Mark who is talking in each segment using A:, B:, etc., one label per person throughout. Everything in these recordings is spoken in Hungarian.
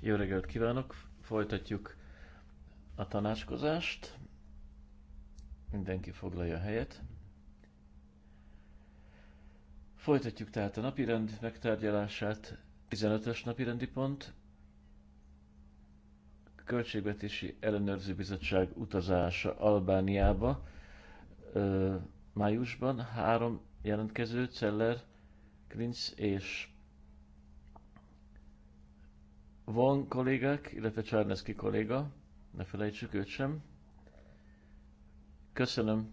A: Jó reggelt kívánok! Folytatjuk a tanácskozást. Mindenki foglalja a helyet. Folytatjuk tehát a napirend megtárgyalását. 15-ös napirendi pont. Költségvetési Ellenőrző Bizottság utazása Albániába májusban. Három jelentkező, Celler, Klinz és Von kollégák, illetve Csárneszki kolléga, ne felejtsük őt sem. Köszönöm,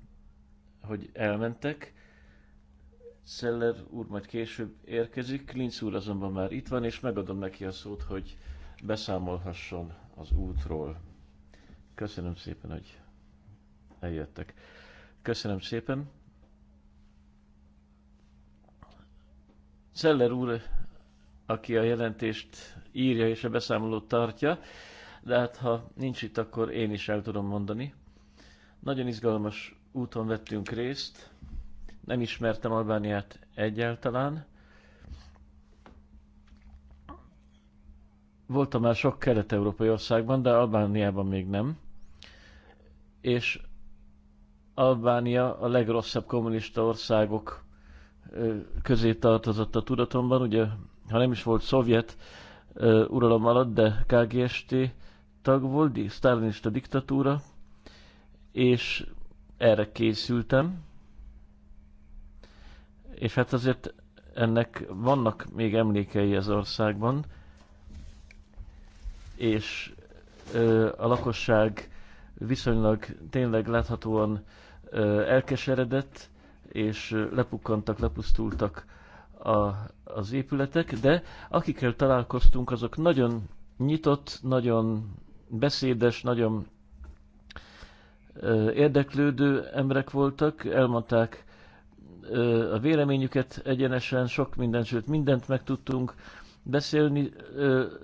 A: hogy elmentek. Szeller úr majd később érkezik, Linz úr azonban már itt van, és megadom neki a szót, hogy beszámolhasson az útról. Köszönöm szépen, hogy eljöttek. Köszönöm szépen. Szeller úr, aki a jelentést írja és a beszámolót tartja, de hát ha nincs itt, akkor én is el tudom mondani. Nagyon izgalmas úton vettünk részt, nem ismertem Albániát egyáltalán. Voltam már sok kelet-európai országban, de Albániában még nem. És Albánia a legrosszabb kommunista országok közé tartozott a tudatomban, ugye, ha nem is volt szovjet, uh, uralom alatt, de KGST tag volt, di sztálinista diktatúra, és erre készültem. És hát azért ennek vannak még emlékei az országban, és uh, a lakosság viszonylag tényleg láthatóan uh, elkeseredett, és lepukkantak, lepusztultak a, az épületek, de akikkel találkoztunk, azok nagyon nyitott, nagyon beszédes, nagyon érdeklődő emberek voltak, elmondták a véleményüket egyenesen, sok mindent, sőt mindent megtudtunk beszélni.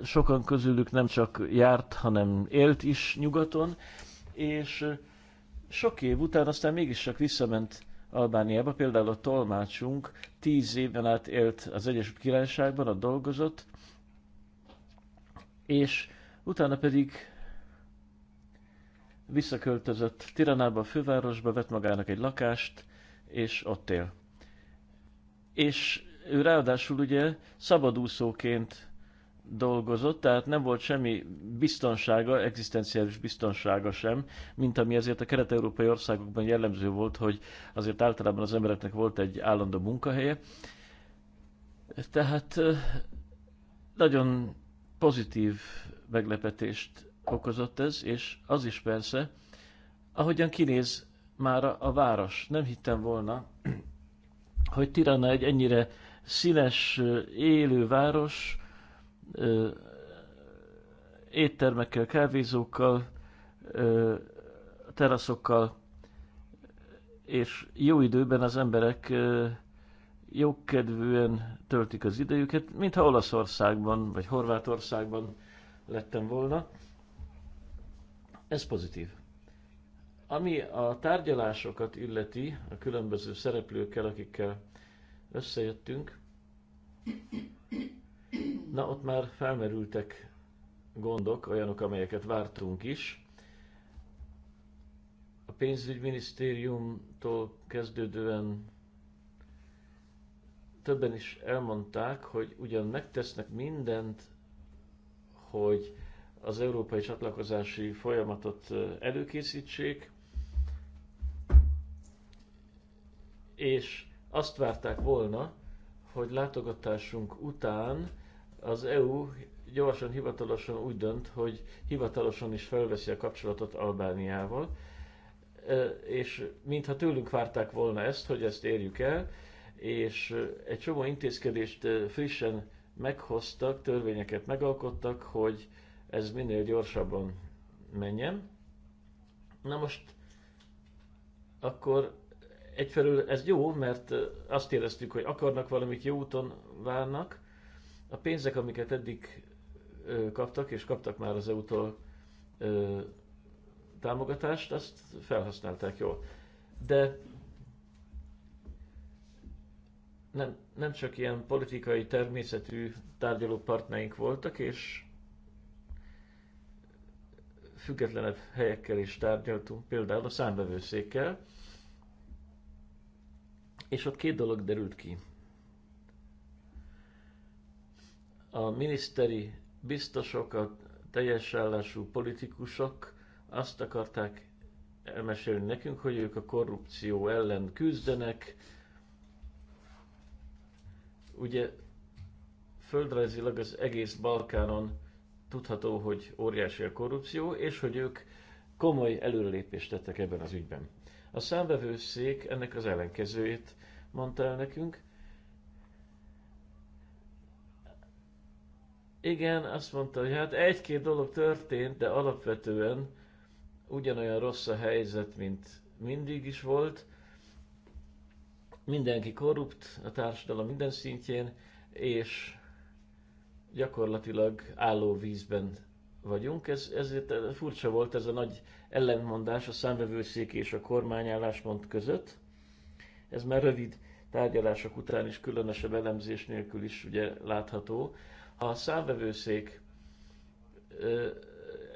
A: Sokan közülük nem csak járt, hanem élt is nyugaton, és sok év után aztán mégis csak visszament Albániában. Például a tolmácsunk tíz éven át élt az Egyesült Királyságban, a dolgozott, és utána pedig visszaköltözött Tiranába, a fővárosba, vett magának egy lakást, és ott él. És ő ráadásul ugye szabadúszóként dolgozott, tehát nem volt semmi biztonsága, egzisztenciális biztonsága sem, mint ami azért a kelet-európai országokban jellemző volt, hogy azért általában az embereknek volt egy állandó munkahelye. Tehát nagyon pozitív meglepetést okozott ez, és az is persze, ahogyan kinéz már a város. Nem hittem volna, hogy Tirana egy ennyire színes, élő város, éttermekkel, kávézókkal, teraszokkal, és jó időben az emberek jókedvűen töltik az idejüket, mintha Olaszországban vagy Horvátországban lettem volna. Ez pozitív. Ami a tárgyalásokat illeti, a különböző szereplőkkel, akikkel összejöttünk, Na, ott már felmerültek gondok, olyanok, amelyeket vártunk is. A pénzügyminisztériumtól kezdődően többen is elmondták, hogy ugyan megtesznek mindent, hogy az európai csatlakozási folyamatot előkészítsék, és azt várták volna, hogy látogatásunk után az EU gyorsan, hivatalosan úgy dönt, hogy hivatalosan is felveszi a kapcsolatot Albániával, e, és mintha tőlünk várták volna ezt, hogy ezt érjük el, és egy csomó intézkedést e, frissen meghoztak, törvényeket megalkottak, hogy ez minél gyorsabban menjen. Na most akkor egyfelől ez jó, mert azt éreztük, hogy akarnak valamit, jó úton válnak. A pénzek, amiket eddig kaptak, és kaptak már az EU-tól támogatást, azt felhasználták jól. De nem, nem csak ilyen politikai természetű tárgyaló partnereink voltak, és függetlenebb helyekkel is tárgyaltunk, például a számbevőszékkel, és ott két dolog derült ki. A miniszteri biztosok, a teljes állású politikusok azt akarták elmesélni nekünk, hogy ők a korrupció ellen küzdenek. Ugye földrajzilag az egész Balkánon tudható, hogy óriási a korrupció, és hogy ők komoly előrelépést tettek ebben az ügyben. A számvevőszék ennek az ellenkezőjét mondta el nekünk. Igen, azt mondta, hogy hát egy-két dolog történt, de alapvetően ugyanolyan rossz a helyzet, mint mindig is volt. Mindenki korrupt a társadalom minden szintjén, és gyakorlatilag álló vízben vagyunk. Ez, ezért furcsa volt ez a nagy ellentmondás a számvevőszék és a kormányálláspont között. Ez már rövid tárgyalások után is különösebb elemzés nélkül is ugye látható. Ha a számvevőszék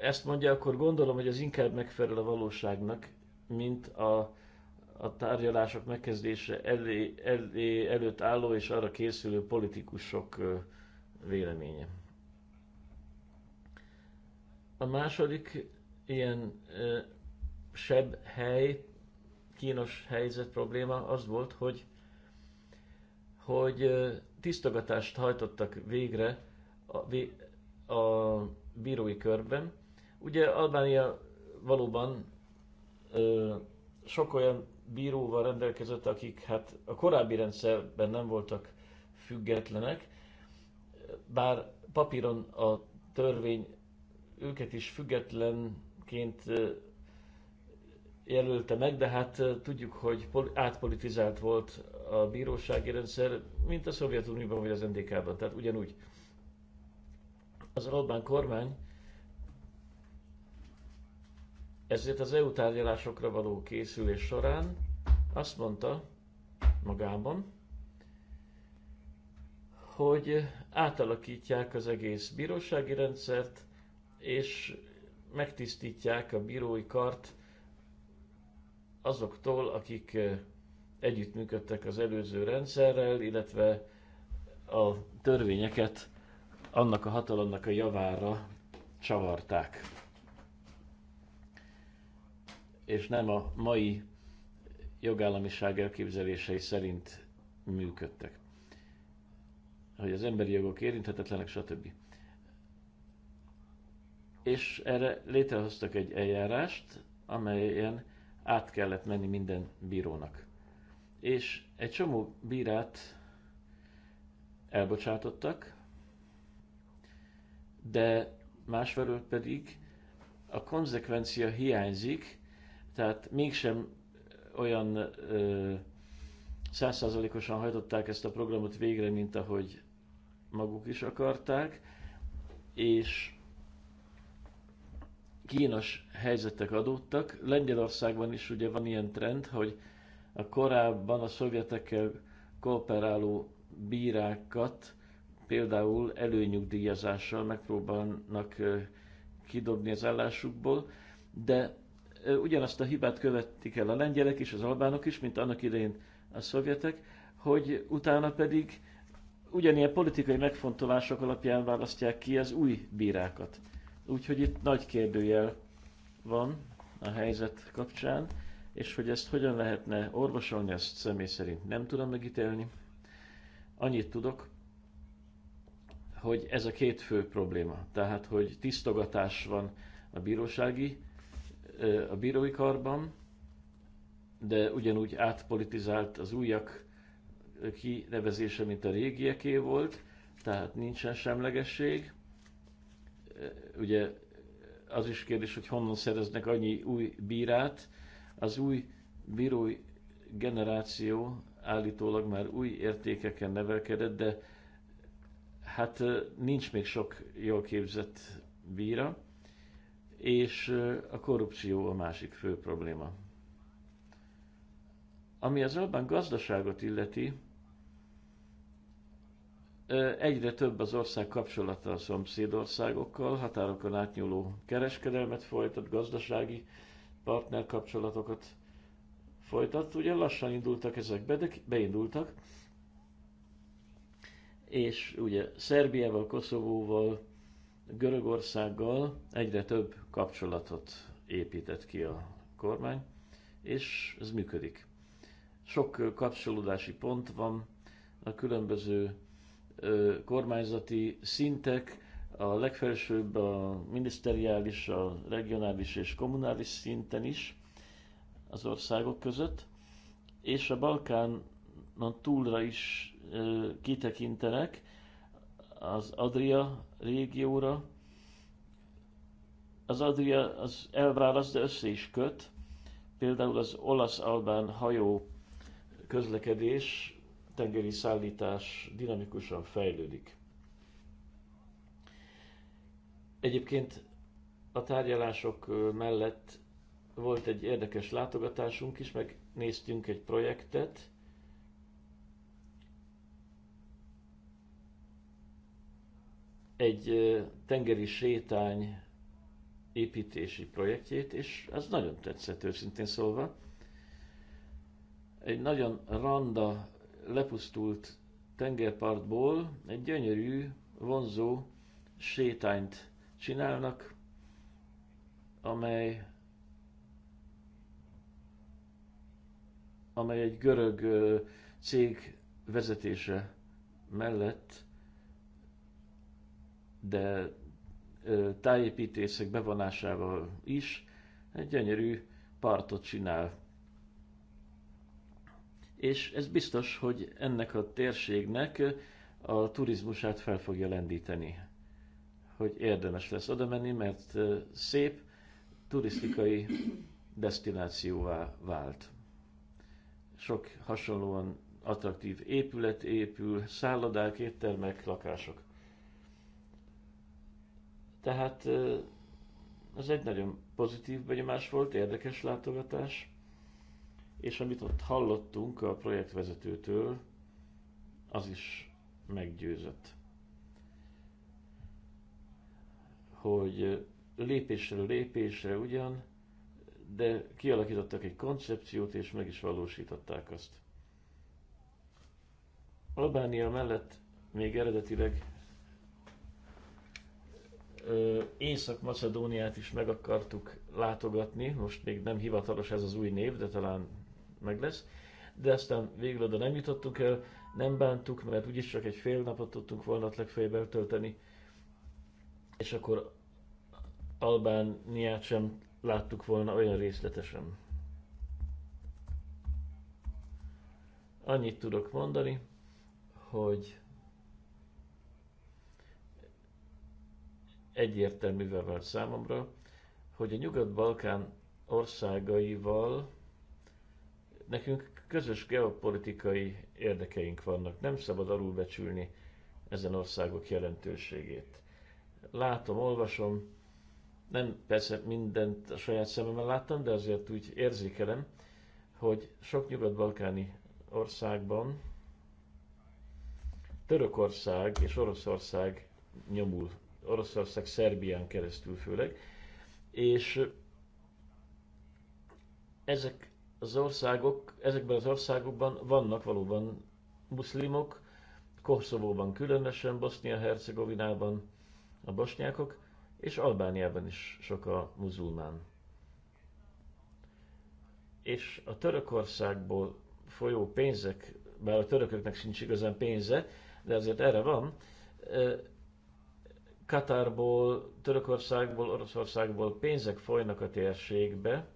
A: ezt mondja, akkor gondolom, hogy ez inkább megfelel a valóságnak, mint a, a tárgyalások megkezdése elé, elé, előtt álló és arra készülő politikusok véleménye. A második ilyen ö, sebb hely, kínos helyzet, probléma az volt, hogy, hogy ö, tisztogatást hajtottak végre a, a bírói körben. Ugye Albánia valóban ö, sok olyan bíróval rendelkezett, akik hát a korábbi rendszerben nem voltak függetlenek, bár papíron a törvény őket is független egyébként jelölte meg, de hát tudjuk, hogy átpolitizált volt a bírósági rendszer, mint a Szovjetunióban vagy az NDK-ban, tehát ugyanúgy. Az Orbán kormány ezért az EU tárgyalásokra való készülés során azt mondta magában, hogy átalakítják az egész bírósági rendszert, és megtisztítják a bírói kart azoktól, akik együttműködtek az előző rendszerrel, illetve a törvényeket annak a hatalomnak a javára csavarták. És nem a mai jogállamiság elképzelései szerint működtek. Hogy az emberi jogok érinthetetlenek, stb és erre létrehoztak egy eljárást, amelyen át kellett menni minden bírónak. És egy csomó bírát elbocsátottak, de másfelől pedig a konzekvencia hiányzik, tehát mégsem olyan százszázalékosan hajtották ezt a programot végre, mint ahogy maguk is akarták, és kínos helyzetek adódtak. Lengyelországban is ugye van ilyen trend, hogy a korábban a szovjetekkel kooperáló bírákat például előnyugdíjazással megpróbálnak kidobni az állásukból, de ugyanazt a hibát követik el a lengyelek és az albánok is, mint annak idején a szovjetek, hogy utána pedig ugyanilyen politikai megfontolások alapján választják ki az új bírákat. Úgyhogy itt nagy kérdőjel van a helyzet kapcsán, és hogy ezt hogyan lehetne orvosolni, ezt személy szerint nem tudom megítélni. Annyit tudok, hogy ez a két fő probléma. Tehát, hogy tisztogatás van a bírósági, a bírói karban, de ugyanúgy átpolitizált az újak kinevezése, mint a régieké volt, tehát nincsen semlegesség ugye az is kérdés, hogy honnan szereznek annyi új bírát. Az új bírói generáció állítólag már új értékeken nevelkedett, de hát nincs még sok jól képzett bíra, és a korrupció a másik fő probléma. Ami az albán gazdaságot illeti, Egyre több az ország kapcsolata a szomszédországokkal, határokon átnyúló kereskedelmet folytat, gazdasági partnerkapcsolatokat folytat. Ugye lassan indultak ezek be, de beindultak. És ugye Szerbiával, Koszovóval, Görögországgal egyre több kapcsolatot épített ki a kormány, és ez működik. Sok kapcsolódási pont van a különböző kormányzati szintek, a legfelsőbb a miniszteriális, a regionális és kommunális szinten is az országok között, és a Balkánon túlra is kitekintenek az Adria régióra. Az Adria az elválaszt, de össze is köt. Például az olasz-albán hajó közlekedés tengeri szállítás dinamikusan fejlődik. Egyébként a tárgyalások mellett volt egy érdekes látogatásunk is, meg néztünk egy projektet, egy tengeri sétány építési projektjét, és ez nagyon tetszett őszintén szólva. Egy nagyon randa lepusztult tengerpartból egy gyönyörű, vonzó sétányt csinálnak, amely amely egy görög cég vezetése mellett, de tájépítészek bevonásával is egy gyönyörű partot csinál és ez biztos, hogy ennek a térségnek a turizmusát fel fogja lendíteni, hogy érdemes lesz oda menni, mert szép turisztikai destinációvá vált. Sok hasonlóan attraktív épület épül, szállodák, éttermek, lakások. Tehát ez egy nagyon pozitív benyomás volt, érdekes látogatás és amit ott hallottunk a projektvezetőtől, az is meggyőzött. Hogy lépésről lépésre ugyan, de kialakítottak egy koncepciót, és meg is valósították azt. Albánia mellett még eredetileg Észak-Macedóniát is meg akartuk látogatni, most még nem hivatalos ez az új név, de talán meg lesz, de aztán végül oda nem jutottunk el, nem bántuk, mert úgyis csak egy fél napot tudtunk volna legfeljebb eltölteni, és akkor Albániát sem láttuk volna olyan részletesen. Annyit tudok mondani, hogy egyértelművel vált számomra, hogy a Nyugat-Balkán országaival Nekünk közös geopolitikai érdekeink vannak, nem szabad alulbecsülni ezen országok jelentőségét. Látom, olvasom, nem persze mindent a saját szememmel láttam, de azért úgy érzékelem, hogy sok nyugat-balkáni országban Törökország és Oroszország nyomul, Oroszország Szerbián keresztül főleg, és ezek az országok, ezekben az országokban vannak valóban muszlimok, Koszovóban különösen, Bosznia-Hercegovinában a bosnyákok, és Albániában is sok a muzulmán. És a Törökországból folyó pénzek, bár a törököknek sincs igazán pénze, de azért erre van, Katárból, Törökországból, Oroszországból pénzek folynak a térségbe,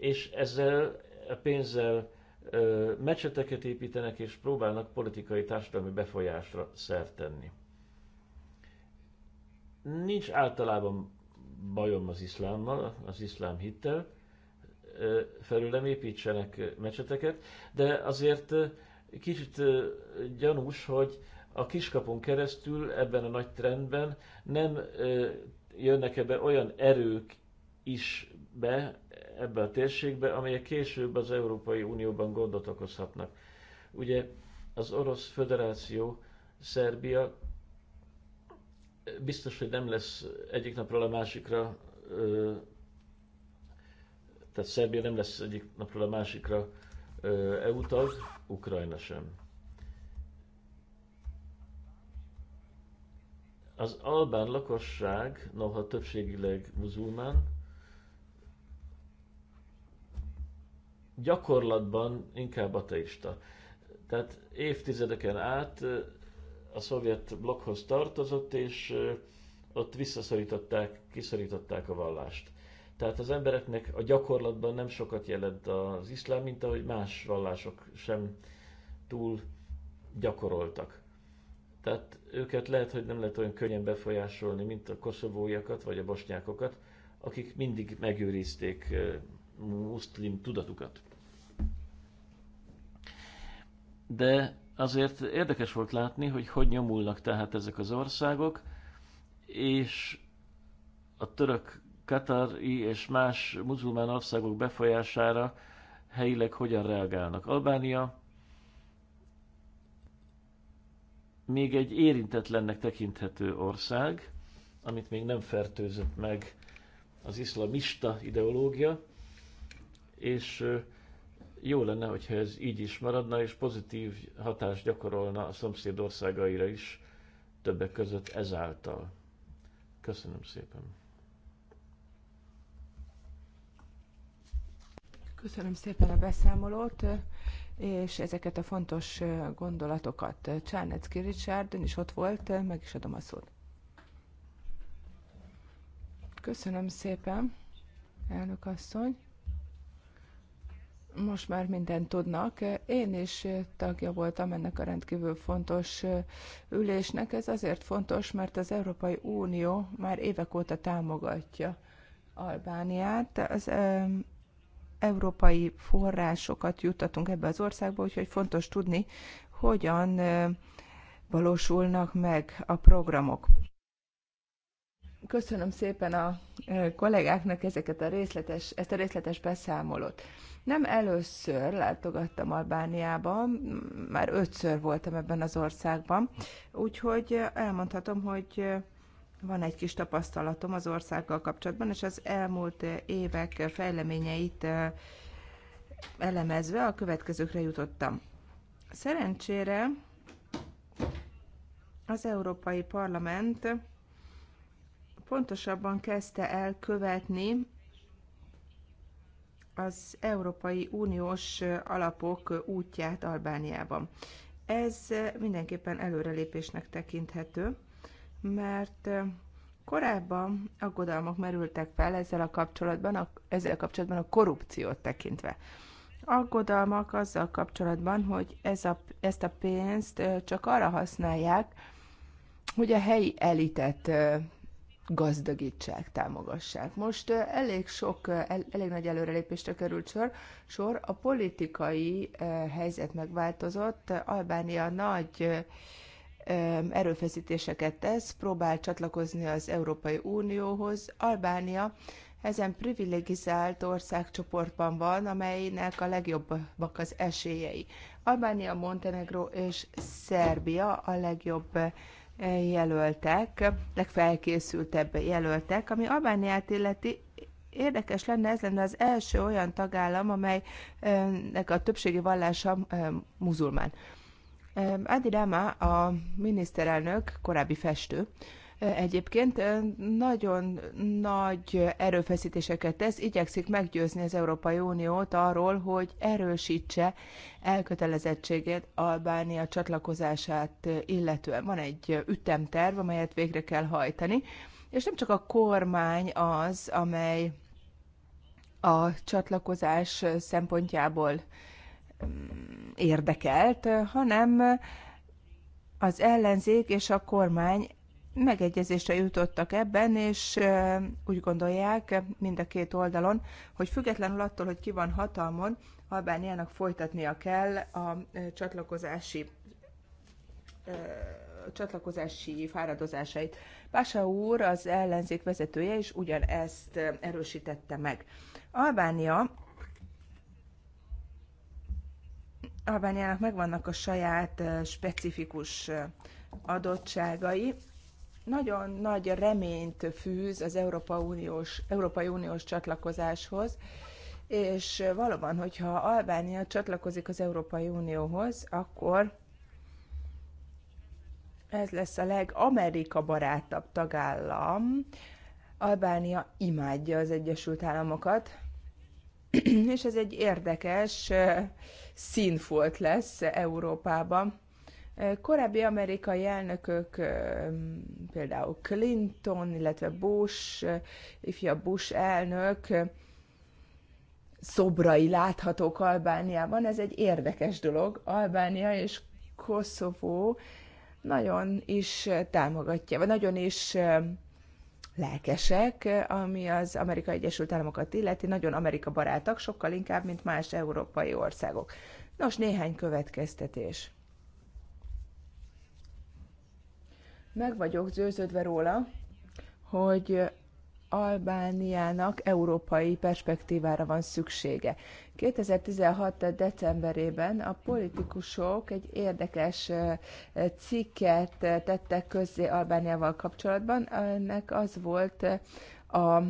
A: és ezzel a e, pénzzel ö, e, mecseteket építenek, és próbálnak politikai társadalmi befolyásra szert tenni. Nincs általában bajom az iszlámmal, az iszlám hittel, e, felül nem építsenek mecseteket, de azért kicsit gyanús, hogy a kiskapon keresztül ebben a nagy trendben nem jönnek ebbe olyan erők is be, ebbe a térségbe, amelyek később az Európai Unióban gondot okozhatnak. Ugye az Orosz Föderáció, Szerbia biztos, hogy nem lesz egyik napról a másikra, tehát Szerbia nem lesz egyik napról a másikra EU tag, Ukrajna sem. Az albán lakosság, noha többségileg muzulmán, gyakorlatban inkább ateista. Tehát évtizedeken át a szovjet blokkhoz tartozott, és ott visszaszorították, kiszorították a vallást. Tehát az embereknek a gyakorlatban nem sokat jelent az iszlám, mint ahogy más vallások sem túl gyakoroltak. Tehát őket lehet, hogy nem lehet olyan könnyen befolyásolni, mint a koszovóiakat vagy a bosnyákokat, akik mindig megőrizték muszlim tudatukat de azért érdekes volt látni, hogy hogy nyomulnak tehát ezek az országok, és a török, katari és más muzulmán országok befolyására helyileg hogyan reagálnak. Albánia még egy érintetlennek tekinthető ország, amit még nem fertőzött meg az iszlamista ideológia, és jó lenne, hogyha ez így is maradna, és pozitív hatást gyakorolna a szomszéd országaira is, többek között ezáltal. Köszönöm szépen.
B: Köszönöm szépen a beszámolót és ezeket a fontos gondolatokat. Csárnecki Richard, ön is ott volt, meg is adom a szót. Köszönöm szépen, elnök asszony most már mindent tudnak. Én is tagja voltam ennek a rendkívül fontos ülésnek. Ez azért fontos, mert az Európai Unió már évek óta támogatja Albániát. Az európai forrásokat juttatunk ebbe az országba, úgyhogy fontos tudni, hogyan valósulnak meg a programok. Köszönöm szépen a kollégáknak ezeket a részletes, ezt a részletes beszámolót. Nem először látogattam Albániába, már ötször voltam ebben az országban, úgyhogy elmondhatom, hogy van egy kis tapasztalatom az országgal kapcsolatban, és az elmúlt évek fejleményeit elemezve a következőkre jutottam. Szerencsére az Európai Parlament pontosabban kezdte el követni az Európai Uniós alapok útját Albániában. Ez mindenképpen előrelépésnek tekinthető, mert korábban aggodalmak merültek fel ezzel a kapcsolatban, a, ezzel a kapcsolatban a korrupciót tekintve. Aggodalmak azzal kapcsolatban, hogy ez a, ezt a pénzt csak arra használják, hogy a helyi elitet gazdagítsák, támogassák. Most elég sok, elég nagy előrelépésre került sor, sor a politikai helyzet megváltozott, Albánia nagy erőfeszítéseket tesz, próbál csatlakozni az Európai Unióhoz. Albánia ezen privilegizált országcsoportban van, amelynek a legjobbak az esélyei. Albánia, Montenegro és Szerbia a legjobb jelöltek, legfelkészültebb jelöltek, ami Albániát illeti, Érdekes lenne, ez lenne az első olyan tagállam, amelynek a többségi vallása muzulmán. Adi Rama, a miniszterelnök, korábbi festő, egyébként nagyon nagy erőfeszítéseket tesz, igyekszik meggyőzni az Európai Uniót arról, hogy erősítse elkötelezettségét Albánia csatlakozását illetően. Van egy ütemterv, amelyet végre kell hajtani, és nem csak a kormány az, amely a csatlakozás szempontjából mm, érdekelt, hanem az ellenzék és a kormány megegyezésre jutottak ebben, és úgy gondolják mind a két oldalon, hogy függetlenül attól, hogy ki van hatalmon, Albániának folytatnia kell a csatlakozási a csatlakozási fáradozásait. Pása úr, az ellenzék vezetője is ugyanezt erősítette meg. Albánia Albániának megvannak a saját specifikus adottságai, nagyon nagy reményt fűz az Európa Uniós, Európai Uniós csatlakozáshoz, és valóban, hogyha Albánia csatlakozik az Európai Unióhoz, akkor ez lesz a legamerika barátabb tagállam. Albánia imádja az Egyesült Államokat, és ez egy érdekes eh, színfolt lesz Európában. Korábbi amerikai elnökök, például Clinton, illetve Bush, ifja Bush elnök, szobrai láthatók Albániában. Ez egy érdekes dolog. Albánia és Koszovó nagyon is támogatja, vagy nagyon is lelkesek, ami az Amerikai Egyesült Államokat illeti, nagyon Amerika barátak, sokkal inkább, mint más európai országok. Nos, néhány következtetés. Meg vagyok győződve róla, hogy Albániának európai perspektívára van szüksége. 2016. decemberében a politikusok egy érdekes cikket tettek közzé Albániával kapcsolatban. Ennek az volt a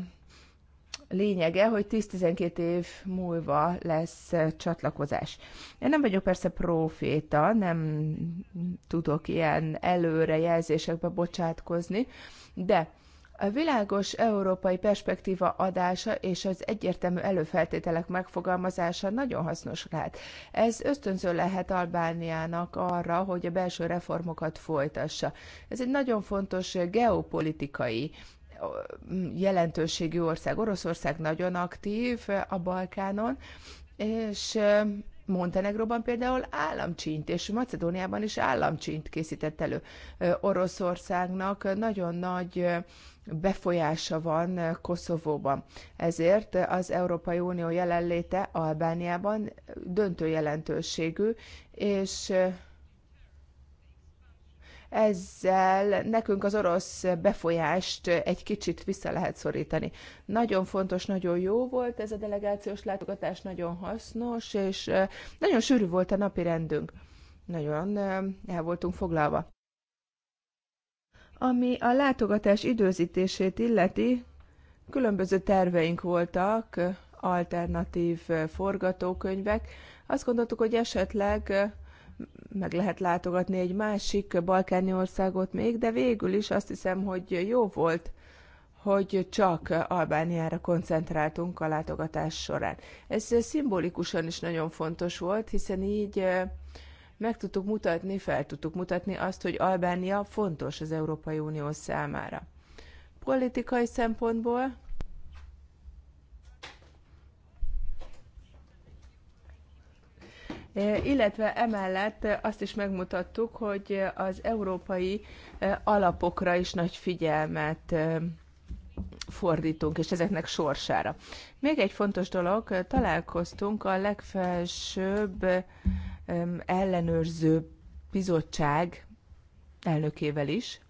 B: lényege, hogy 10-12 év múlva lesz eh, csatlakozás. Én nem vagyok persze proféta, nem tudok ilyen előrejelzésekbe bocsátkozni, de a világos európai perspektíva adása és az egyértelmű előfeltételek megfogalmazása nagyon hasznos lehet. Ez ösztönző lehet Albániának arra, hogy a belső reformokat folytassa. Ez egy nagyon fontos geopolitikai jelentőségű ország. Oroszország nagyon aktív a Balkánon, és Montenegróban például államcsínt, és Macedóniában is államcsínt készített elő. Oroszországnak nagyon nagy befolyása van Koszovóban. Ezért az Európai Unió jelenléte Albániában döntő jelentőségű, és ezzel nekünk az orosz befolyást egy kicsit vissza lehet szorítani. Nagyon fontos, nagyon jó volt ez a delegációs látogatás, nagyon hasznos, és nagyon sűrű volt a napi rendünk. Nagyon el voltunk foglalva. Ami a látogatás időzítését illeti, különböző terveink voltak, alternatív forgatókönyvek. Azt gondoltuk, hogy esetleg meg lehet látogatni egy másik balkáni országot még, de végül is azt hiszem, hogy jó volt, hogy csak Albániára koncentráltunk a látogatás során. Ez szimbolikusan is nagyon fontos volt, hiszen így meg tudtuk mutatni, fel tudtuk mutatni azt, hogy Albánia fontos az Európai Unió számára. Politikai szempontból E, illetve emellett azt is megmutattuk, hogy az európai e, alapokra is nagy figyelmet e, fordítunk, és ezeknek sorsára. Még egy fontos dolog, találkoztunk a legfelsőbb ellenőrző bizottság elnökével is.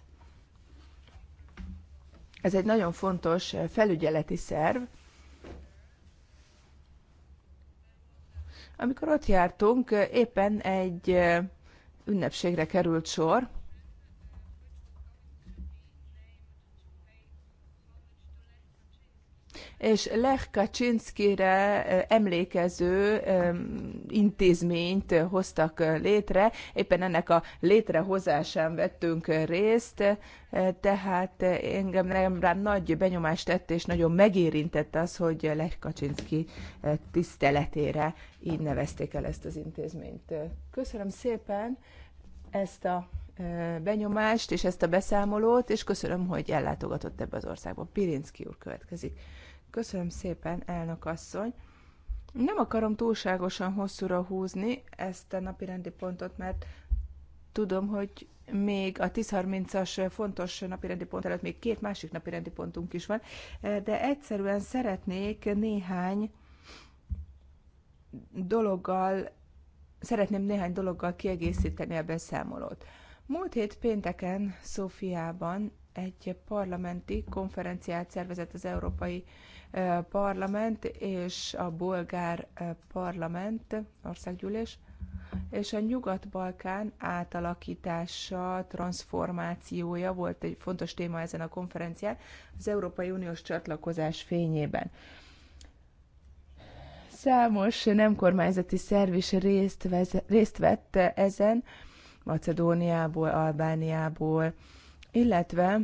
B: Ez egy nagyon fontos felügyeleti szerv, Amikor ott jártunk, éppen egy ünnepségre került sor, és Lech Kaczynszkire emlékező intézményt hoztak létre. Éppen ennek a létrehozásán vettünk részt, tehát engem nem rám nagy benyomást tett, és nagyon megérintett az, hogy Lech Kaczynszki tiszteletére így nevezték el ezt az intézményt. Köszönöm szépen ezt a benyomást és ezt a beszámolót, és köszönöm, hogy ellátogatott ebbe az országba. Pirinszki úr következik. Köszönöm szépen, elnök asszony. Nem akarom túlságosan hosszúra húzni ezt a napi rendi pontot, mert tudom, hogy még a 10.30-as fontos napirendi pont előtt még két másik napirendi pontunk is van, de egyszerűen szeretnék néhány dologgal, szeretném néhány dologgal kiegészíteni a beszámolót. Múlt hét pénteken Szófiában egy parlamenti konferenciát szervezett az Európai parlament és a bolgár parlament, országgyűlés, és a Nyugat-Balkán átalakítása, transformációja volt egy fontos téma ezen a konferencián az Európai Uniós csatlakozás fényében. Számos nem kormányzati szerv is részt, veze, részt vett ezen, Macedóniából, Albániából, illetve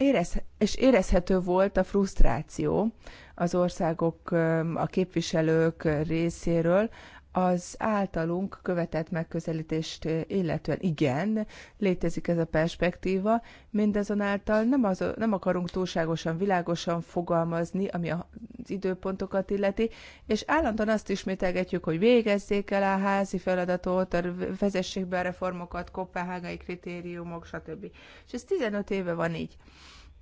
B: érez, és érezhető volt a frusztráció az országok, a képviselők részéről, az általunk követett megközelítést illetően. Igen, létezik ez a perspektíva, mindazonáltal nem, az, nem akarunk túlságosan világosan fogalmazni, ami az időpontokat illeti, és állandóan azt ismételgetjük, hogy végezzék el a házi feladatot, vezessék be a reformokat, kopenhágai kritériumok, stb. És ez 15 éve van így.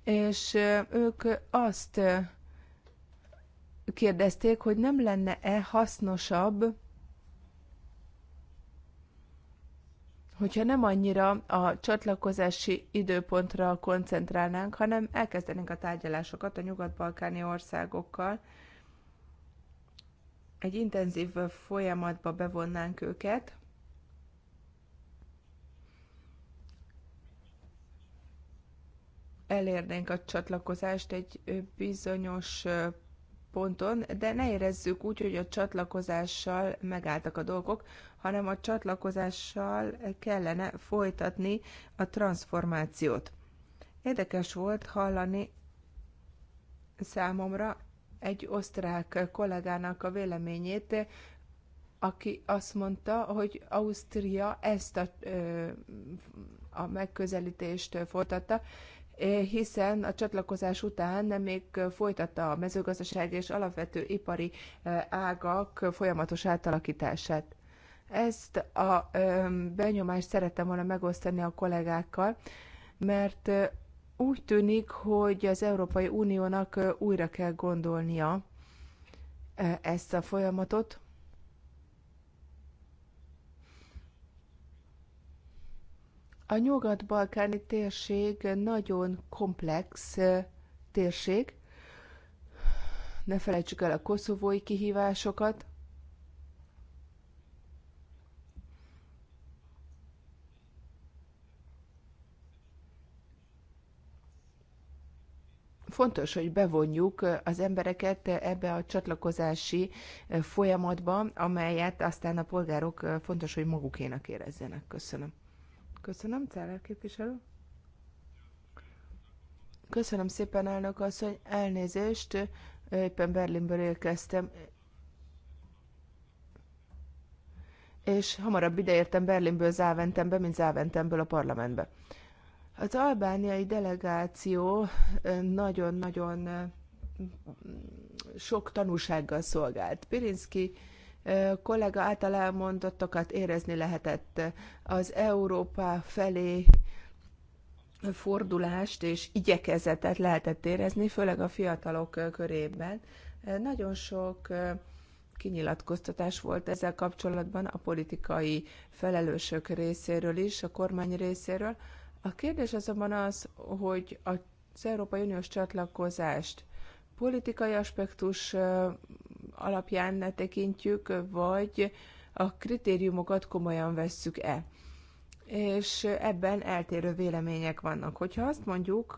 B: És ők azt kérdezték, hogy nem lenne-e hasznosabb hogyha nem annyira a csatlakozási időpontra koncentrálnánk, hanem elkezdenénk a tárgyalásokat a nyugat-balkáni országokkal, egy intenzív folyamatba bevonnánk őket, elérnénk a csatlakozást egy bizonyos ponton, de ne érezzük úgy, hogy a csatlakozással megálltak a dolgok, hanem a csatlakozással kellene folytatni a transformációt. Érdekes volt hallani számomra egy osztrák kollégának a véleményét, aki azt mondta, hogy Ausztria ezt a, a megközelítést folytatta, hiszen a csatlakozás után nem még folytatta a mezőgazdaság és alapvető ipari ágak folyamatos átalakítását. Ezt a benyomást szerettem volna megosztani a kollégákkal, mert úgy tűnik, hogy az Európai Uniónak újra kell gondolnia ezt a folyamatot. A nyugat-balkáni térség nagyon komplex térség. Ne felejtsük el a koszovói kihívásokat, fontos, hogy bevonjuk az embereket ebbe a csatlakozási folyamatba, amelyet aztán a polgárok fontos, hogy magukénak érezzenek. Köszönöm. Köszönöm, Cállár képviselő. Köszönöm szépen, elnök asszony, elnézést, éppen Berlinből érkeztem, és hamarabb ideértem Berlinből Záventembe, mint Záventemből a parlamentbe. Az albániai delegáció nagyon-nagyon sok tanúsággal szolgált. Pirinszki kollega által elmondottakat érezni lehetett az Európa felé fordulást és igyekezetet lehetett érezni, főleg a fiatalok körében. Nagyon sok kinyilatkoztatás volt ezzel kapcsolatban a politikai felelősök részéről is, a kormány részéről, a kérdés azonban az, hogy az Európai Uniós csatlakozást politikai aspektus alapján ne tekintjük, vagy a kritériumokat komolyan vesszük-e. És ebben eltérő vélemények vannak. Hogyha azt mondjuk,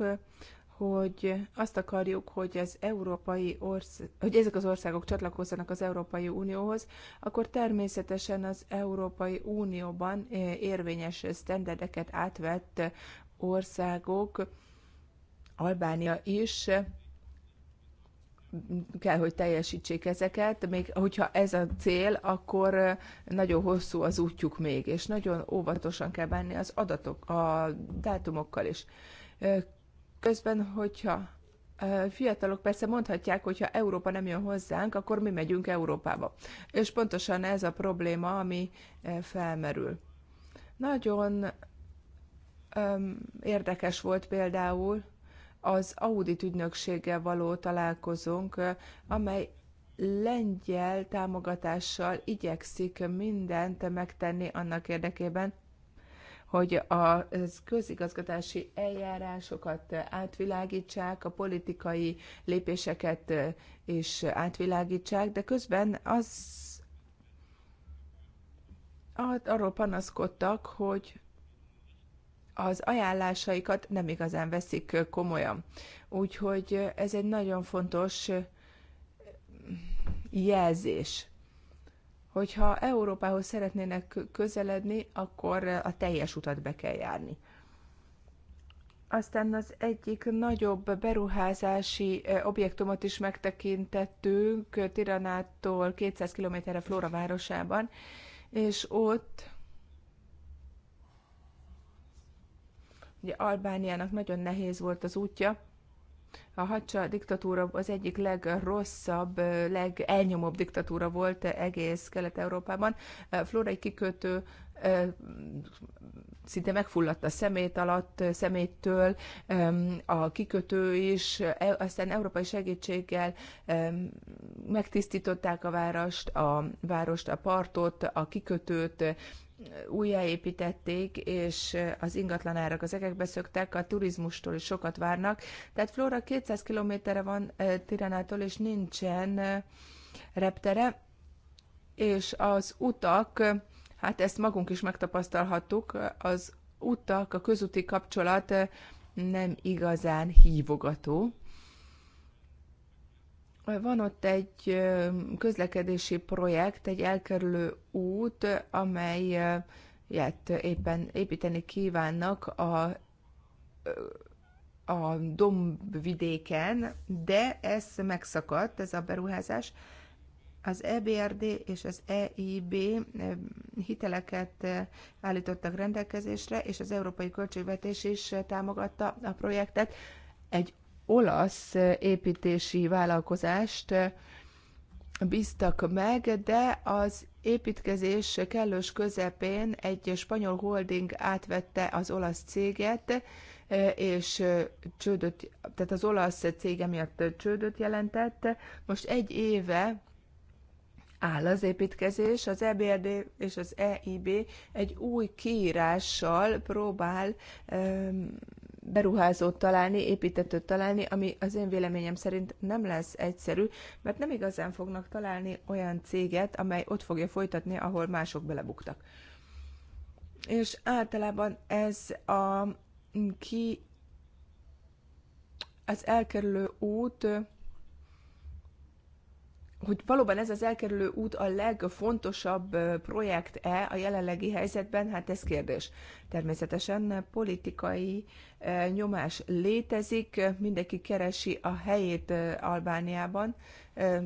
B: hogy azt akarjuk, hogy az európai orsz- hogy ezek az országok csatlakozzanak az Európai Unióhoz, akkor természetesen az Európai Unióban eh, érvényes sztenderdeket átvett országok, Albánia is kell, hogy teljesítsék ezeket, még hogyha ez a cél, akkor eh, nagyon hosszú az útjuk még, és nagyon óvatosan kell bánni az adatok, a dátumokkal is eh, Közben, hogyha fiatalok persze mondhatják, hogy ha Európa nem jön hozzánk, akkor mi megyünk Európába. És pontosan ez a probléma, ami felmerül. Nagyon öm, érdekes volt például az audit ügynökséggel való találkozónk, amely lengyel támogatással igyekszik mindent megtenni annak érdekében, hogy a közigazgatási eljárásokat átvilágítsák, a politikai lépéseket is átvilágítsák, de közben az arról panaszkodtak, hogy az ajánlásaikat nem igazán veszik komolyan. Úgyhogy ez egy nagyon fontos jelzés hogyha Európához szeretnének közeledni, akkor eh, a teljes utat be kell járni. Aztán az egyik nagyobb beruházási eh, objektumot is megtekintettünk eh, Tiranától 200 km-re Flóra városában, és ott ugye Albániának nagyon nehéz volt az útja, a Hacsa diktatúra az egyik legrosszabb, legelnyomóbb diktatúra volt egész Kelet-Európában. Florai kikötő szinte megfulladt a szemét alatt, szeméttől, a kikötő is, aztán európai segítséggel megtisztították a várost, a várost, a partot, a kikötőt, újjáépítették, és az ingatlanárak az egekbe szöktek, a turizmustól is sokat várnak. Tehát Flóra 200 kilométerre van Tiranától, és nincsen reptere, és az utak, hát ezt magunk is megtapasztalhattuk, az utak, a közúti kapcsolat nem igazán hívogató. Van ott egy közlekedési projekt, egy elkerülő út, amelyet éppen építeni kívánnak a a dombvidéken, de ez megszakadt, ez a beruházás. Az EBRD és az EIB hiteleket állítottak rendelkezésre, és az európai költségvetés is támogatta a projektet. Egy olasz építési vállalkozást bíztak meg, de az építkezés kellős közepén egy spanyol holding átvette az olasz céget, és csődöt, tehát az olasz cége miatt csődöt jelentett. Most egy éve áll az építkezés, az EBRD és az EIB egy új kiírással próbál beruházót találni, építetőt találni, ami az én véleményem szerint nem lesz egyszerű, mert nem igazán fognak találni olyan céget, amely ott fogja folytatni, ahol mások belebuktak. És általában ez a ki az elkerülő út hogy valóban ez az elkerülő út a legfontosabb projekt-e a jelenlegi helyzetben, hát ez kérdés. Természetesen politikai nyomás létezik, mindenki keresi a helyét Albániában.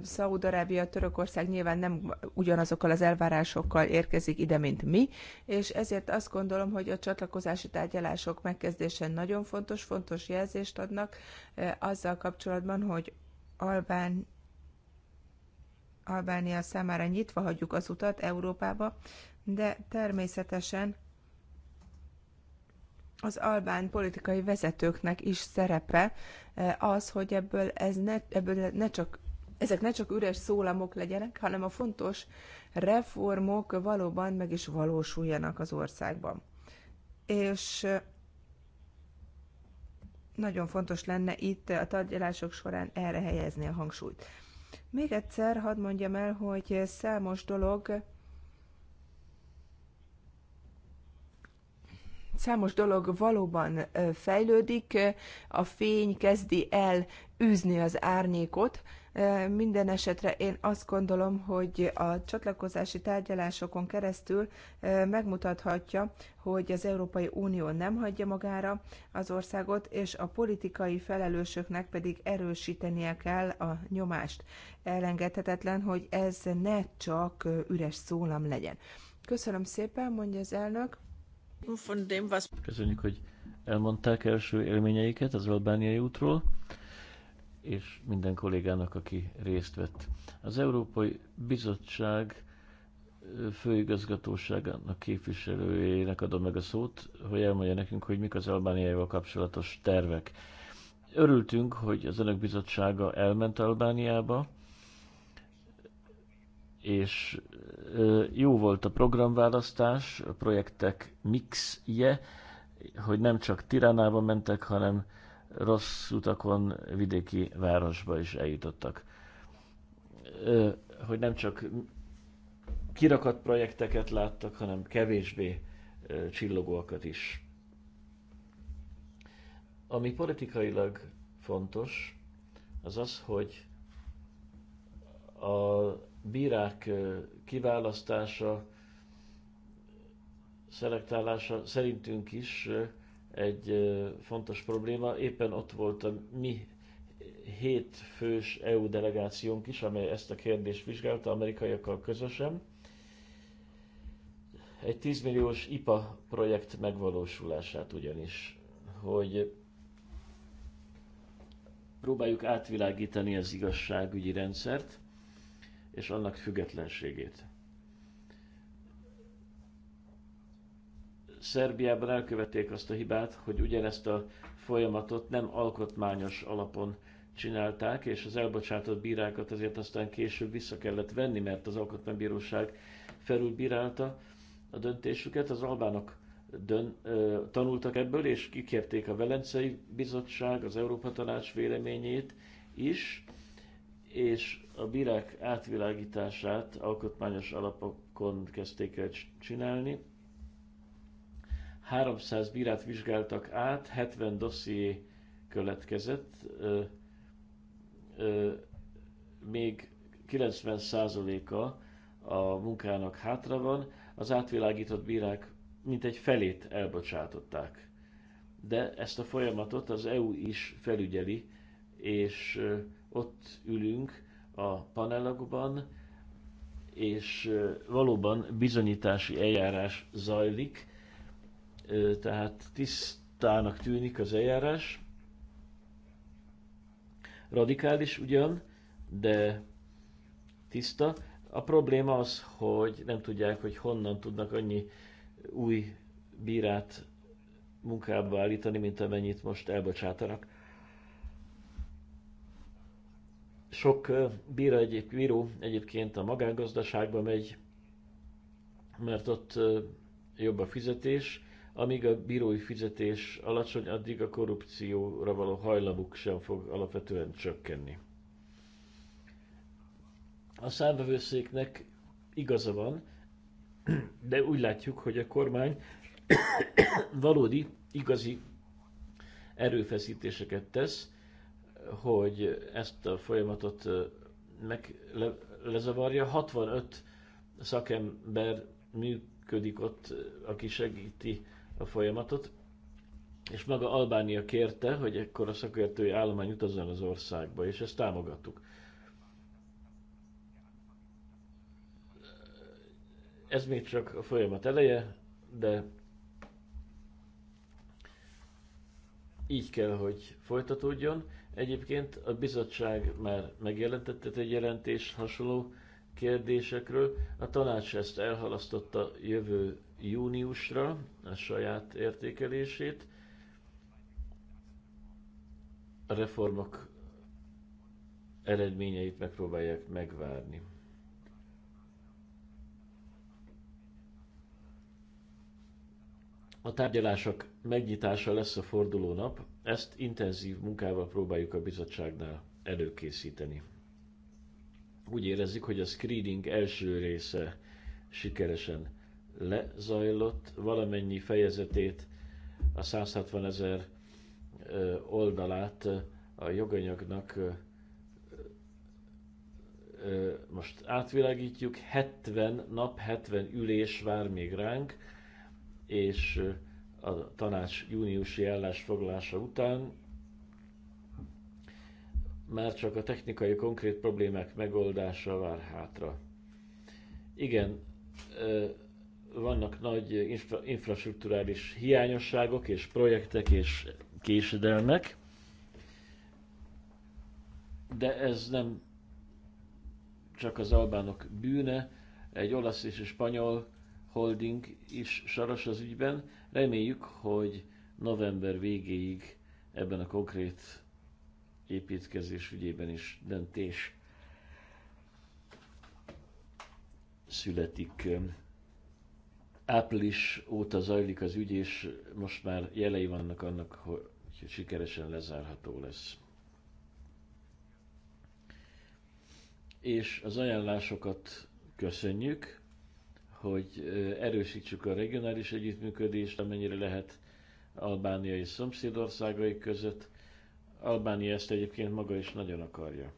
B: Szaúd-Arábia, Törökország nyilván nem ugyanazokkal az elvárásokkal érkezik ide, mint mi, és ezért azt gondolom, hogy a csatlakozási tárgyalások megkezdésen nagyon fontos, fontos jelzést adnak azzal kapcsolatban, hogy Albán Albánia számára nyitva hagyjuk az utat Európába, de természetesen az albán politikai vezetőknek is szerepe e, az, hogy ebből, ez ne, ebből ne csak, ezek ne csak üres szólamok legyenek, hanem a fontos reformok valóban meg is valósuljanak az országban. És e, nagyon fontos lenne itt a tárgyalások során erre helyezni a hangsúlyt. Még egyszer hadd mondjam el, hogy számos dolog számos dolog valóban fejlődik, a fény kezdi el űzni az árnyékot, minden esetre én azt gondolom, hogy a csatlakozási tárgyalásokon keresztül megmutathatja, hogy az Európai Unió nem hagyja magára az országot, és a politikai felelősöknek pedig erősítenie kell a nyomást. Elengedhetetlen, hogy ez ne csak üres szólam legyen. Köszönöm szépen, mondja az elnök.
C: Köszönjük,
A: hogy elmondták első élményeiket az albániai útról és minden kollégának, aki részt vett. Az Európai Bizottság főigazgatóságának képviselőjének adom meg a szót, hogy elmondja nekünk, hogy mik az Albániával kapcsolatos tervek. Örültünk, hogy az Önök Bizottsága elment Albániába, és jó volt a programválasztás, a projektek mixje, hogy nem csak Tiránába mentek, hanem rossz utakon vidéki városba is eljutottak. Hogy nem csak kirakat projekteket láttak, hanem kevésbé csillogóakat is. Ami politikailag fontos, az az, hogy a bírák kiválasztása, szelektálása szerintünk is egy fontos probléma. Éppen ott volt a mi hétfős EU delegációnk is, amely ezt a kérdést vizsgálta amerikaiakkal közösen. Egy 10 milliós IPA projekt megvalósulását ugyanis, hogy próbáljuk átvilágítani az igazságügyi rendszert és annak függetlenségét. Szerbiában elkövették azt a hibát, hogy ugyanezt a folyamatot nem alkotmányos alapon csinálták, és az elbocsátott bírákat ezért aztán később vissza kellett venni, mert az alkotmánybíróság felülbírálta a döntésüket. Az albánok dön, ö, tanultak ebből, és kikérték a Velencei Bizottság, az Európa Tanács véleményét is, és a bírák átvilágítását alkotmányos alapokon kezdték el csinálni, 300 bírát vizsgáltak át, 70 dosszié következett, ö, ö, még 90%-a a munkának hátra van, az átvilágított bírák mintegy felét elbocsátották. De ezt a folyamatot az EU is felügyeli, és ott ülünk a panelakban, és valóban bizonyítási eljárás zajlik, tehát tisztának tűnik az eljárás. Radikális ugyan, de tiszta. A probléma az, hogy nem tudják, hogy honnan tudnak annyi új bírát munkába állítani, mint amennyit most elbocsátanak. Sok bíra egyéb, bíró egyébként a magángazdaságba megy, mert ott jobb a fizetés, amíg a bírói fizetés alacsony, addig a korrupcióra való hajlamuk sem fog alapvetően csökkenni. A számbevőszéknek igaza van, de úgy látjuk, hogy a kormány valódi, igazi erőfeszítéseket tesz, hogy ezt a folyamatot meg le, lezavarja. 65 szakember működik ott, aki segíti a folyamatot, és maga Albánia kérte, hogy ekkor a szakértői állomány utazzon az országba, és ezt támogattuk. Ez még csak a folyamat eleje, de így kell, hogy folytatódjon. Egyébként a bizottság már megjelentette egy jelentést hasonló kérdésekről, a tanács ezt elhalasztotta jövő júniusra a saját értékelését. A reformok eredményeit megpróbálják megvárni. A tárgyalások megnyitása lesz a fordulónap, ezt intenzív munkával próbáljuk a bizottságnál előkészíteni. Úgy érezzük, hogy a screening első része sikeresen lezajlott, valamennyi fejezetét, a 160 ezer oldalát a joganyagnak most átvilágítjuk, 70 nap, 70 ülés vár még ránk, és a tanács júniusi állásfoglása után már csak a technikai konkrét problémák megoldása vár hátra. Igen, vannak nagy infra, infrastruktúrális hiányosságok és projektek és késedelmek, de ez nem csak az albánok bűne, egy olasz és egy spanyol holding is saras az ügyben. Reméljük, hogy november végéig ebben a konkrét építkezés ügyében is döntés születik április óta zajlik az ügy, és most már jelei vannak annak, hogy sikeresen lezárható lesz. És az ajánlásokat köszönjük, hogy erősítsük a regionális együttműködést, amennyire lehet Albánia és szomszédországai között. Albánia ezt egyébként maga is nagyon akarja.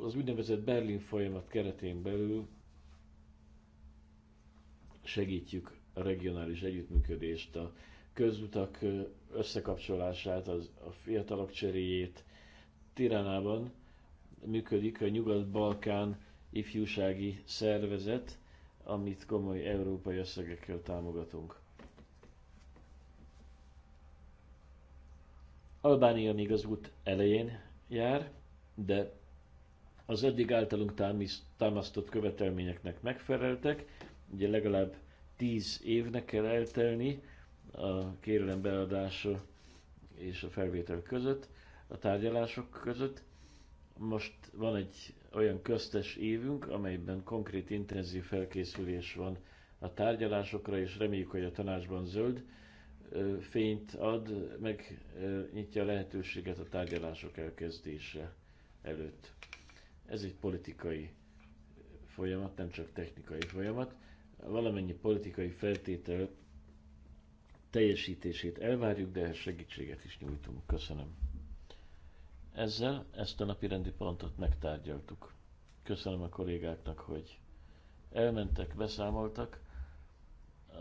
A: Az úgynevezett Berlin folyamat keretén belül segítjük a regionális együttműködést, a közutak összekapcsolását, az, a fiatalok cseréjét. Tiránában működik a Nyugat-Balkán ifjúsági szervezet, amit komoly európai összegekkel támogatunk. Albánia még az út elején jár, de az eddig általunk támasztott követelményeknek megfeleltek, ugye legalább 10 évnek kell eltelni a kérelem beadása és a felvétel között, a tárgyalások között. Most van egy olyan köztes évünk, amelyben konkrét intenzív felkészülés van a tárgyalásokra, és reméljük, hogy a tanácsban zöld fényt ad, meg nyitja a lehetőséget a tárgyalások elkezdése előtt. Ez egy politikai folyamat, nem csak technikai folyamat valamennyi politikai feltétel teljesítését elvárjuk, de ehhez segítséget is nyújtunk. Köszönöm. Ezzel ezt a napi rendi pontot megtárgyaltuk. Köszönöm a kollégáknak, hogy elmentek, beszámoltak.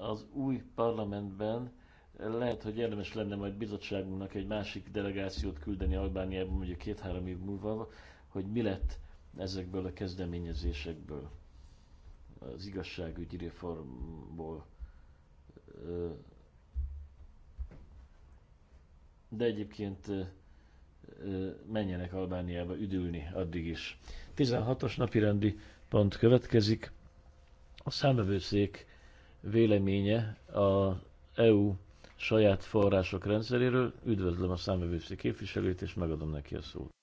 A: Az új parlamentben lehet, hogy érdemes lenne majd bizottságunknak egy másik delegációt küldeni Albániában, mondjuk két-három év múlva, hogy mi lett ezekből a kezdeményezésekből az igazságügyi reformból. De egyébként menjenek Albániába üdülni addig is. 16-os napirendi pont következik. A számövőszék véleménye a EU saját források rendszeréről. Üdvözlöm a számövőszék képviselőt, és megadom neki a szót.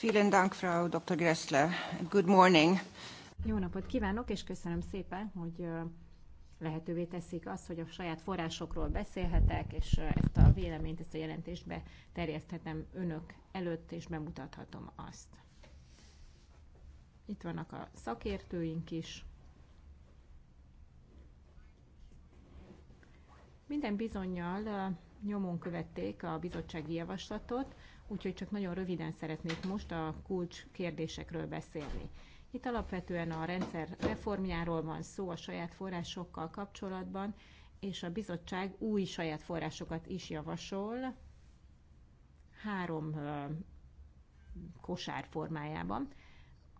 B: Vielen Dank, Frau Dr. Gressler. Good morning.
D: Jó napot kívánok, és köszönöm szépen, hogy lehetővé teszik azt, hogy a saját forrásokról beszélhetek, és ezt a véleményt, ezt a jelentést beterjeszthetem önök előtt, és bemutathatom azt. Itt vannak a szakértőink is. Minden bizonyal nyomon követték a bizottsági javaslatot, úgyhogy csak nagyon röviden szeretnék most a kulcs kérdésekről beszélni. Itt alapvetően a rendszer reformjáról van szó a saját forrásokkal kapcsolatban, és a bizottság új saját forrásokat is javasol három kosár formájában.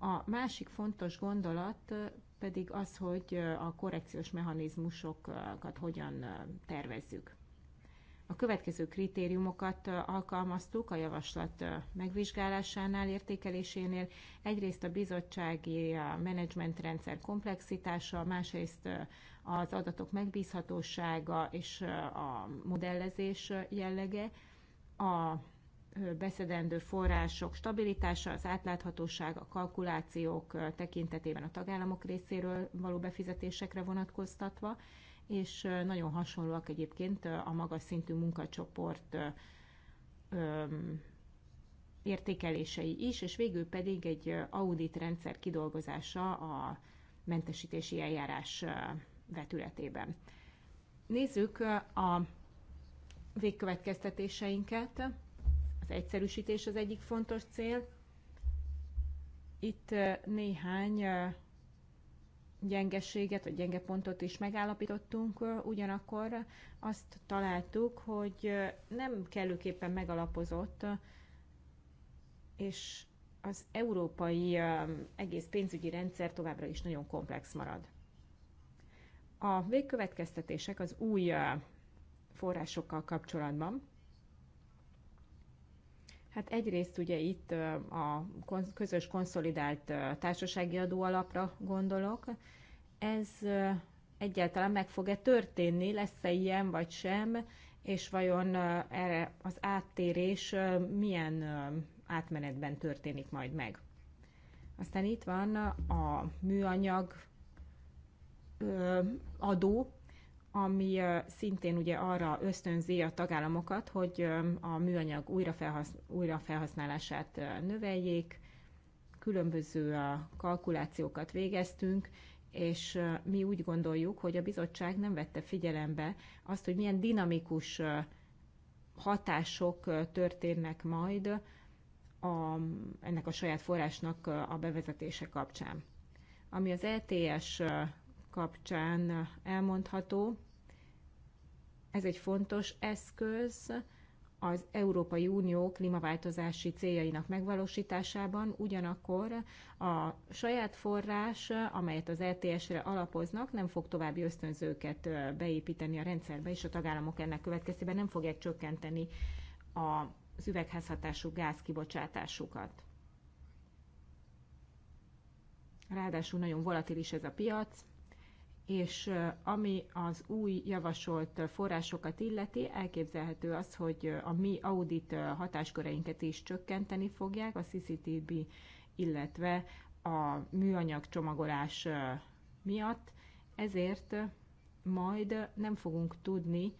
D: A másik fontos gondolat pedig az, hogy a korrekciós mechanizmusokat hogyan tervezzük. A következő kritériumokat alkalmaztuk a javaslat megvizsgálásánál, értékelésénél. Egyrészt a bizottsági menedzsmentrendszer komplexitása, másrészt az adatok megbízhatósága és a modellezés jellege, a beszedendő források stabilitása, az átláthatóság, a kalkulációk tekintetében a tagállamok részéről való befizetésekre vonatkoztatva, és nagyon hasonlóak egyébként a magas szintű munkacsoport értékelései is, és végül pedig egy rendszer kidolgozása a mentesítési eljárás vetületében. Nézzük a végkövetkeztetéseinket. Az egyszerűsítés az egyik fontos cél. Itt néhány gyengeséget, vagy gyenge pontot is megállapítottunk, ugyanakkor azt találtuk, hogy nem kellőképpen megalapozott, és az európai egész pénzügyi rendszer továbbra is nagyon komplex marad. A végkövetkeztetések az új forrásokkal kapcsolatban Hát egyrészt ugye itt a közös konszolidált társasági adóalapra gondolok. Ez egyáltalán meg fog-e történni, lesz-e ilyen vagy sem, és vajon erre az áttérés milyen átmenetben történik majd meg. Aztán itt van a műanyag adó, ami szintén ugye arra ösztönzi a tagállamokat, hogy a műanyag újrafelhasználását növeljék, különböző kalkulációkat végeztünk, és mi úgy gondoljuk, hogy a bizottság nem vette figyelembe azt, hogy milyen dinamikus hatások történnek majd a, ennek a saját forrásnak a bevezetése kapcsán. Ami az ETS kapcsán elmondható. Ez egy fontos eszköz az Európai Unió klímaváltozási céljainak megvalósításában, ugyanakkor a saját forrás, amelyet az ETS-re alapoznak, nem fog további ösztönzőket beépíteni a rendszerbe, és a tagállamok ennek következtében nem fogják csökkenteni az üvegházhatású gáz kibocsátásukat. Ráadásul nagyon volatilis ez a piac, és ami az új javasolt forrásokat illeti, elképzelhető az, hogy a mi audit hatásköreinket is csökkenteni fogják, a CCTB, illetve a műanyag csomagolás miatt, ezért majd nem fogunk tudni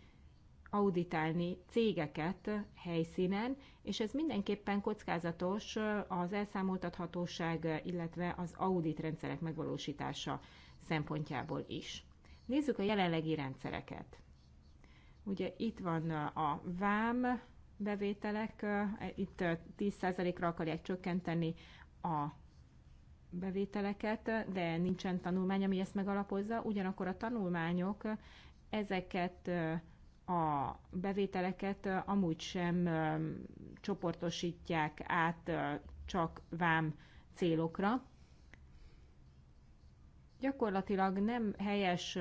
D: auditálni cégeket helyszínen, és ez mindenképpen kockázatos az elszámoltathatóság, illetve az audit rendszerek megvalósítása szempontjából is. Nézzük a jelenlegi rendszereket. Ugye itt van a vám bevételek, itt 10%-ra akarják csökkenteni a bevételeket, de nincsen tanulmány, ami ezt megalapozza. Ugyanakkor a tanulmányok ezeket a bevételeket amúgy sem csoportosítják át csak vám célokra. Gyakorlatilag nem helyes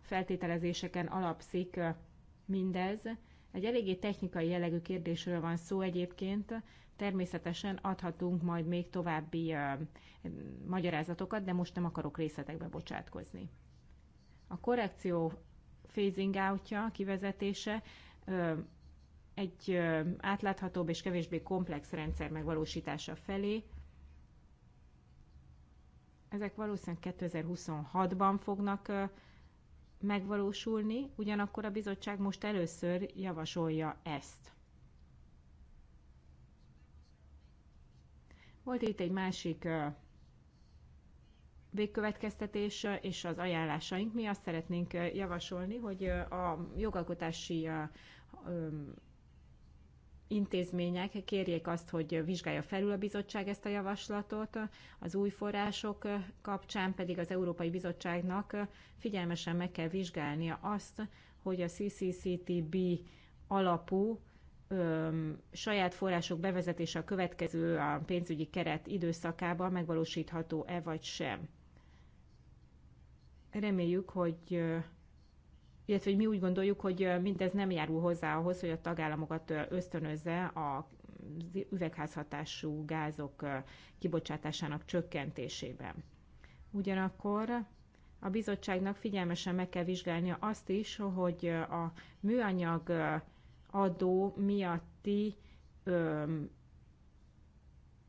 D: feltételezéseken alapszik mindez. Egy eléggé technikai jellegű kérdésről van szó egyébként. Természetesen adhatunk majd még további magyarázatokat, de most nem akarok részletekbe bocsátkozni. A korrekció phasing outja, kivezetése egy átláthatóbb és kevésbé komplex rendszer megvalósítása felé ezek valószínűleg 2026-ban fognak megvalósulni, ugyanakkor a bizottság most először javasolja ezt. Volt itt egy másik végkövetkeztetés és az ajánlásaink. Mi azt szeretnénk javasolni, hogy a jogalkotási intézmények kérjék azt, hogy vizsgálja felül a bizottság ezt a javaslatot, az új források kapcsán pedig az Európai Bizottságnak figyelmesen meg kell vizsgálnia azt, hogy a CCCTB alapú öm, saját források bevezetése a következő a pénzügyi keret időszakában megvalósítható-e vagy sem. Reméljük, hogy illetve hogy mi úgy gondoljuk, hogy mindez nem járul hozzá ahhoz, hogy a tagállamokat ösztönözze a üvegházhatású gázok kibocsátásának csökkentésében. Ugyanakkor a bizottságnak figyelmesen meg kell vizsgálnia azt is, hogy a műanyag adó miatti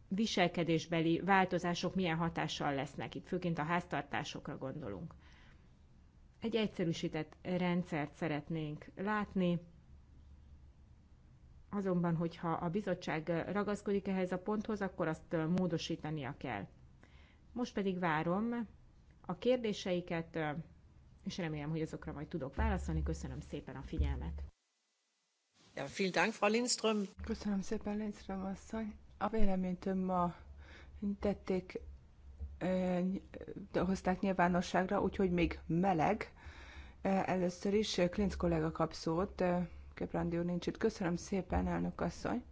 D: viselkedésbeli változások milyen hatással lesznek. Itt főként a háztartásokra gondolunk. Egy egyszerűsített rendszert szeretnénk látni, azonban, hogyha a bizottság ragaszkodik ehhez a ponthoz, akkor azt módosítania kell. Most pedig várom a kérdéseiket, és remélem, hogy azokra majd tudok válaszolni.
B: Köszönöm szépen a figyelmet. Ja, vielen Dank, Frau Lindström. Köszönöm szépen, Lindström asszony. A véleményt ma tették, hozták nyilvánosságra, úgyhogy még meleg Először is Klinc kollega kap szót, Kebrandi úr nincs itt. Köszönöm szépen, elnök asszony.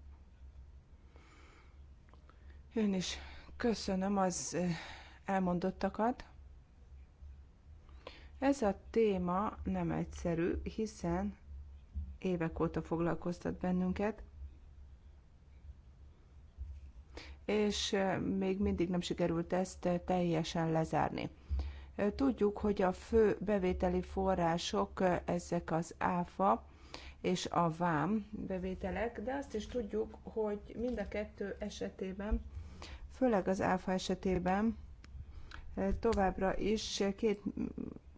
B: Én is köszönöm az elmondottakat. Ez a téma nem egyszerű, hiszen évek óta foglalkoztat bennünket, és még mindig nem sikerült ezt teljesen lezárni. Tudjuk, hogy a fő bevételi források eh, ezek az áfa és a vám bevételek, de azt is tudjuk, hogy mind a kettő esetében, főleg az áfa esetében eh, továbbra is két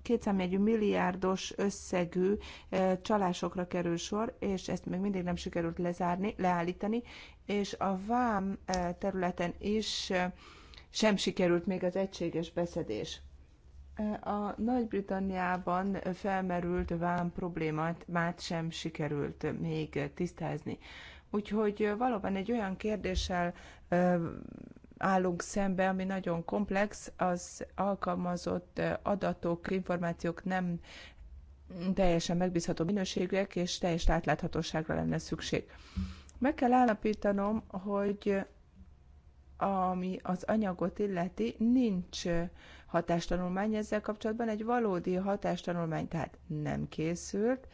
B: kétszámjegyű milliárdos összegű eh, csalásokra kerül sor, és ezt még mindig nem sikerült lezárni, leállítani, és a vám területen is sem sikerült még az egységes beszedés. A Nagy-Britanniában felmerült vám problémát már sem sikerült még tisztázni. Úgyhogy valóban egy olyan kérdéssel állunk szembe, ami nagyon komplex, az alkalmazott adatok, információk nem teljesen megbízható minőségűek, és teljes átláthatóságra lenne szükség. Meg kell állapítanom, hogy ami az anyagot illeti, nincs hatástanulmány ezzel kapcsolatban, egy valódi hatástanulmány tehát nem készült,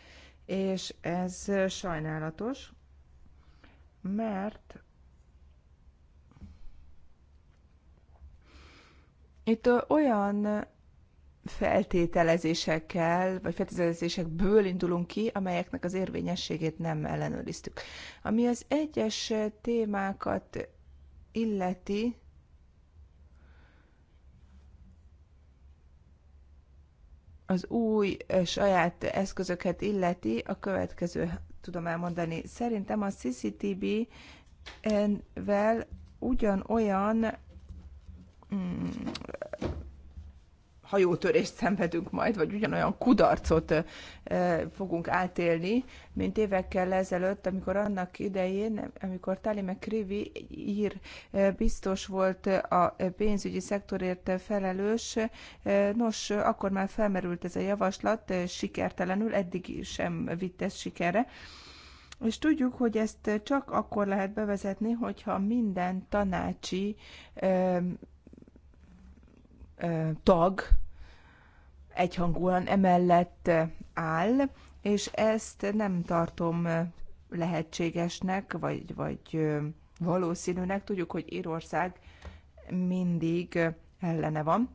B: és ez sajnálatos, mert itt olyan feltételezésekkel, vagy feltételezésekből indulunk ki, amelyeknek az érvényességét nem ellenőriztük. Ami az egyes témákat illeti, az új saját eszközöket illeti, a következő tudom elmondani. Szerintem a CCTV-vel ugyanolyan mm, hajótörést szenvedünk majd, vagy ugyanolyan kudarcot fogunk átélni, mint évekkel ezelőtt, amikor annak idején, amikor Tali McCrivy ír biztos volt a pénzügyi szektorért felelős, nos, akkor már felmerült ez a javaslat, sikertelenül, eddig sem vitt ez sikerre. És tudjuk, hogy ezt csak akkor lehet bevezetni, hogyha minden tanácsi ö, ö, tag egyhangúan emellett áll, és ezt nem tartom lehetségesnek, vagy, vagy valószínűnek. Tudjuk, hogy Írország mindig ellene van.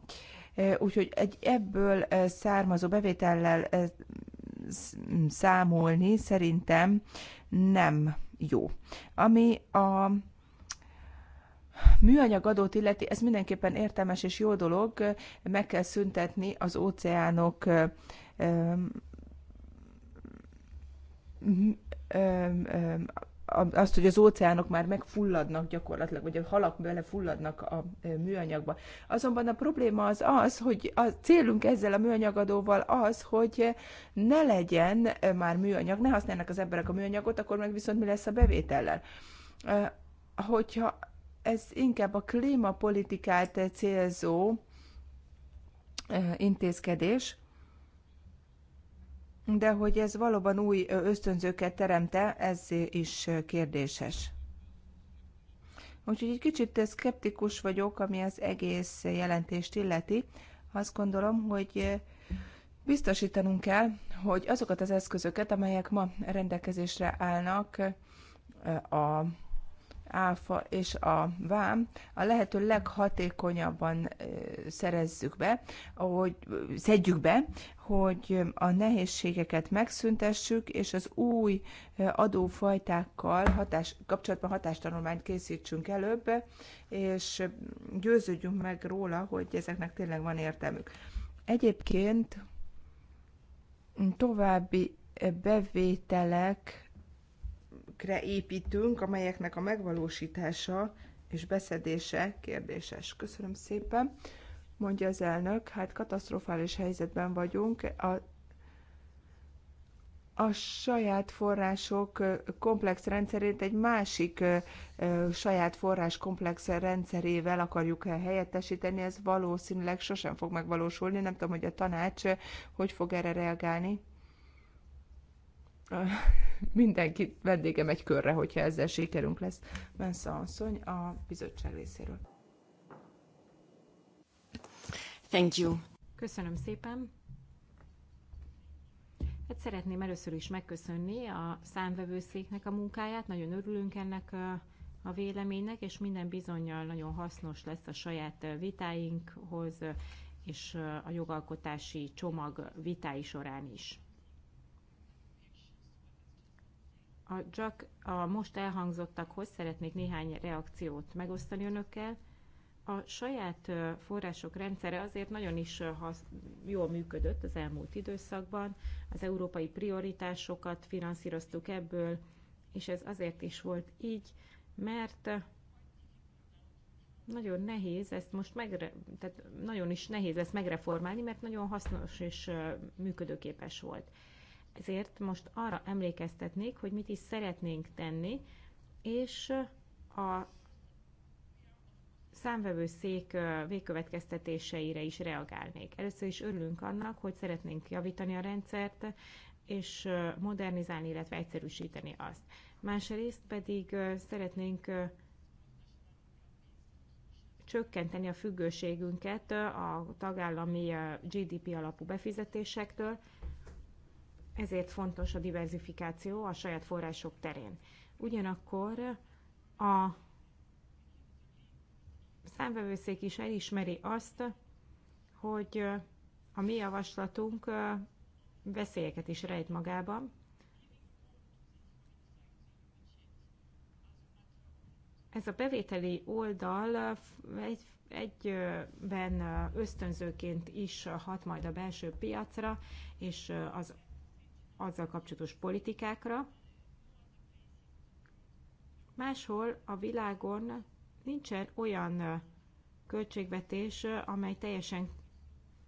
B: Úgyhogy egy ebből származó bevétellel számolni szerintem nem jó. Ami a műanyag adót illeti, ez mindenképpen értelmes és jó dolog, meg kell szüntetni az óceánok azt, hogy az óceánok már megfulladnak gyakorlatilag, vagy a halak belefulladnak a műanyagba. Azonban a probléma az az, hogy a célunk ezzel a műanyagadóval az, hogy ne legyen már műanyag, ne használnak az emberek a műanyagot, akkor meg viszont mi lesz a bevétellel. Hogyha ez inkább a klímapolitikát célzó eh, intézkedés, de hogy ez valóban új ösztönzőket teremte, ez is kérdéses. Úgyhogy egy kicsit eh, szkeptikus vagyok, ami az egész jelentést illeti. Azt gondolom, hogy eh, biztosítanunk kell, hogy azokat az eszközöket, amelyek ma rendelkezésre állnak a áfa és a vám a lehető leghatékonyabban szerezzük be, hogy szedjük be, hogy a nehézségeket megszüntessük, és az új adófajtákkal hatás, kapcsolatban hatástanulmányt készítsünk előbb, és győződjünk meg róla, hogy ezeknek tényleg van értelmük. Egyébként további bevételek elvekre építünk, amelyeknek a megvalósítása és beszedése kérdéses. Köszönöm szépen, mondja az elnök. Hát katasztrofális helyzetben vagyunk. A, a saját források komplex rendszerét egy másik saját forrás komplex rendszerével akarjuk helyettesíteni. Ez valószínűleg sosem fog megvalósulni. Nem tudom, hogy a tanács hogy fog erre reagálni. mindenki vendégem egy körre, hogyha ezzel sikerünk lesz. Vensza Anszony a bizottság részéről. Thank you.
D: Köszönöm szépen. Hát szeretném először is megköszönni a számvevőszéknek a munkáját, nagyon örülünk ennek a, a véleménynek, és minden bizonyal nagyon hasznos lesz a saját vitáinkhoz, és a jogalkotási csomag vitái során is. a, csak a most elhangzottakhoz szeretnék néhány reakciót megosztani önökkel. A saját források rendszere azért nagyon is hasz, jól működött az elmúlt időszakban. Az európai prioritásokat finanszíroztuk ebből, és ez azért is volt így, mert nagyon nehéz ezt most megre, tehát nagyon is nehéz ezt megreformálni, mert nagyon hasznos és működőképes volt ezért most arra emlékeztetnék, hogy mit is szeretnénk tenni, és a számvevőszék végkövetkeztetéseire is reagálnék. Először is örülünk annak, hogy szeretnénk javítani a rendszert, és modernizálni, illetve egyszerűsíteni azt. Másrészt pedig szeretnénk csökkenteni a függőségünket a tagállami GDP alapú befizetésektől, ezért fontos a diversifikáció a saját források terén. Ugyanakkor a számvevőszék is elismeri azt, hogy a mi javaslatunk veszélyeket is rejt magában. Ez a bevételi oldal egy, egyben ösztönzőként is hat majd a belső piacra és az azzal kapcsolatos politikákra. Máshol a világon nincsen olyan költségvetés, amely teljesen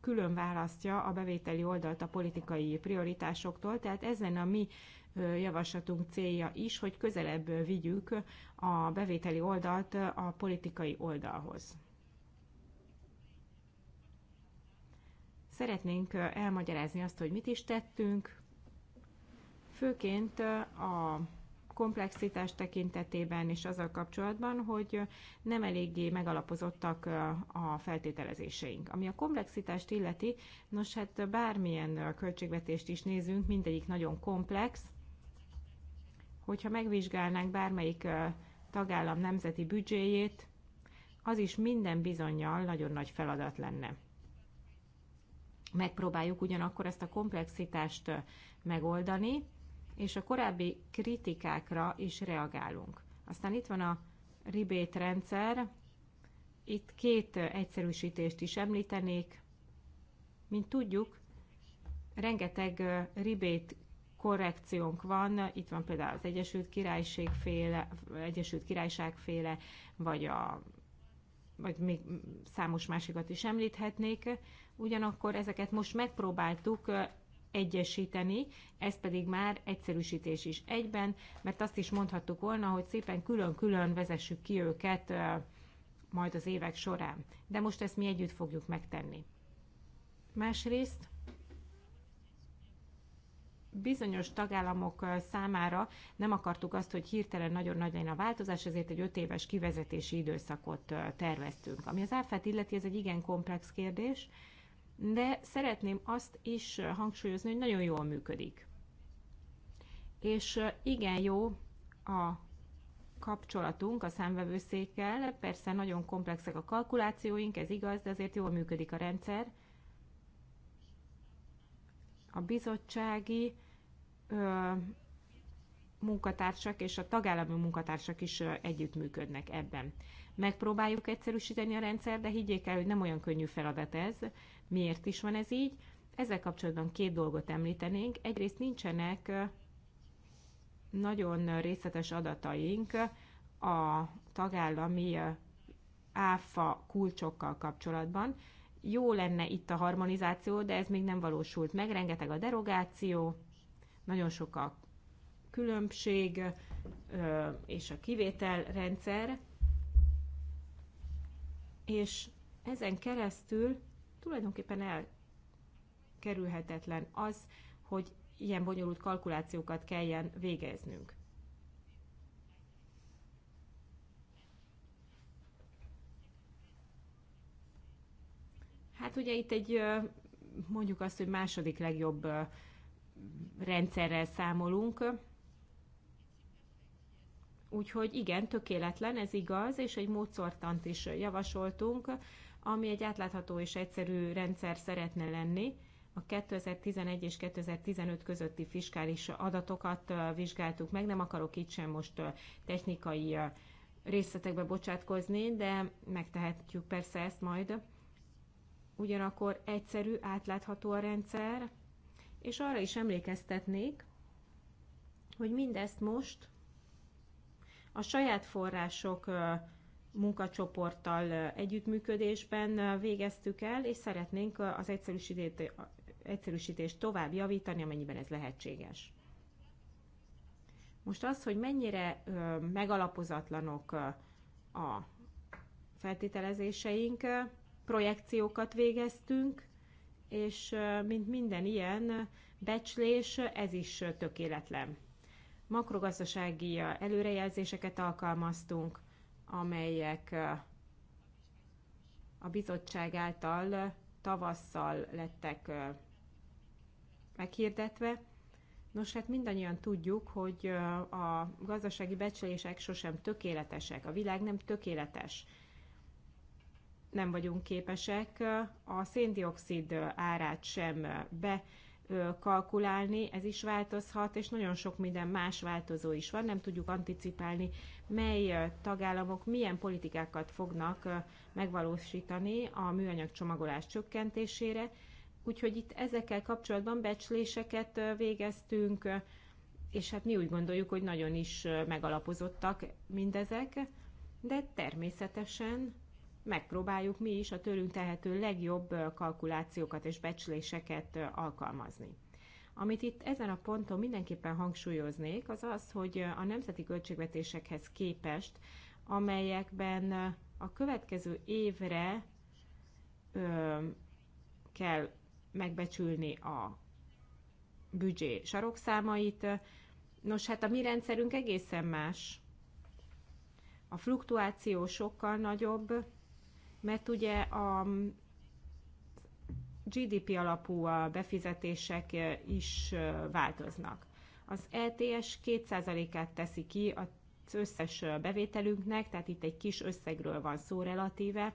D: külön választja a bevételi oldalt a politikai prioritásoktól, tehát ezen a mi javaslatunk célja is, hogy közelebb vigyük a bevételi oldalt a politikai oldalhoz. Szeretnénk elmagyarázni azt, hogy mit is tettünk, főként a komplexitás tekintetében és azzal kapcsolatban, hogy nem eléggé megalapozottak a feltételezéseink. Ami a komplexitást illeti, nos hát bármilyen költségvetést is nézünk, mindegyik nagyon komplex. Hogyha megvizsgálnánk bármelyik tagállam nemzeti büdzséjét, az is minden bizonyal nagyon nagy feladat lenne. Megpróbáljuk ugyanakkor ezt a komplexitást megoldani, és a korábbi kritikákra is reagálunk. Aztán itt van a ribét rendszer, itt két egyszerűsítést is említenék. Mint tudjuk, rengeteg ribét korrekciónk van, itt van például az Egyesült Királyság féle, Egyesült Királyság féle, vagy a vagy még számos másikat is említhetnék, ugyanakkor ezeket most megpróbáltuk egyesíteni, ez pedig már egyszerűsítés is egyben, mert azt is mondhattuk volna, hogy szépen külön-külön vezessük ki őket majd az évek során. De most ezt mi együtt fogjuk megtenni. Másrészt bizonyos tagállamok számára nem akartuk azt, hogy hirtelen nagyon nagy legyen a változás, ezért egy öt éves kivezetési időszakot terveztünk. Ami az áfát illeti, ez egy igen komplex kérdés, de szeretném azt is hangsúlyozni, hogy nagyon jól működik. És igen jó a kapcsolatunk a számvevőszékkel, persze nagyon komplexek a kalkulációink, ez igaz, de azért jól működik a rendszer. A bizottsági ö, munkatársak és a tagállami munkatársak is együttműködnek ebben. Megpróbáljuk egyszerűsíteni a rendszer, de higgyék el, hogy nem olyan könnyű feladat ez, Miért is van ez így? Ezzel kapcsolatban két dolgot említenénk. Egyrészt nincsenek nagyon részletes adataink a tagállami áfa kulcsokkal kapcsolatban. Jó lenne itt a harmonizáció, de ez még nem valósult meg. Rengeteg a derogáció, nagyon sok a különbség és a kivételrendszer, és ezen keresztül Tulajdonképpen elkerülhetetlen az, hogy ilyen bonyolult kalkulációkat kelljen végeznünk. Hát ugye itt egy mondjuk azt, hogy második legjobb rendszerrel számolunk. Úgyhogy igen, tökéletlen, ez igaz, és egy módszertant is javasoltunk, ami egy átlátható és egyszerű rendszer szeretne lenni. A 2011 és 2015 közötti fiskális adatokat vizsgáltuk meg, nem akarok itt sem most technikai részletekbe bocsátkozni, de megtehetjük persze ezt majd. Ugyanakkor egyszerű, átlátható a rendszer, és arra is emlékeztetnék, hogy mindezt most a saját források munkacsoporttal együttműködésben végeztük el, és szeretnénk az egyszerűsítést, egyszerűsítést tovább javítani, amennyiben ez lehetséges. Most az, hogy mennyire megalapozatlanok a feltételezéseink, projekciókat végeztünk, és mint minden ilyen becslés, ez is tökéletlen. Makrogazdasági előrejelzéseket alkalmaztunk, amelyek a bizottság által tavasszal lettek meghirdetve. Nos, hát mindannyian tudjuk, hogy a gazdasági becslések sosem tökéletesek, a világ nem tökéletes. Nem vagyunk képesek a széndiokszid árát sem be kalkulálni, ez is változhat, és nagyon sok minden más változó is van, nem tudjuk anticipálni, mely tagállamok milyen politikákat fognak megvalósítani a műanyag csomagolás csökkentésére, úgyhogy itt ezekkel kapcsolatban becsléseket végeztünk, és hát mi úgy gondoljuk, hogy nagyon is megalapozottak mindezek, de természetesen megpróbáljuk mi is a tőlünk tehető legjobb kalkulációkat és becsléseket alkalmazni. Amit itt ezen a ponton mindenképpen hangsúlyoznék, az az, hogy a nemzeti költségvetésekhez képest, amelyekben a következő évre ö, kell megbecsülni a büdzsé sarokszámait. Nos, hát a mi rendszerünk egészen más. A fluktuáció sokkal nagyobb, mert ugye a GDP alapú befizetések e, is e, változnak. Az LTS e 2%-át teszi ki az összes bevételünknek, tehát itt egy kis összegről van szó relatíve.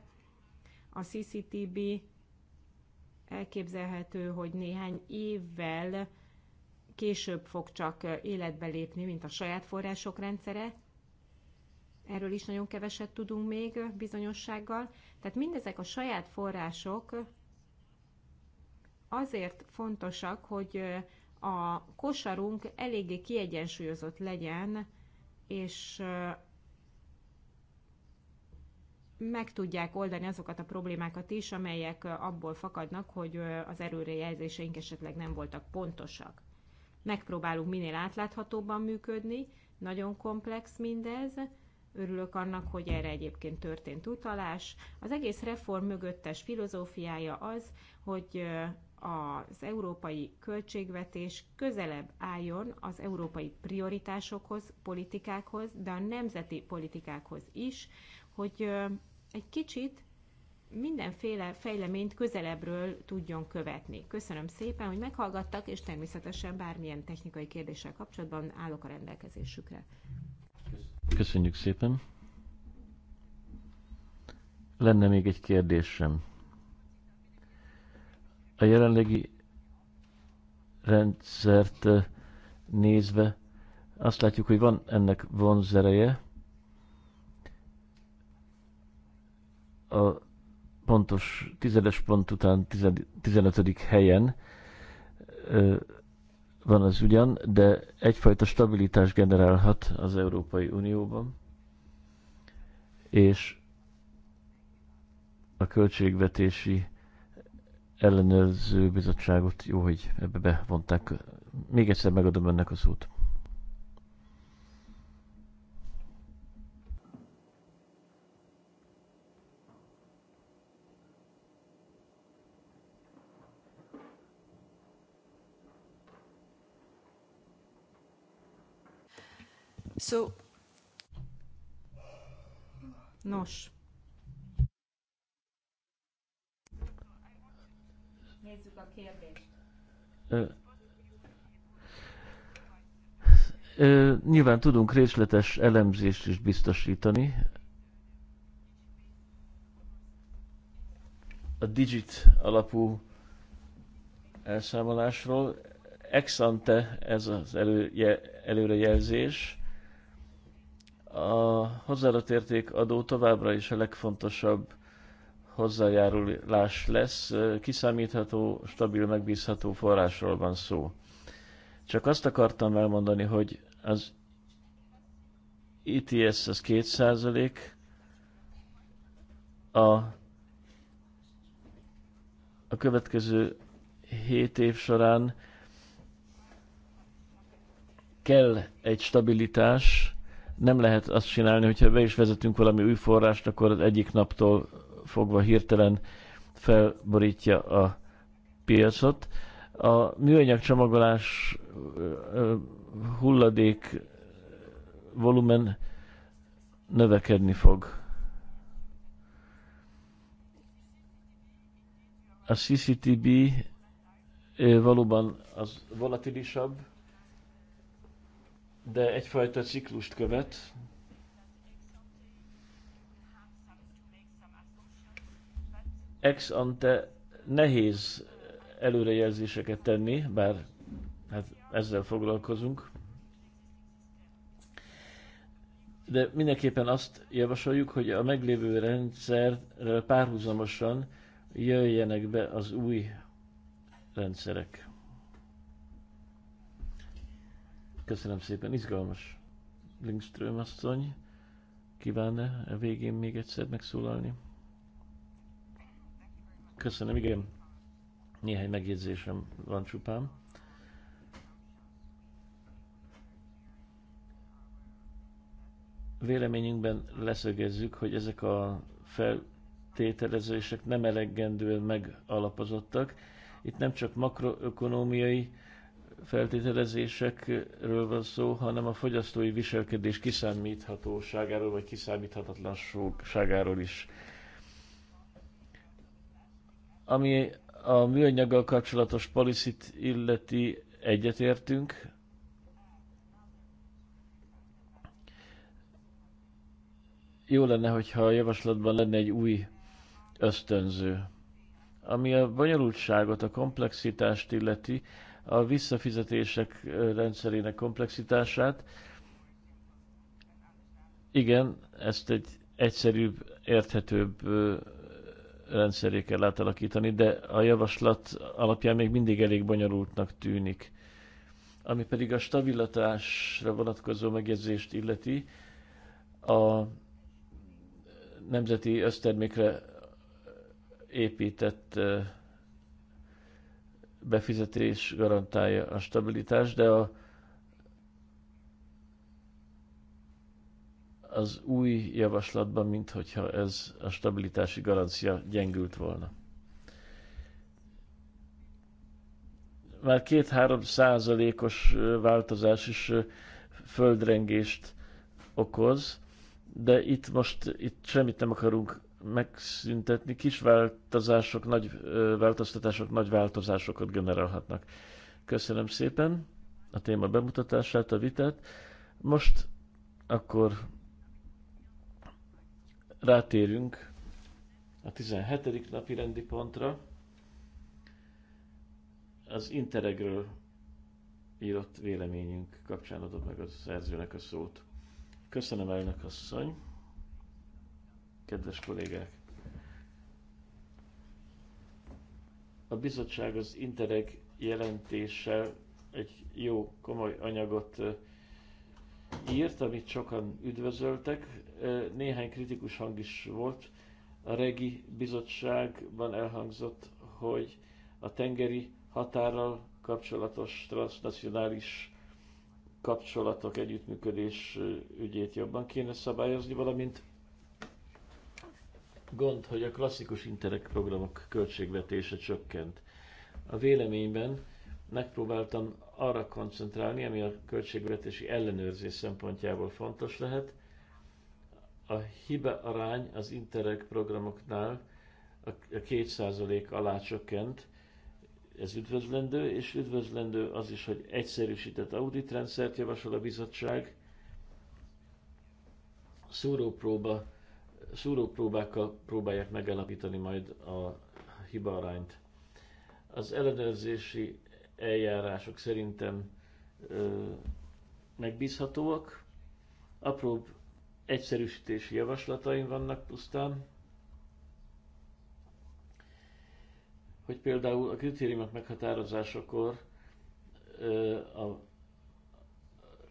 D: A CCTB elképzelhető, hogy néhány évvel később fog csak életbe lépni, mint a saját források rendszere. Erről is nagyon keveset tudunk még bizonyossággal, tehát mindezek a saját források azért fontosak, hogy a kosarunk eléggé kiegyensúlyozott legyen, és meg tudják oldani azokat a problémákat is, amelyek abból fakadnak, hogy az előrejelzéseink esetleg nem voltak pontosak. Megpróbálunk minél átláthatóbban működni, nagyon komplex mindez, Örülök annak, hogy erre egyébként történt utalás. Az egész reform mögöttes filozófiája az, hogy az európai költségvetés közelebb álljon az európai prioritásokhoz, politikákhoz, de a nemzeti politikákhoz is, hogy egy kicsit mindenféle fejleményt közelebbről tudjon követni. Köszönöm szépen, hogy meghallgattak, és természetesen bármilyen technikai kérdéssel kapcsolatban állok a rendelkezésükre.
A: Köszönjük szépen. Lenne még egy kérdésem. A jelenlegi rendszert eh, nézve azt látjuk, hogy van ennek vonzereje. A pontos tizedes pont után tizenötödik helyen eh, van az ugyan, de egyfajta stabilitás generálhat az Európai Unióban, és a költségvetési ellenőrző bizottságot jó, hogy ebbe bevonták. Még egyszer megadom önnek a szót.
B: So,
D: Nos. Nézzük a kérdést.
A: Ö, ö, nyilván tudunk részletes elemzést is biztosítani. A digit alapú elszámolásról. Exante ante ez az előre előrejelzés a hozzáadott értékadó továbbra is a legfontosabb hozzájárulás lesz, kiszámítható, stabil, megbízható forrásról van szó. Csak azt akartam elmondani, hogy az ETS az 2 a, a következő 7 év során kell egy stabilitás, nem lehet azt csinálni, hogyha be is vezetünk valami új forrást, akkor az egyik naptól fogva hirtelen felborítja a piacot. A műanyag csomagolás hulladék volumen növekedni fog. A CCTB valóban az volatilisabb, de egyfajta ciklust követ. Ex ante nehéz előrejelzéseket tenni, bár hát ezzel foglalkozunk. De mindenképpen azt javasoljuk, hogy a meglévő rendszerrel párhuzamosan jöjjenek be az új rendszerek. Köszönöm szépen, izgalmas. Lindström asszony kívánna -e a végén még egyszer megszólalni? Köszönöm, igen. Néhány megjegyzésem van csupán. Véleményünkben leszögezzük, hogy ezek a feltételezések nem elegendően megalapozottak. Itt nem csak makroökonómiai feltételezésekről van szó, hanem a fogyasztói viselkedés kiszámíthatóságáról vagy kiszámíthatatlanságáról is. Ami a műanyaggal kapcsolatos policit illeti, egyetértünk. Jó lenne, hogyha a javaslatban lenne egy új ösztönző. Ami a bonyolultságot, a komplexitást illeti, a visszafizetések rendszerének komplexitását. Igen, ezt egy egyszerűbb, érthetőbb rendszeré kell átalakítani, de a javaslat alapján még mindig elég bonyolultnak tűnik. Ami pedig a stabilitásra vonatkozó megjegyzést illeti, a nemzeti össztermékre épített befizetés garantálja a stabilitást, de a, az új javaslatban, mintha ez a stabilitási garancia gyengült volna. Már két-három százalékos változás is földrengést okoz, de itt most itt semmit nem akarunk megszüntetni, kis változások, nagy változtatások, nagy változásokat generálhatnak. Köszönöm szépen a téma bemutatását, a vitát. Most akkor rátérünk a 17. napi rendi pontra, az Interegről írott véleményünk kapcsán adom meg a szerzőnek a szót. Köszönöm, elnök asszony! kedves kollégák! A bizottság az Interreg jelentéssel egy jó, komoly anyagot írt, amit sokan üdvözöltek. Néhány kritikus hang is volt. A Regi bizottságban elhangzott, hogy a tengeri határral kapcsolatos transnacionális kapcsolatok, együttműködés ügyét jobban kéne szabályozni, valamint gond, hogy a klasszikus interreg programok költségvetése csökkent. A véleményben megpróbáltam arra koncentrálni, ami a költségvetési ellenőrzés szempontjából fontos lehet. A hiba arány az Interreg programoknál a 2% alá csökkent, ez üdvözlendő, és üdvözlendő az is, hogy egyszerűsített auditrendszert javasol a bizottság, szúrópróba próbákkal próbálják megállapítani majd a arányt. Az ellenőrzési eljárások szerintem ö, megbízhatóak. Apróbb egyszerűsítési javaslataim vannak pusztán, hogy például a kritériumok meghatározásakor ö, a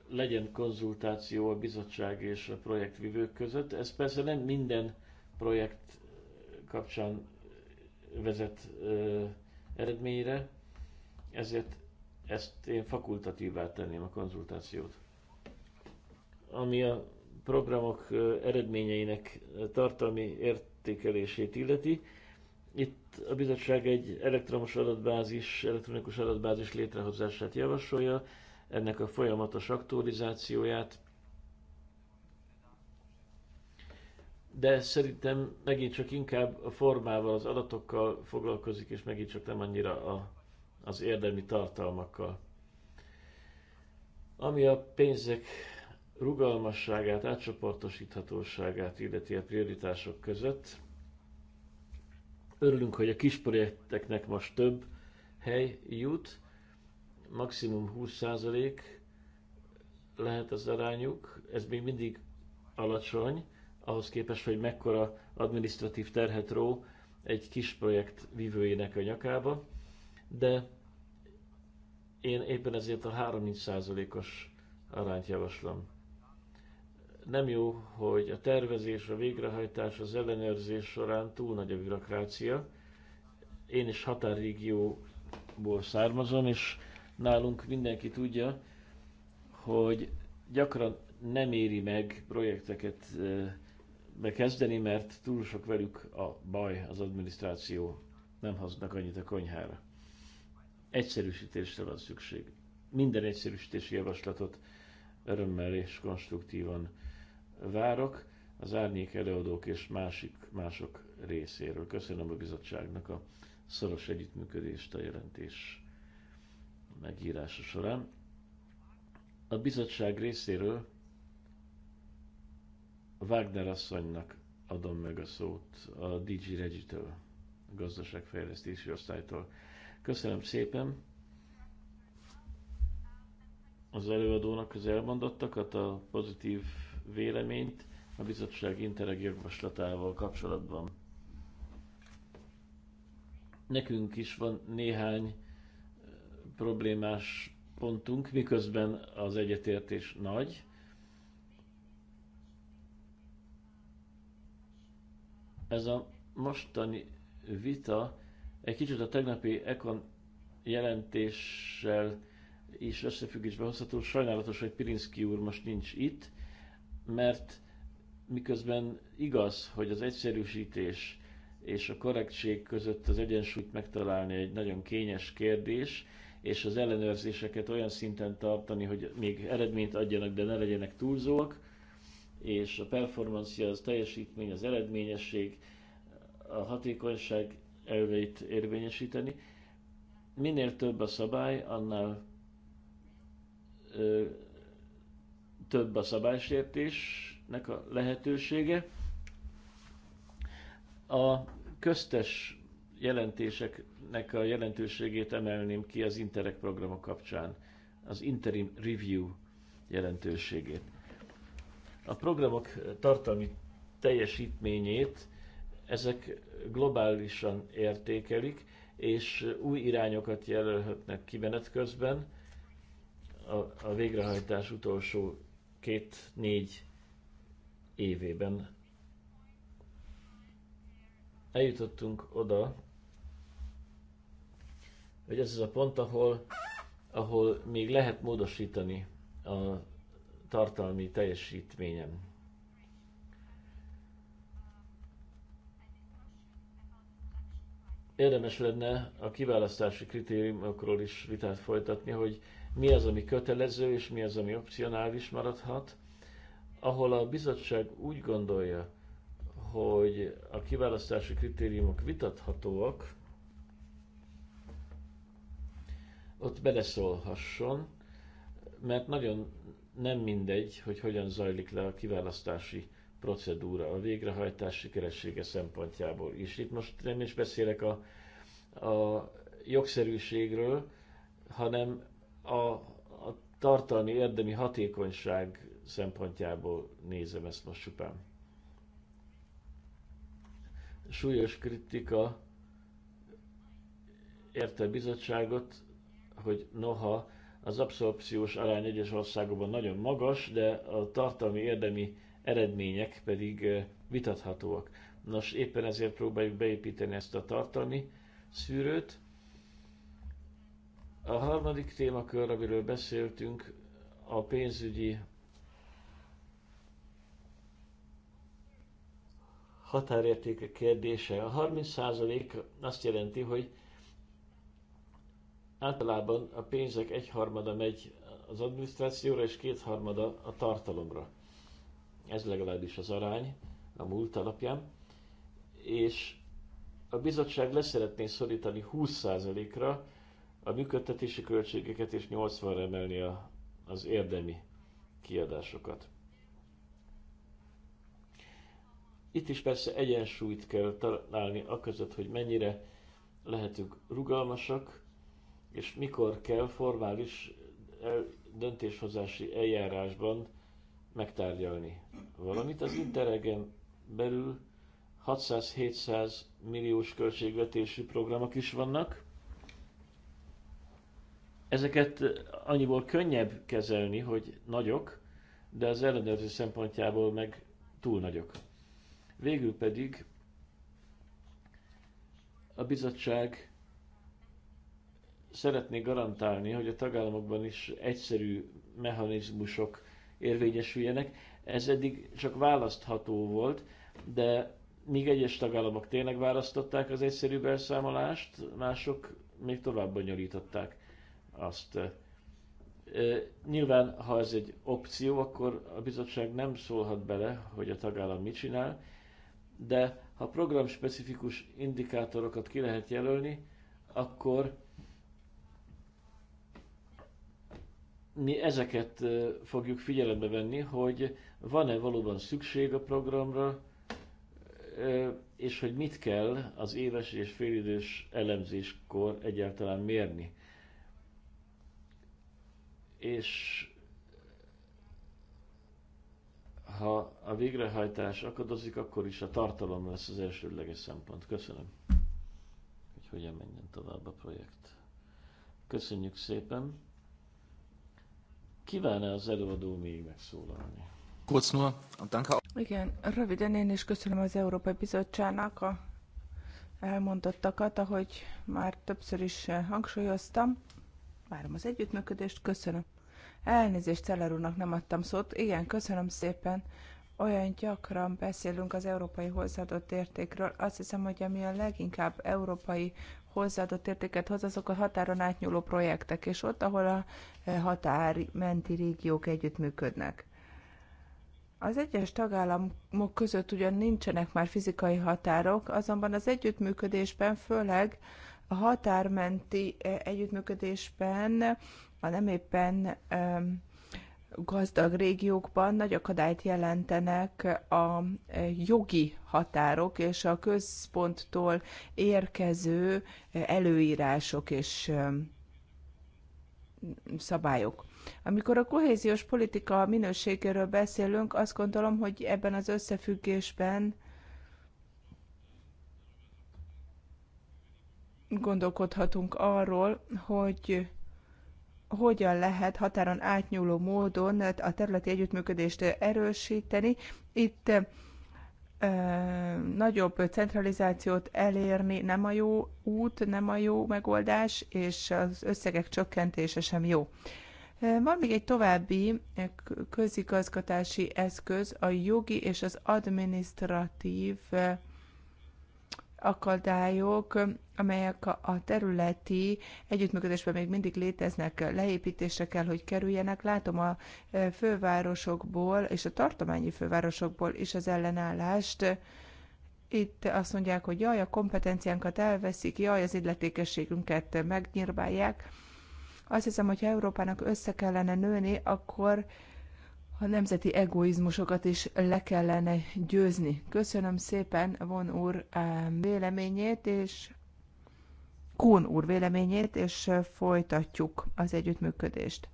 A: legyen konzultáció a bizottság és a projektvivők között. Ez persze nem minden projekt kapcsán vezet ö, eredményre, ezért ezt én fakultatívvá tenném a konzultációt. Ami a programok eredményeinek tartalmi értékelését illeti, itt a bizottság egy elektromos adatbázis, elektronikus adatbázis létrehozását javasolja, ennek a folyamatos aktualizációját, de szerintem megint csak inkább a formával, az adatokkal foglalkozik, és megint csak nem annyira a, az érdemi tartalmakkal. Ami a pénzek rugalmasságát, átcsoportosíthatóságát illeti a prioritások között, örülünk, hogy a kis projekteknek most több hely jut, maximum 20% lehet az arányuk, ez még mindig alacsony, ahhoz képest, hogy mekkora administratív terhet ró egy kis projekt vívőjének a nyakába, de én éppen ezért a 30%-os arányt javaslom. Nem jó, hogy a tervezés, a végrehajtás, az ellenőrzés során túl nagy a bürokrácia. Én is határrégióból származom, és nálunk mindenki tudja, hogy gyakran nem éri meg projekteket bekezdeni, mert túl sok velük a baj, az adminisztráció nem használnak annyit a konyhára. Egyszerűsítésre van szükség. Minden egyszerűsítési javaslatot örömmel és konstruktívan várok az árnyék előadók és másik, mások részéről. Köszönöm a bizottságnak a szoros együttműködést a jelentés megírása során. A bizottság részéről Wagner asszonynak adom meg a szót a DG Regitől, a gazdaságfejlesztési osztálytól. Köszönöm szépen az előadónak az elmondottakat, a pozitív véleményt a bizottság intereg jogvaslatával kapcsolatban. Nekünk is van néhány problémás pontunk, miközben az egyetértés nagy. Ez a mostani vita egy kicsit a tegnapi Econ jelentéssel is összefüggésbe hozható. Sajnálatos, hogy Pirinszki úr most nincs itt, mert miközben igaz, hogy az egyszerűsítés és a korrektség között az egyensúlyt megtalálni egy nagyon kényes kérdés, és az ellenőrzéseket olyan szinten tartani, hogy még eredményt adjanak, de ne legyenek túlzóak, és a performancia, az teljesítmény, az eredményesség, a hatékonyság elveit érvényesíteni. Minél több a szabály, annál ö, több a szabálysértésnek a lehetősége. A köztes jelentéseknek a jelentőségét emelném ki az Interreg programok kapcsán, az Interim Review jelentőségét. A programok tartalmi teljesítményét ezek globálisan értékelik, és új irányokat jelölhetnek kimenet közben a, a végrehajtás utolsó két-négy évében. Eljutottunk oda, hogy ez az a pont, ahol, ahol még lehet módosítani a tartalmi teljesítményem. Érdemes lenne a kiválasztási kritériumokról is vitát folytatni, hogy mi az, ami kötelező, és mi az, ami opcionális maradhat. Ahol a bizottság úgy gondolja, hogy a kiválasztási kritériumok vitathatóak, ott beleszólhasson, mert nagyon nem mindegy, hogy hogyan zajlik le a kiválasztási procedúra a végrehajtás sikeressége szempontjából is. Itt most nem is beszélek a, a jogszerűségről, hanem a, a tartalmi érdemi hatékonyság szempontjából nézem ezt most csupán. Súlyos kritika érte a bizottságot hogy noha az abszorpciós arány egyes országokban nagyon magas, de a tartalmi érdemi eredmények pedig vitathatóak. Nos, éppen ezért próbáljuk beépíteni ezt a tartalmi szűrőt. A harmadik témakör, amiről beszéltünk, a pénzügyi határértékek kérdése. A 30% azt jelenti, hogy Általában a pénzek egyharmada megy az adminisztrációra és kétharmada a tartalomra. Ez legalábbis az arány a múlt alapján. És a bizottság leszeretné szorítani 20%-ra a működtetési költségeket és 80-ra emelni a, az érdemi kiadásokat. Itt is persze egyensúlyt kell találni a között, hogy mennyire lehetünk rugalmasak, és mikor kell formális döntéshozási eljárásban megtárgyalni valamit. Az Interregen belül 600-700 milliós költségvetésű programok is vannak. Ezeket annyiból könnyebb kezelni, hogy nagyok, de az ellenőrző szempontjából meg túl nagyok. Végül pedig a bizottság szeretnék garantálni, hogy a tagállamokban is egyszerű mechanizmusok érvényesüljenek. Ez eddig csak választható volt, de míg egyes tagállamok tényleg választották az egyszerű elszámolást, mások még tovább bonyolították azt. Nyilván, ha ez egy opció, akkor a bizottság nem szólhat bele, hogy a tagállam mit csinál, de ha programspecifikus indikátorokat ki lehet jelölni, akkor mi ezeket fogjuk figyelembe venni, hogy van-e valóban szükség a programra, és hogy mit kell az éves és félidős elemzéskor egyáltalán mérni. És ha a végrehajtás akadozik, akkor is a tartalom lesz az elsődleges szempont. Köszönöm, hogy hogyan menjen tovább a projekt. Köszönjük szépen! Kíván-e az előadó még megszólalni? Kocnul, danke.
B: Igen, röviden én is köszönöm az Európai Bizottságnak a elmondottakat, ahogy már többször is hangsúlyoztam. Várom az együttműködést, köszönöm. Elnézést Celler úrnak nem adtam szót. Igen, köszönöm szépen. Olyan gyakran beszélünk az európai hozzáadott értékről. Azt hiszem, hogy ami a leginkább európai hozzáadott értéket hoz azok a határon átnyúló projektek, és ott, ahol a e, menti régiók együttműködnek. Az egyes tagállamok között ugyan nincsenek már fizikai határok, azonban az együttműködésben, főleg a határmenti e, együttműködésben a nem éppen um, gazdag régiókban nagy akadályt jelentenek a e, jogi határok és a központtól érkező e, előírások és e, szabályok. Amikor a kohéziós politika minőségéről beszélünk, azt gondolom, hogy ebben az összefüggésben gondolkodhatunk arról, hogy hogyan lehet határon átnyúló módon a területi együttműködést erősíteni. Itt nagyobb centralizációt elérni nem a jó út, nem a jó megoldás, és az összegek csökkentése sem jó. Van még egy további közigazgatási eszköz, a jogi és az administratív akadályok, amelyek a területi együttműködésben még mindig léteznek, leépítésre kell, hogy kerüljenek. Látom a e, fővárosokból és a tartományi fővárosokból is az ellenállást. Itt azt mondják, hogy jaj, a kompetenciánkat elveszik, jaj, az illetékességünket megnyírbálják. Azt hiszem, hogy ha Európának össze kellene nőni, akkor a nemzeti egoizmusokat is le kellene győzni. Köszönöm szépen von úr véleményét, és Kún úr véleményét, és folytatjuk az együttműködést.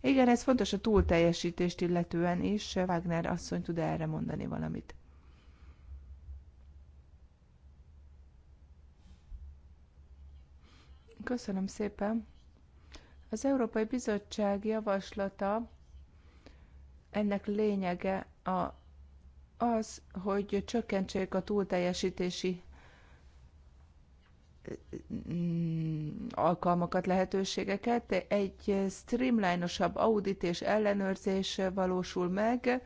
B: Igen, ez fontos a túlteljesítést illetően is. Wagner asszony tud -e erre mondani valamit. Köszönöm szépen. Az Európai Bizottság javaslata ennek lényege a, az, hogy csökkentsék a túlteljesítési mm, alkalmakat, lehetőségeket. Egy streamlinosabb audit és ellenőrzés valósul meg,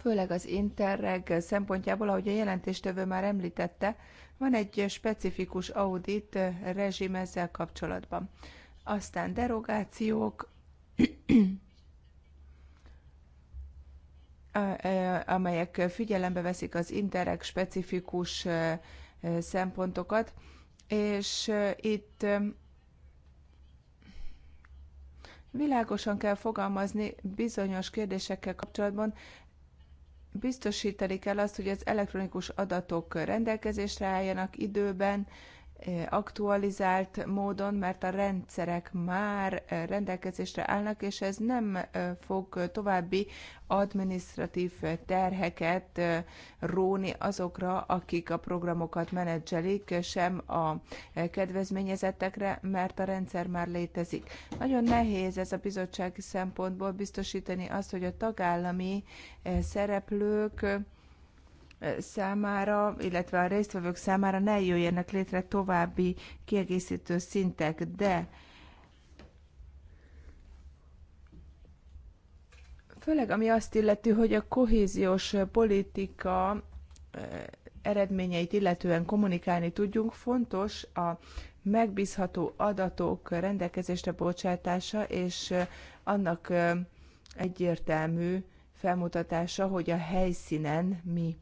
B: főleg az Interreg szempontjából, ahogy a jelentéstevő már említette, van egy specifikus audit rezsim ezzel kapcsolatban. Aztán derogációk, E, amelyek figyelembe veszik az interek specifikus e, e, szempontokat, és itt világosan kell fogalmazni bizonyos kérdésekkel kapcsolatban, biztosítani kell azt, hogy az elektronikus adatok rendelkezésre álljanak időben, aktualizált módon, mert a rendszerek már rendelkezésre állnak, és ez nem fog további administratív terheket róni azokra, akik a programokat menedzselik, sem a kedvezményezettekre, mert a rendszer már létezik. Nagyon nehéz ez a bizottsági szempontból biztosítani azt, hogy a tagállami szereplők számára, illetve a résztvevők számára ne jöjjenek létre további kiegészítő szintek, de főleg ami azt illeti, hogy a kohéziós politika eredményeit illetően kommunikálni tudjunk, fontos a megbízható adatok rendelkezésre bocsátása és annak egyértelmű felmutatása, hogy a helyszínen mi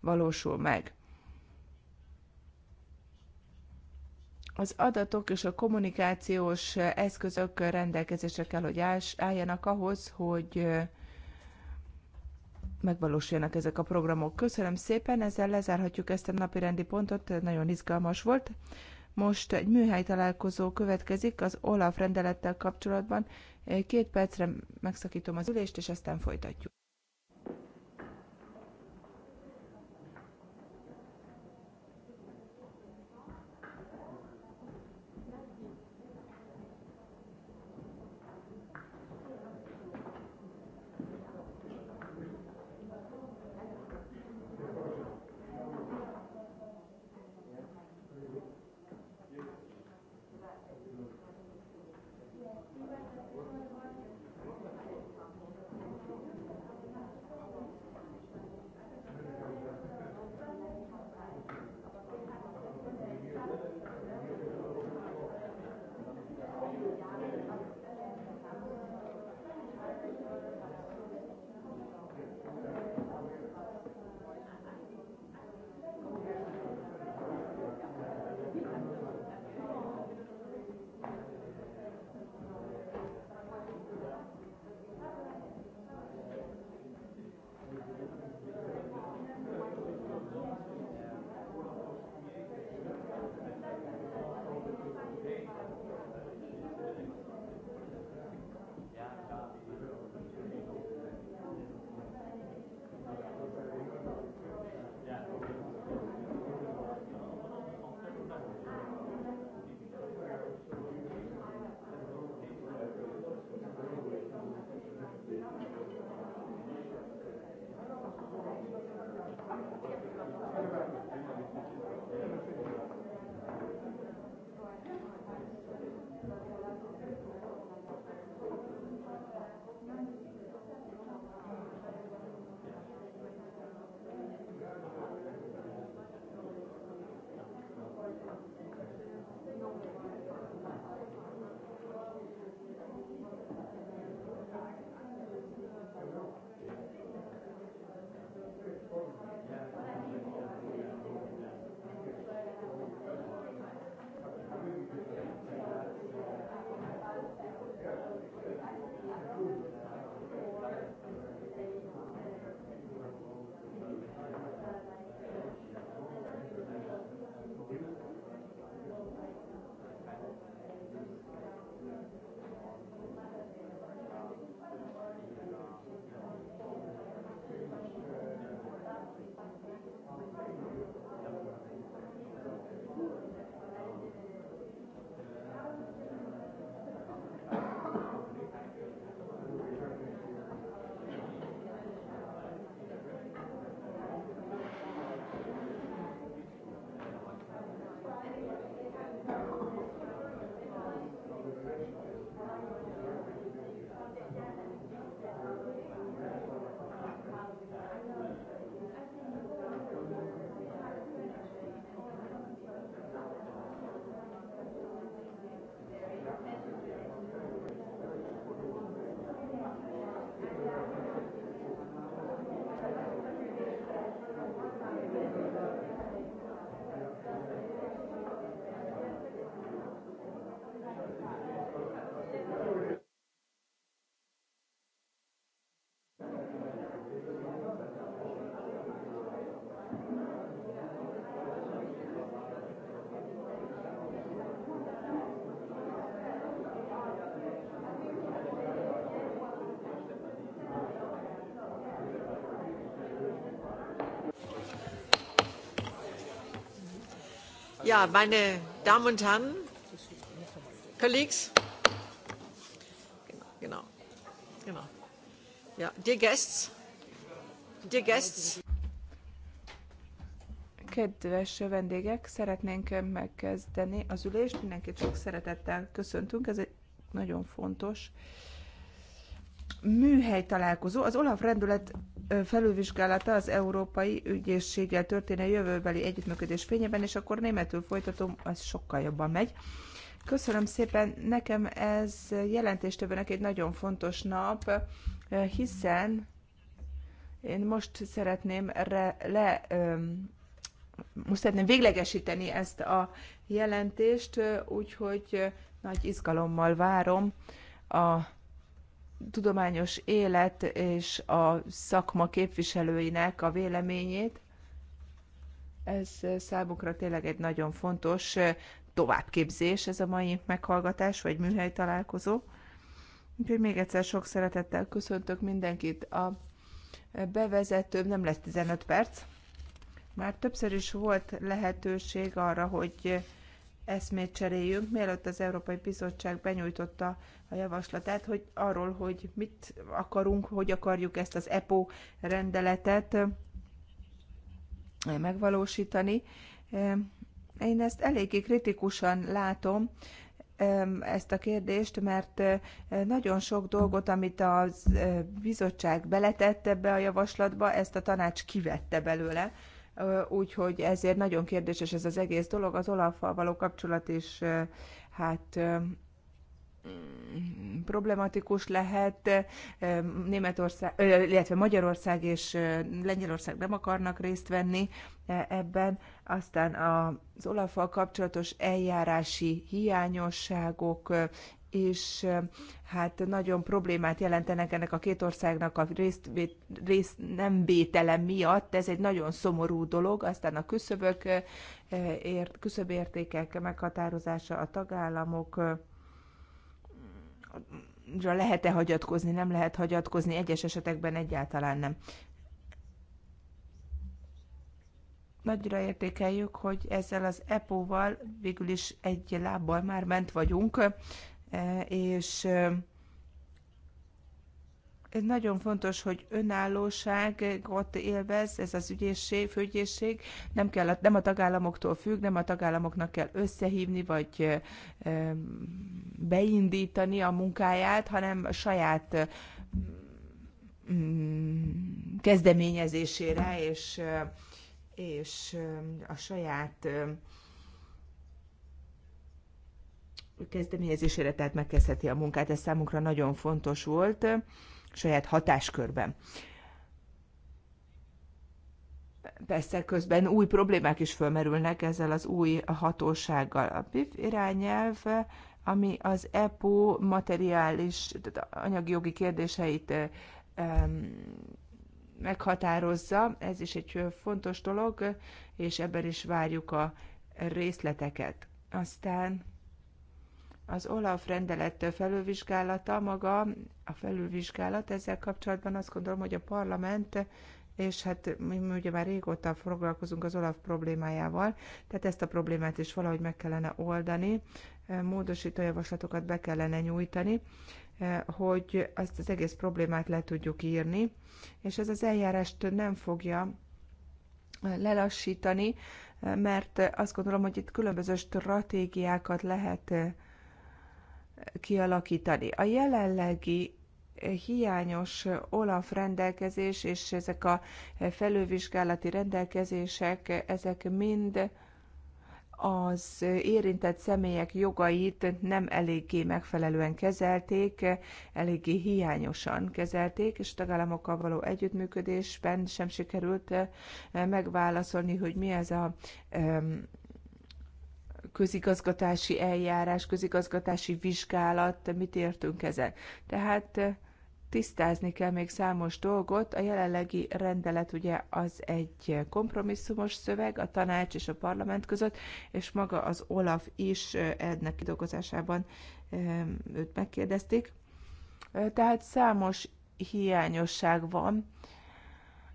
B: valósul meg. az adatok és a kommunikációs eszközök rendelkezésre kell, hogy álljanak ahhoz, hogy megvalósuljanak ezek a programok. Köszönöm szépen, ezzel lezárhatjuk ezt a napi rendi pontot, nagyon izgalmas volt. Most egy műhely találkozó következik az OLAF rendelettel kapcsolatban. Két percre megszakítom az ülést, és aztán folytatjuk.
C: Ja, meine Damen und Herren, Colleagues, genau, genau. Ja, dear guests, dear guests.
B: Kedves vendégek, szeretnénk megkezdeni az ülést. Mindenkit sok szeretettel köszöntünk. Ez egy nagyon fontos műhely találkozó. Az Olaf rendület felülvizsgálata az Európai Ügyészséggel történő jövőbeli együttműködés fényében, és akkor németül folytatom, az sokkal jobban megy. Köszönöm szépen, nekem ez jelentéstevőnek egy nagyon fontos nap, hiszen én most szeretném re, le, most szeretném véglegesíteni ezt a jelentést, úgyhogy nagy izgalommal várom a tudományos élet és a szakma képviselőinek a véleményét. Ez számukra tényleg egy nagyon fontos továbbképzés ez a mai meghallgatás, vagy műhely találkozó. Úgyhogy még egyszer sok szeretettel köszöntök mindenkit. A bevezetőm nem lesz 15 perc. Már többször is volt lehetőség arra, hogy eszmét cseréljünk, mielőtt az Európai Bizottság benyújtotta a javaslatát, hogy arról, hogy mit akarunk, hogy akarjuk ezt az EPO rendeletet eh, megvalósítani. Eh, én ezt eléggé kritikusan látom, eh, ezt a kérdést, mert nagyon sok dolgot, amit a bizottság beletett ebbe a javaslatba, ezt a tanács kivette belőle úgyhogy ezért nagyon kérdéses ez az egész dolog. Az Olaffal való kapcsolat is hát mm, problematikus lehet. Németország, illetve Magyarország és Lengyelország nem akarnak részt venni ebben. Aztán az olaf kapcsolatos eljárási hiányosságok és hát nagyon problémát jelentenek ennek a két országnak a részt, részt nem vétele miatt. Ez egy nagyon szomorú dolog, aztán a küszöbök, ért, küszöbértékek meghatározása a tagállamok lehet-e hagyatkozni, nem lehet hagyatkozni, egyes esetekben egyáltalán nem. nagyra értékeljük, hogy ezzel az EPO-val végül is egy lábbal már ment vagyunk E, és ez nagyon fontos, hogy önállóságot élvez ez az ügyészség, főügyészség, nem, kell, nem a tagállamoktól függ, nem a tagállamoknak kell összehívni, vagy beindítani a munkáját, hanem a saját mm, kezdeményezésére és, és a saját kezdeményezésére, tehát megkezdheti a munkát. Ez számunkra nagyon fontos volt saját hatáskörben. Persze közben új problémák is fölmerülnek ezzel az új hatósággal. A PIF irányelv, ami az EPO materiális, tehát anyagi jogi kérdéseit meghatározza, ez is egy fontos dolog, és ebben is várjuk a részleteket. Aztán az OLAF rendelet felülvizsgálata maga, a felülvizsgálat ezzel kapcsolatban azt gondolom, hogy a parlament és hát mi ugye már régóta foglalkozunk az OLAF problémájával, tehát ezt a problémát is valahogy meg kellene oldani, módosító javaslatokat be kellene nyújtani, hogy ezt az egész problémát le tudjuk írni, és ez az eljárást nem fogja lelassítani, mert azt gondolom, hogy itt különböző stratégiákat lehet kialakítani. A jelenlegi hiányos olaf rendelkezés és ezek a felővizsgálati rendelkezések, ezek mind az érintett személyek jogait nem eléggé megfelelően kezelték, eléggé hiányosan kezelték, és tagállamokkal való együttműködésben sem sikerült megválaszolni, hogy mi ez a közigazgatási eljárás, közigazgatási vizsgálat, mit értünk ezen. Tehát eh, tisztázni kell még számos dolgot. A jelenlegi rendelet ugye az egy kompromisszumos szöveg a tanács és a parlament között, és maga az Olaf is eh, ennek kidolgozásában őt megkérdezték. Eh, tehát számos hiányosság van,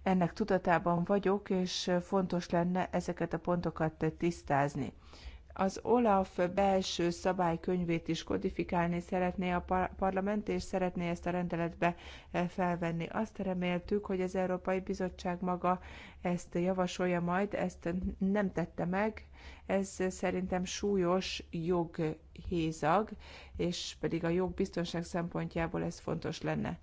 B: ennek tudatában vagyok, és fontos lenne ezeket a pontokat tisztázni. Az OLAF belső szabálykönyvét is kodifikálni szeretné a parlament, és szeretné ezt a rendeletbe e, felvenni. Azt reméltük, hogy az Európai Bizottság maga ezt javasolja majd, ezt nem tette meg. Ez szerintem súlyos joghézag, és pedig a jogbiztonság szempontjából ez fontos lenne.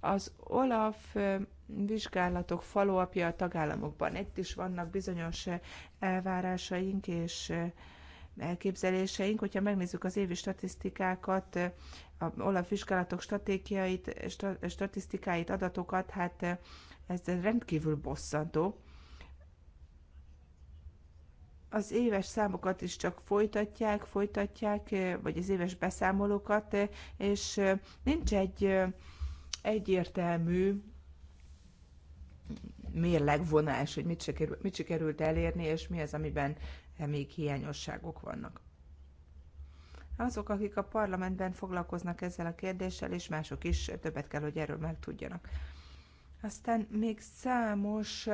B: Az OLAF e, vizsgálatok faluapja a tagállamokban. Itt is vannak bizonyos e, elvárásaink és elképzeléseink. Hogyha megnézzük az évi statisztikákat, a olaf vizsgálatok stratégiait, statisztikáit, adatokat, hát eh, ez rendkívül bosszantó. Az éves számokat is csak folytatják, folytatják, eh, vagy az éves beszámolókat, eh, és nincs egy egyértelmű mérlegvonás, hogy mit sikerült, mit sikerült elérni, és mi az, amiben még hiányosságok vannak. Azok, akik a parlamentben foglalkoznak ezzel a kérdéssel, és mások is többet kell, hogy erről megtudjanak. Aztán még számos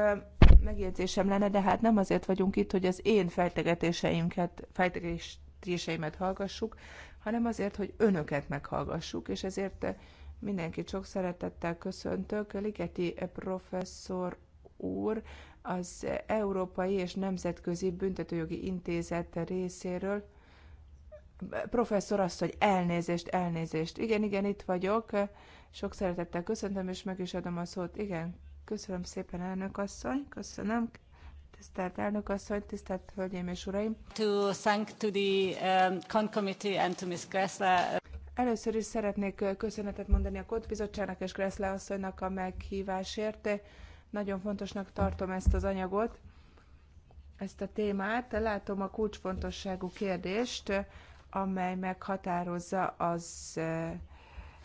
B: megjegyzésem lenne, de hát nem azért vagyunk itt, hogy az én fejtegetéseinket, fejtegetéseimet hallgassuk, hanem azért, hogy önöket meghallgassuk, és ezért mindenkit sok szeretettel köszöntök. Ligeti professzor úr az Európai és Nemzetközi Büntetőjogi Intézet részéről. Professzor azt, hogy elnézést, elnézést. Igen, igen, itt vagyok. Sok szeretettel köszöntöm, és meg is adom a szót. Igen, köszönöm szépen, elnök asszony. Köszönöm. Tisztelt elnök asszony, tisztelt hölgyeim és uraim! To thank to the um, Con Committee and to Ms. Gressler. Először is szeretnék köszönetet mondani a Kott Bizottságnak és Gressler asszonynak a meghívásért. Nagyon fontosnak tartom ezt az anyagot, ezt a témát. Látom a kulcsfontosságú kérdést, amely meghatározza az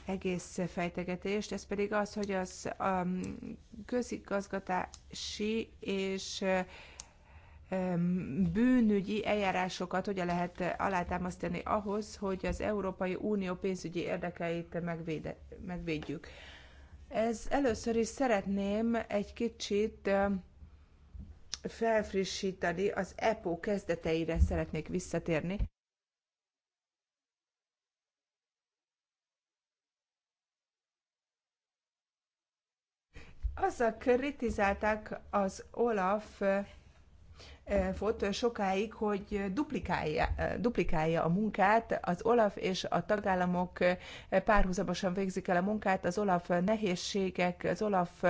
B: egész fejtegetést, ez pedig az, hogy az um, közigazgatási és bűnügyi eljárásokat hogyan lehet alátámasztani ahhoz, hogy az Európai Unió pénzügyi érdekeit megvéde, megvédjük. Ez először is szeretném egy kicsit felfrissíteni, az EPO kezdeteire szeretnék visszatérni. Azzal kritizálták az Olaf volt sokáig, hogy duplikálja, duplikálja a munkát. Az OLAF és a tagállamok párhuzamosan végzik el a munkát. Az OLAF nehézségek, az OLAF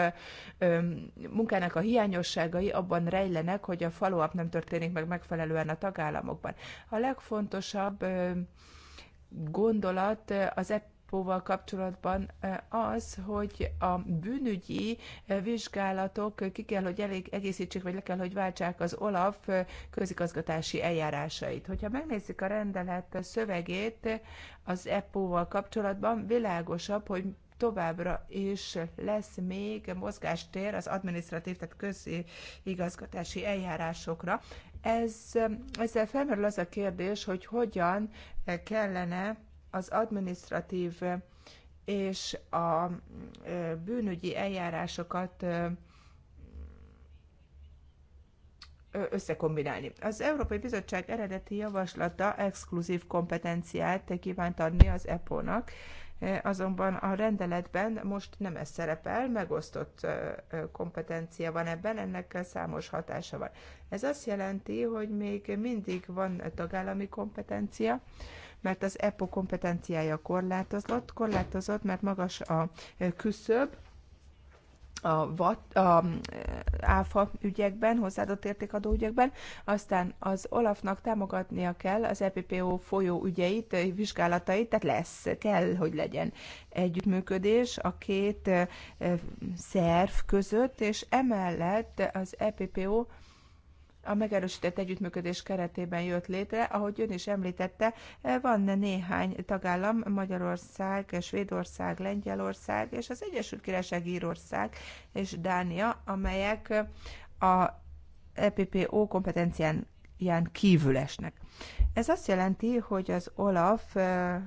B: munkának a hiányosságai abban rejlenek, hogy a follow-up nem történik meg megfelelően a tagállamokban. A legfontosabb gondolat az EP Koszovóval kapcsolatban az, hogy a bűnügyi vizsgálatok ki kell, hogy elég egészítsék, vagy le kell, hogy váltsák az OLAF közigazgatási eljárásait. Hogyha megnézzük a rendelet szövegét az EPO-val kapcsolatban, világosabb, hogy továbbra is lesz még mozgástér az adminisztratív, tehát közigazgatási eljárásokra. Ez, ezzel felmerül az a kérdés, hogy hogyan kellene az administratív és a bűnügyi eljárásokat összekombinálni. Az Európai Bizottság eredeti javaslata exkluzív kompetenciát kívánt adni az EPO-nak, azonban a rendeletben most nem ez szerepel, megosztott kompetencia van ebben, ennek számos hatása van. Ez azt jelenti, hogy még mindig van tagállami kompetencia, mert az EPO kompetenciája korlátozott, korlátozott, mert magas a küszöb, a, VAT, a áfa ügyekben, hozzáadott értékadó ügyekben, aztán az Olafnak támogatnia kell az EPPO folyó ügyeit, vizsgálatait, tehát lesz, kell, hogy legyen együttműködés a két szerv között, és emellett az EPPO a megerősített együttműködés keretében jött létre. Ahogy ön is említette, eh, van néhány tagállam, Magyarország, Svédország, Lengyelország és az Egyesült Királyság, Írország és Dánia, amelyek eh, a EPPO kompetencián kívül esnek. Ez azt jelenti, hogy az OLAF eh,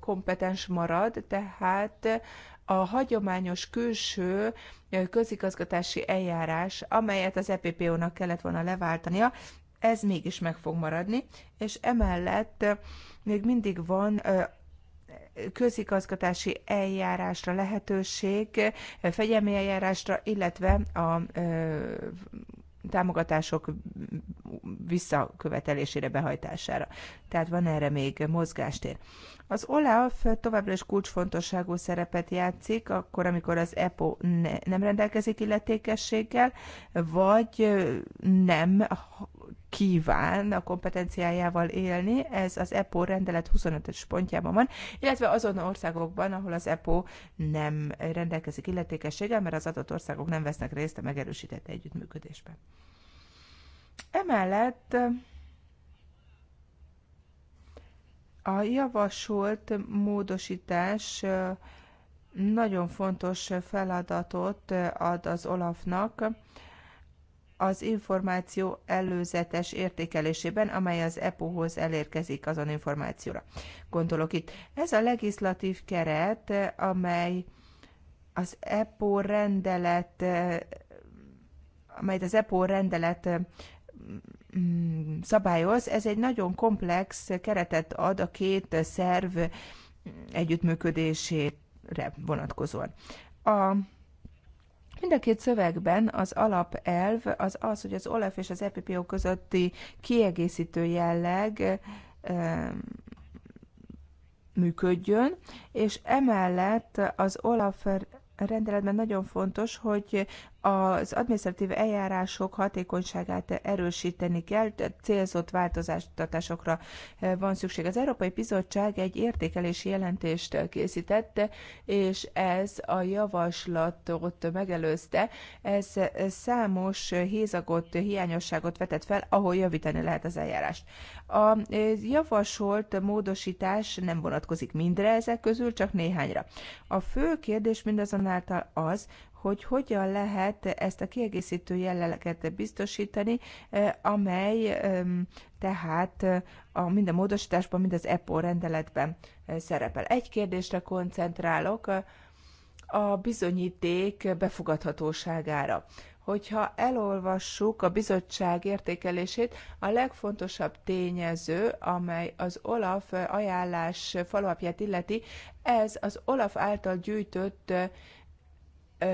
B: kompetens marad, tehát a hagyományos külső közigazgatási eljárás, amelyet az EPPO-nak kellett volna leváltania, ez mégis meg fog maradni, és emellett még mindig van közigazgatási eljárásra lehetőség, fegyelmi eljárásra, illetve a támogatások visszakövetelésére, behajtására. Tehát van erre még mozgástér. Az OLAF továbbra is kulcsfontosságú szerepet játszik, akkor, amikor az EPO ne, nem rendelkezik illetékességgel, vagy nem kíván a kompetenciájával élni, ez az EPO rendelet 25-ös pontjában van, illetve azon országokban, ahol az EPO nem rendelkezik illetékességgel, mert az adott országok nem vesznek részt a megerősített együttműködésben. Emellett a javasolt módosítás nagyon fontos feladatot ad az Olafnak, az információ előzetes értékelésében, amely az EPO-hoz elérkezik azon információra. Gondolok itt. Ez a legislatív keret, amely az EPO rendelet, amelyet az EPO rendelet mm, szabályoz, ez egy nagyon komplex keretet ad a két szerv együttműködésére vonatkozóan. A Mind a két szövegben az alapelv az az, hogy az OLAF és az EPPO közötti kiegészítő jelleg működjön, és emellett az OLAF rendeletben nagyon fontos, hogy az adminisztratív eljárások hatékonyságát erősíteni kell, célzott változtatásokra eh, van szükség. Az Európai Bizottság egy értékelési jelentést készített, és ez a javaslatot megelőzte. Ez számos hézagot, hiányosságot vetett fel, ahol javítani lehet az eljárást. A eh, javasolt módosítás nem vonatkozik mindre ezek közül, csak néhányra. A fő kérdés mindazonáltal az, hogy hogyan lehet ezt a kiegészítő jelleleket biztosítani, eh, amely tehát eh, a, mind a módosításban, mind az EPO rendeletben szerepel. Egy kérdésre koncentrálok, a bizonyíték befogadhatóságára hogyha elolvassuk a bizottság értékelését, a legfontosabb tényező, amely az OLAF ajánlás falapját illeti, ez az OLAF által gyűjtött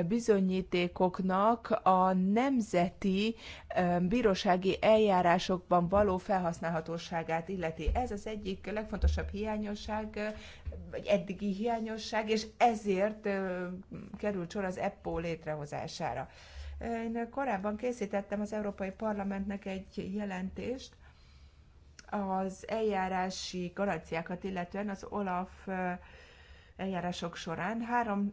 B: bizonyítékoknak a nemzeti bírósági eljárásokban való felhasználhatóságát illeti. Ez az egyik legfontosabb hiányosság, vagy eddigi hiányosság, és ezért került sor az EPPO létrehozására. Én korábban készítettem az Európai Parlamentnek egy jelentést az eljárási garanciákat illetően az OLAF eljárások során. Három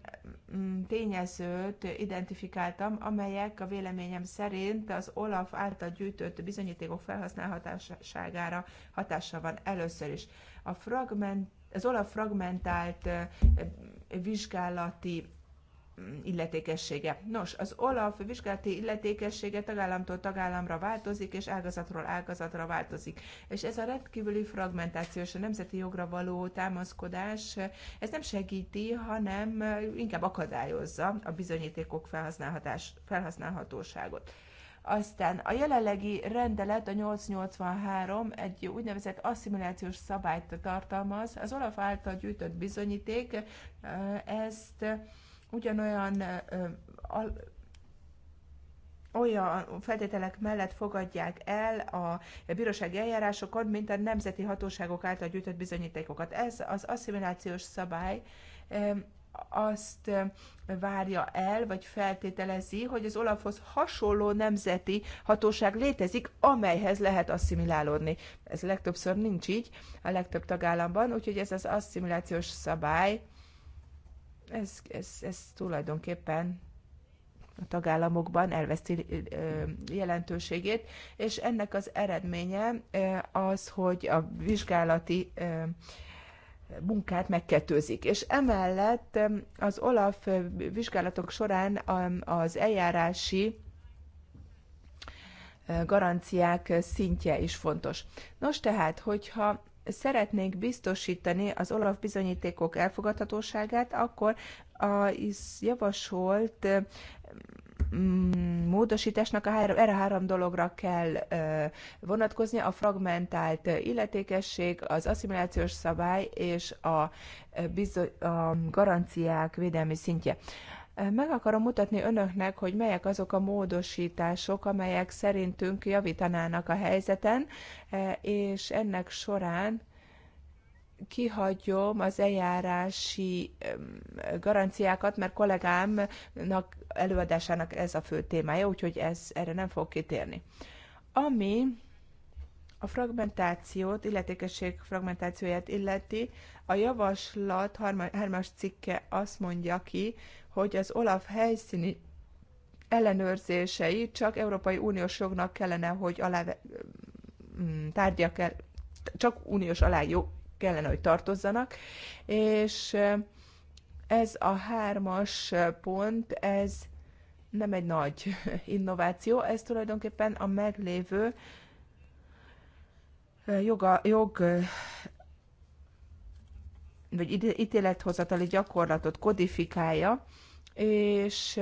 B: mm, tényezőt identifikáltam, amelyek a véleményem szerint az OLAF által gyűjtött bizonyítékok felhasználhatására hatása van először is. A fragment, az OLAF fragmentált vizsgálati illetékessége. Nos, az OLAF vizsgálati illetékessége tagállamtól tagállamra változik, és ágazatról ágazatra változik. És ez a rendkívüli fragmentáció és a nemzeti jogra való támaszkodás, ez nem segíti, hanem inkább akadályozza a bizonyítékok felhasználhatóságot. Aztán a jelenlegi rendelet, a 883 egy úgynevezett asszimilációs szabályt tartalmaz. Az Olaf által gyűjtött bizonyíték ezt ugyanolyan olyan feltételek mellett fogadják el a bírósági eljárásokon, mint a nemzeti hatóságok által gyűjtött bizonyítékokat. Ez az asszimilációs szabály azt várja el, vagy feltételezi, hogy az Olafhoz hasonló nemzeti hatóság létezik, amelyhez lehet asszimilálódni. Ez legtöbbször nincs így a legtöbb tagállamban, úgyhogy ez az asszimilációs szabály ez, ez, ez tulajdonképpen a tagállamokban elveszti jelentőségét, és ennek az eredménye az, hogy a vizsgálati munkát megkettőzik. És emellett az OLAF vizsgálatok során az eljárási garanciák szintje is fontos. Nos tehát, hogyha szeretnék biztosítani az Olaf bizonyítékok elfogadhatóságát, akkor a javasolt mm, módosításnak a három, erre három dologra kell vonatkozni, a fragmentált illetékesség, az asszimilációs szabály és a, a garanciák védelmi szintje. Meg akarom mutatni önöknek, hogy melyek azok a módosítások, amelyek szerintünk javítanának a helyzeten, e, és ennek során kihagyom az eljárási garanciákat, mert kollégámnak előadásának ez a fő témája, úgyhogy ez, erre nem fog kitérni. Ami a fragmentációt, illetékesség fragmentációját illeti, a javaslat 3. cikke azt mondja ki, hogy az Olaf helyszíni ellenőrzései csak Európai Uniós jognak kellene, hogy alá mm, tárgya kell, csak uniós alá jó kellene, hogy tartozzanak, és ez a hármas pont, ez nem egy nagy innováció, ez tulajdonképpen a meglévő joga, jog vagy ítélethozatali gyakorlatot kodifikálja, és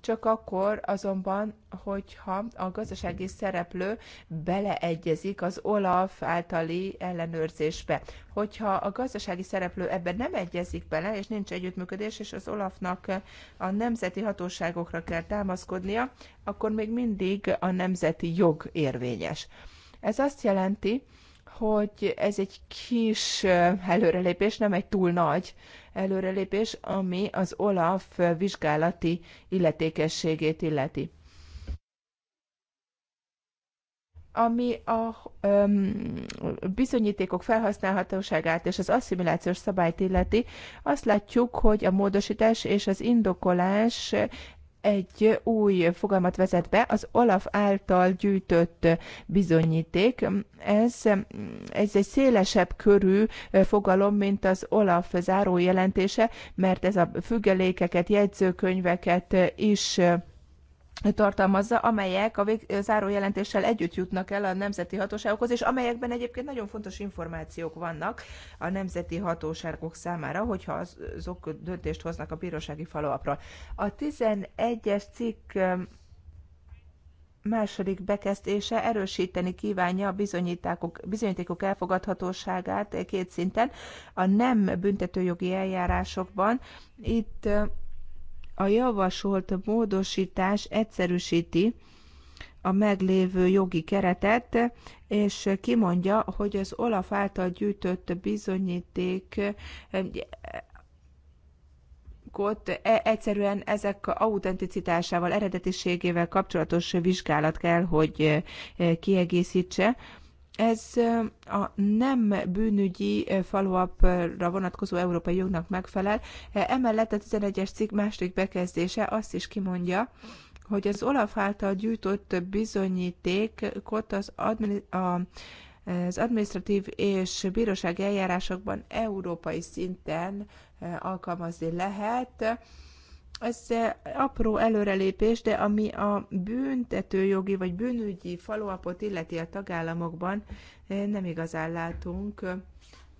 B: csak akkor azonban, hogyha a gazdasági szereplő beleegyezik az OLAF általi ellenőrzésbe. Hogyha a gazdasági szereplő ebben nem egyezik bele, és nincs együttműködés, és az OLAF-nak a nemzeti hatóságokra kell támaszkodnia, akkor még mindig a nemzeti jog érvényes. Ez azt jelenti, hogy ez egy kis előrelépés, nem egy túl nagy előrelépés, ami az OLAF vizsgálati illetékességét illeti. Ami a öm, bizonyítékok felhasználhatóságát és az asszimilációs szabályt illeti, azt látjuk, hogy a módosítás és az indokolás egy új fogalmat vezet be, az Olaf által gyűjtött bizonyíték. Ez, ez egy szélesebb körű fogalom, mint az Olaf jelentése, mert ez a függelékeket, jegyzőkönyveket is tartalmazza, amelyek a záró jelentéssel együtt jutnak el a nemzeti hatóságokhoz, és amelyekben egyébként nagyon fontos információk vannak a nemzeti hatóságok számára, hogyha azok döntést hoznak a bírósági falóapról. A 11-es cikk második bekezdése erősíteni kívánja a bizonyítékok, bizonyítékok elfogadhatóságát két szinten, a nem büntetőjogi eljárásokban. Itt a javasolt módosítás egyszerűsíti a meglévő jogi keretet, és kimondja, hogy az Olaf által gyűjtött bizonyíték eh, ott eh, egyszerűen ezek autenticitásával, eredetiségével kapcsolatos vizsgálat kell, hogy eh, kiegészítse. Ez a nem bűnügyi follow-upra vonatkozó európai jognak megfelel. Emellett a 11-es cikk második bekezdése azt is kimondja, hogy az Olaf által gyűjtött bizonyítékot az, admini- a, az administratív és bírósági eljárásokban európai szinten alkalmazni lehet ez apró előrelépés, de ami a büntetőjogi vagy bűnügyi faluapot illeti a tagállamokban, eh, nem igazán látunk eh,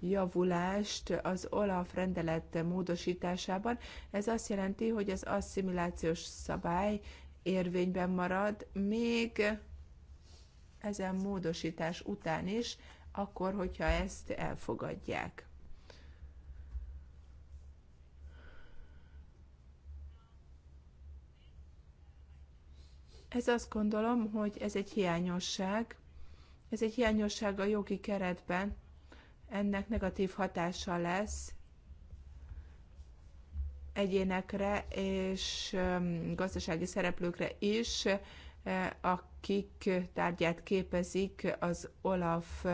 B: javulást az OLAF rendelet módosításában. Ez azt jelenti, hogy az asszimilációs szabály érvényben marad, még ezen módosítás után is, akkor, hogyha ezt elfogadják. Ez azt gondolom, hogy ez egy hiányosság. Ez egy hiányosság a jogi keretben. Ennek negatív hatása lesz egyénekre és gazdasági szereplőkre is, akik tárgyát képezik az Olaf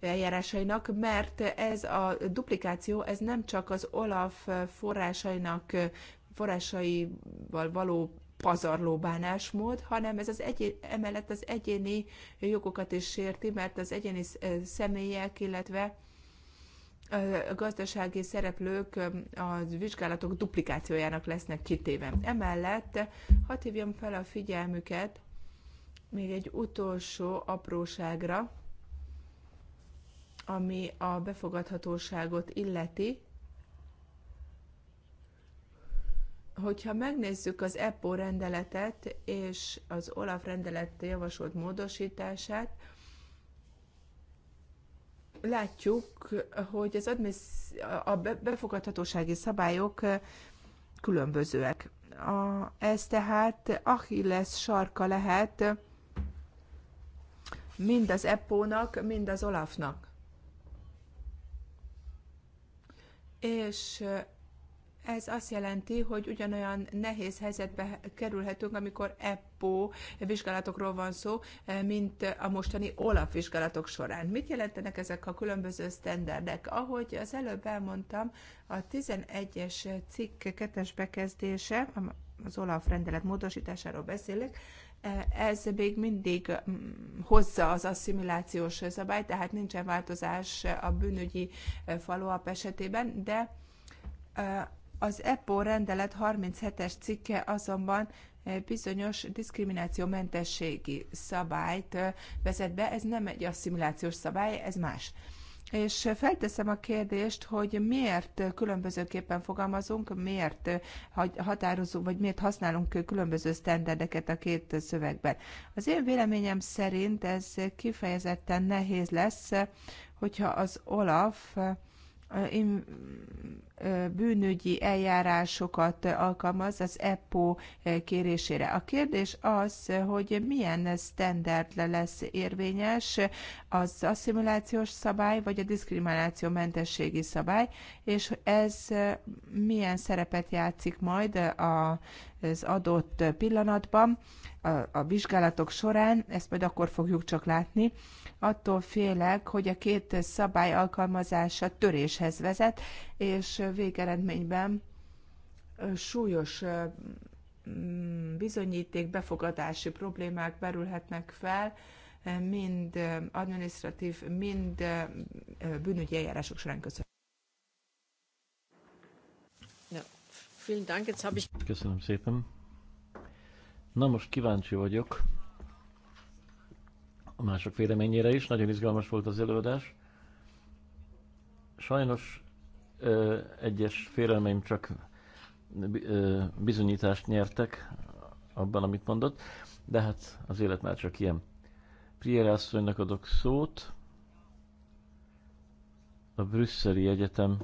B: eljárásainak, mert ez a duplikáció, ez nem csak az Olaf forrásainak forrásaival való pazarló bánásmód, hanem ez az egyé- emellett az egyéni jogokat is sérti, mert az egyéni személyek, illetve a gazdasági szereplők a vizsgálatok duplikációjának lesznek kitéve. Emellett hadd hívjam fel a figyelmüket még egy utolsó apróságra, ami a befogadhatóságot illeti. Hogyha megnézzük az EPO rendeletet és az OLAF rendelet javasolt módosítását, látjuk, hogy az a befogadhatósági szabályok különbözőek. A, ez tehát Achilles sarka lehet mind az EPO-nak, mind az nak És ez azt jelenti, hogy ugyanolyan nehéz helyzetbe kerülhetünk, amikor EPPO vizsgálatokról van szó, eh, mint a mostani OLAF vizsgálatok során. Mit jelentenek ezek a különböző sztenderdek? Ahogy az előbb elmondtam, a 11-es cikk 2 bekezdése, az OLAF rendelet módosításáról beszélek, eh, ez még mindig mm, hozza az asszimilációs szabály, tehát nincsen változás a bűnügyi eh, faluap esetében, de az EPO rendelet 37-es cikke azonban eh, bizonyos diszkriminációmentességi szabályt eh, vezet be, ez nem egy asszimilációs szabály, ez más. És felteszem a kérdést, hogy miért különbözőképpen fogalmazunk, miért eh, határozunk, vagy miért használunk különböző sztenderdeket a két szövegben. Az én véleményem szerint ez kifejezetten nehéz lesz, hogyha az OLAF bűnügyi eljárásokat alkalmaz az EPPO kérésére. A kérdés az, hogy milyen standard lesz érvényes az asszimilációs szabály, vagy a diszkrimináció mentességi szabály, és ez milyen szerepet játszik majd az adott pillanatban, a, a vizsgálatok során, ezt majd akkor fogjuk csak látni, Attól félek, hogy a két szabály alkalmazása töréshez vezet, és végeredményben súlyos mm, bizonyíték befogadási problémák berülhetnek fel, mind administratív, mind bűnügyi eljárások során köszönöm.
A: Köszönöm szépen. Na most kíváncsi vagyok, a mások véleményére is. Nagyon izgalmas volt az előadás. Sajnos ö, egyes félelmeim csak ö, bizonyítást nyertek abban, amit mondott, de hát az élet már csak ilyen. Priere asszonynak adok szót. A Brüsszeli Egyetem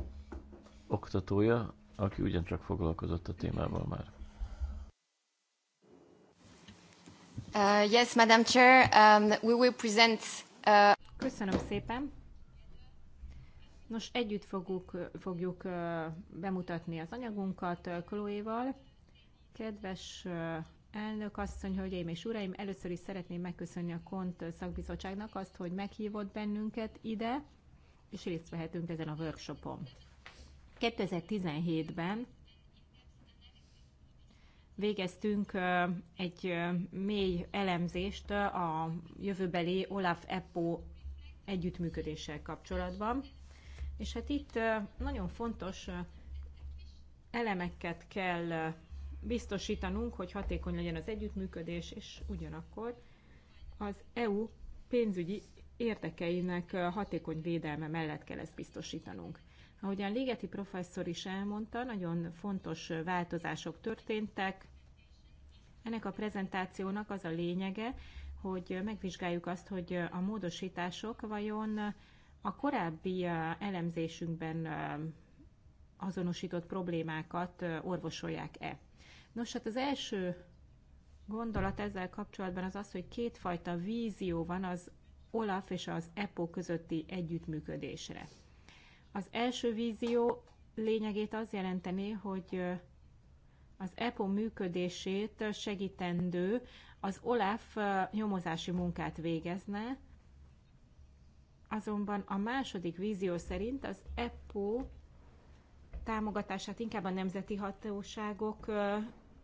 A: oktatója, aki ugyancsak foglalkozott a témával már.
D: Uh, yes, Madam Chair, um, we will present... Uh... Köszönöm szépen. Nos, együtt fogjuk, fogjuk uh, bemutatni az anyagunkat kolóéval. Uh, Kedves uh, elnök asszony, hölgyeim és uraim, először is szeretném megköszönni a KONT szakbizottságnak azt, hogy meghívott bennünket ide, és részt vehetünk ezen a workshopon. 2017-ben végeztünk egy mély elemzést a jövőbeli Olaf Eppo együttműködéssel kapcsolatban. És hát itt nagyon fontos elemeket kell biztosítanunk, hogy hatékony legyen az együttműködés, és ugyanakkor az EU pénzügyi érdekeinek hatékony védelme mellett kell ezt biztosítanunk. Ahogyan Ligeti professzor is elmondta, nagyon fontos változások történtek ennek a prezentációnak az a lényege, hogy megvizsgáljuk azt, hogy a módosítások vajon a korábbi elemzésünkben azonosított problémákat orvosolják-e. Nos, hát az első gondolat ezzel kapcsolatban az az, hogy kétfajta vízió van az Olaf és az EPO közötti együttműködésre. Az első vízió lényegét az jelenteni, hogy az EPO működését segítendő az OLAF e nyomozási munkát végezne, azonban a második vízió szerint az EPO támogatását inkább a nemzeti hatóságok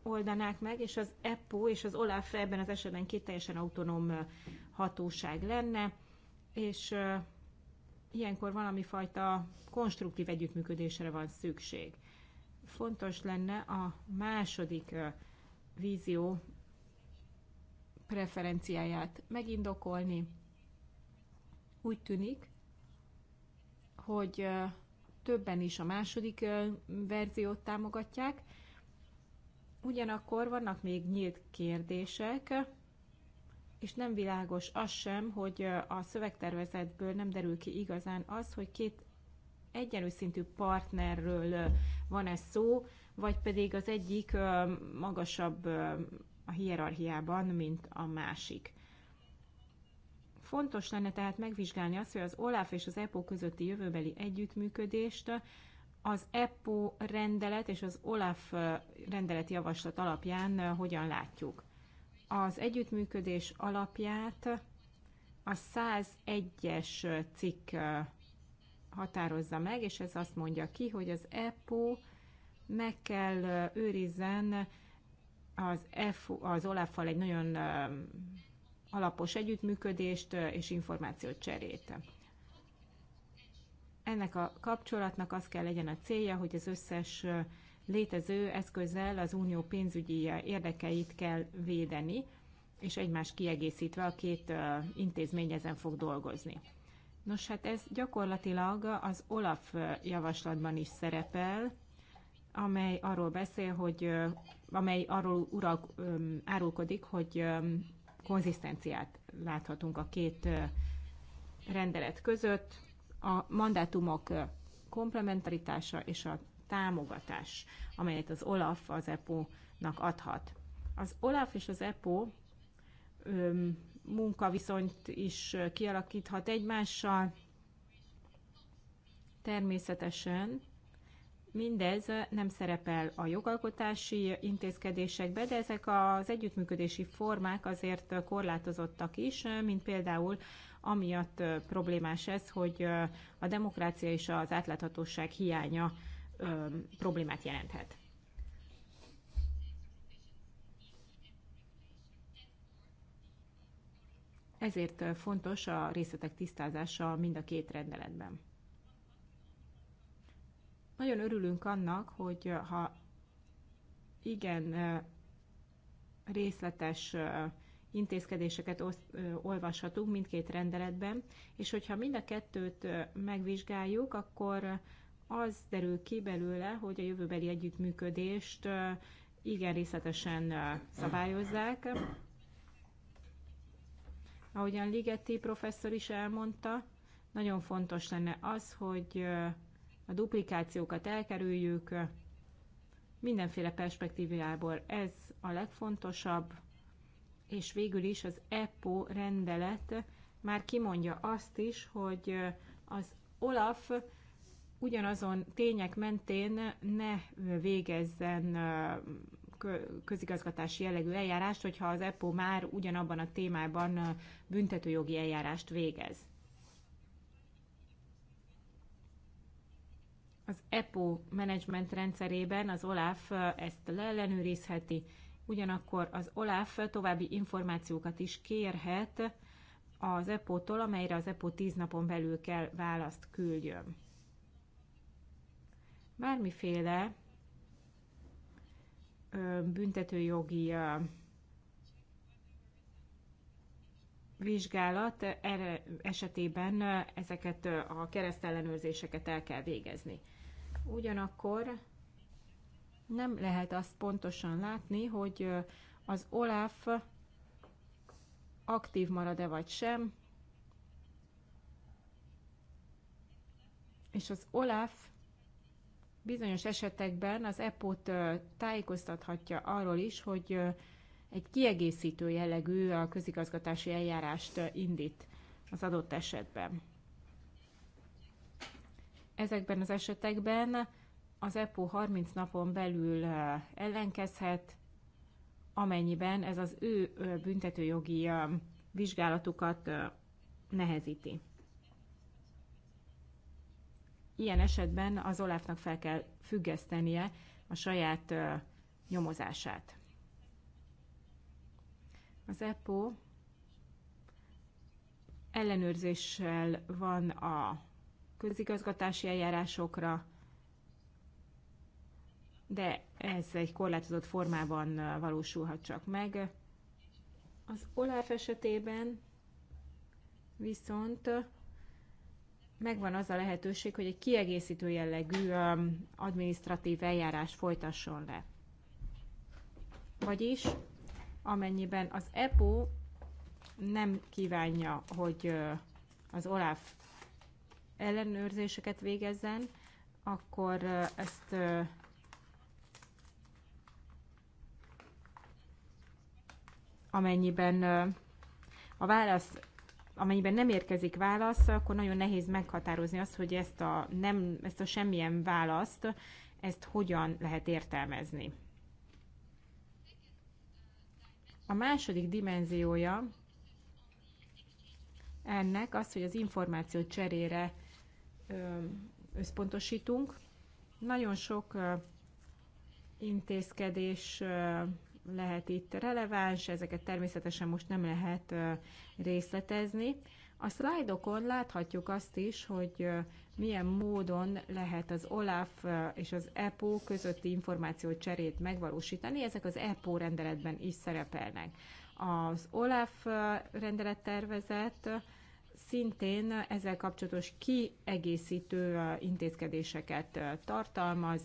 D: oldanák meg, és az EPO és az OLAF e ebben az esetben két teljesen autonóm hatóság lenne, és ilyenkor valami fajta konstruktív együttműködésre van szükség fontos lenne a második vízió preferenciáját megindokolni. Úgy tűnik, hogy többen is a második verziót támogatják, ugyanakkor vannak még nyílt kérdések, és nem világos az sem, hogy a szövegtervezetből nem derül ki igazán az, hogy két egyenlő szintű partnerről van ez szó, vagy pedig az egyik magasabb a hierarchiában, mint a másik. Fontos lenne tehát megvizsgálni azt, hogy az OLAF és az EPO közötti jövőbeli együttműködést az EPO rendelet és az OLAF rendelet javaslat alapján hogyan látjuk. Az együttműködés alapját a 101-es cikk határozza meg, és ez azt mondja ki, hogy az EPO meg kell őrizzen az, EFO, az olaf egy nagyon alapos együttműködést és információt cserét. Ennek a kapcsolatnak az kell legyen a célja, hogy az összes létező eszközzel az unió pénzügyi érdekeit kell védeni, és egymás kiegészítve a két intézmény ezen fog dolgozni. Nos, hát ez gyakorlatilag az OLAF javaslatban is szerepel, amely arról beszél, hogy amely arról urak, árulkodik, hogy konzisztenciát láthatunk a két rendelet között. A mandátumok komplementaritása és a támogatás, amelyet az OLAF az EPO-nak adhat. Az OLAF és az EPO munkaviszonyt is kialakíthat egymással. Természetesen mindez nem szerepel a jogalkotási intézkedésekbe, de ezek az együttműködési formák azért korlátozottak is, mint például amiatt problémás ez, hogy a demokrácia és az átláthatóság hiánya problémát jelenthet. Ezért fontos a részletek tisztázása mind a két rendeletben. Nagyon örülünk annak, hogy ha igen részletes intézkedéseket olvashatunk mindkét rendeletben, és hogyha mind a kettőt megvizsgáljuk, akkor az derül ki belőle, hogy a jövőbeli együttműködést igen részletesen szabályozzák, Ahogyan Ligeti professzor is elmondta, nagyon fontos lenne az, hogy a duplikációkat elkerüljük, mindenféle perspektívából ez a legfontosabb, és végül is az EPO rendelet már kimondja azt is, hogy az OLAF ugyanazon tények mentén ne végezzen közigazgatási jellegű eljárást, hogyha az EPO már ugyanabban a témában büntetőjogi eljárást végez. Az EPO menedzsment rendszerében az OLAF ezt leellenőrizheti, ugyanakkor az OLAF további információkat is kérhet az EPO-tól, amelyre az EPO 10 napon belül kell választ küldjön. Bármiféle büntetőjogi vizsgálat esetében ezeket a keresztellenőrzéseket el kell végezni. Ugyanakkor nem lehet azt pontosan látni, hogy az OLAF aktív marad-e vagy sem, és az OLAF bizonyos esetekben az EPO-t tájékoztathatja arról is, hogy egy kiegészítő jellegű a közigazgatási eljárást indít az adott esetben. Ezekben az esetekben az EPO 30 napon belül ellenkezhet, amennyiben ez az ő büntetőjogi vizsgálatukat nehezíti ilyen esetben az Olafnak fel kell függesztenie a saját nyomozását. Az EPO ellenőrzéssel van a közigazgatási eljárásokra, de ez egy korlátozott formában valósulhat csak meg. Az OLAF esetében viszont megvan az a lehetőség, hogy egy kiegészítő jellegű um, administratív eljárás folytasson le. Vagyis, amennyiben az EPO nem kívánja, hogy az OLAF ellenőrzéseket végezzen, akkor ezt amennyiben a válasz amennyiben nem érkezik válasz, akkor nagyon nehéz meghatározni azt, hogy ezt a, nem, ezt a semmilyen választ, ezt hogyan lehet értelmezni. A második dimenziója ennek az, hogy az információ cserére összpontosítunk. Nagyon sok intézkedés lehet itt releváns, ezeket természetesen most nem lehet részletezni. A szlájdokon láthatjuk azt is, hogy milyen módon lehet az OLAF és az EPO közötti információ cserét megvalósítani. Ezek az EPO rendeletben is szerepelnek. Az OLAF rendelettervezet szintén ezzel kapcsolatos kiegészítő intézkedéseket tartalmaz,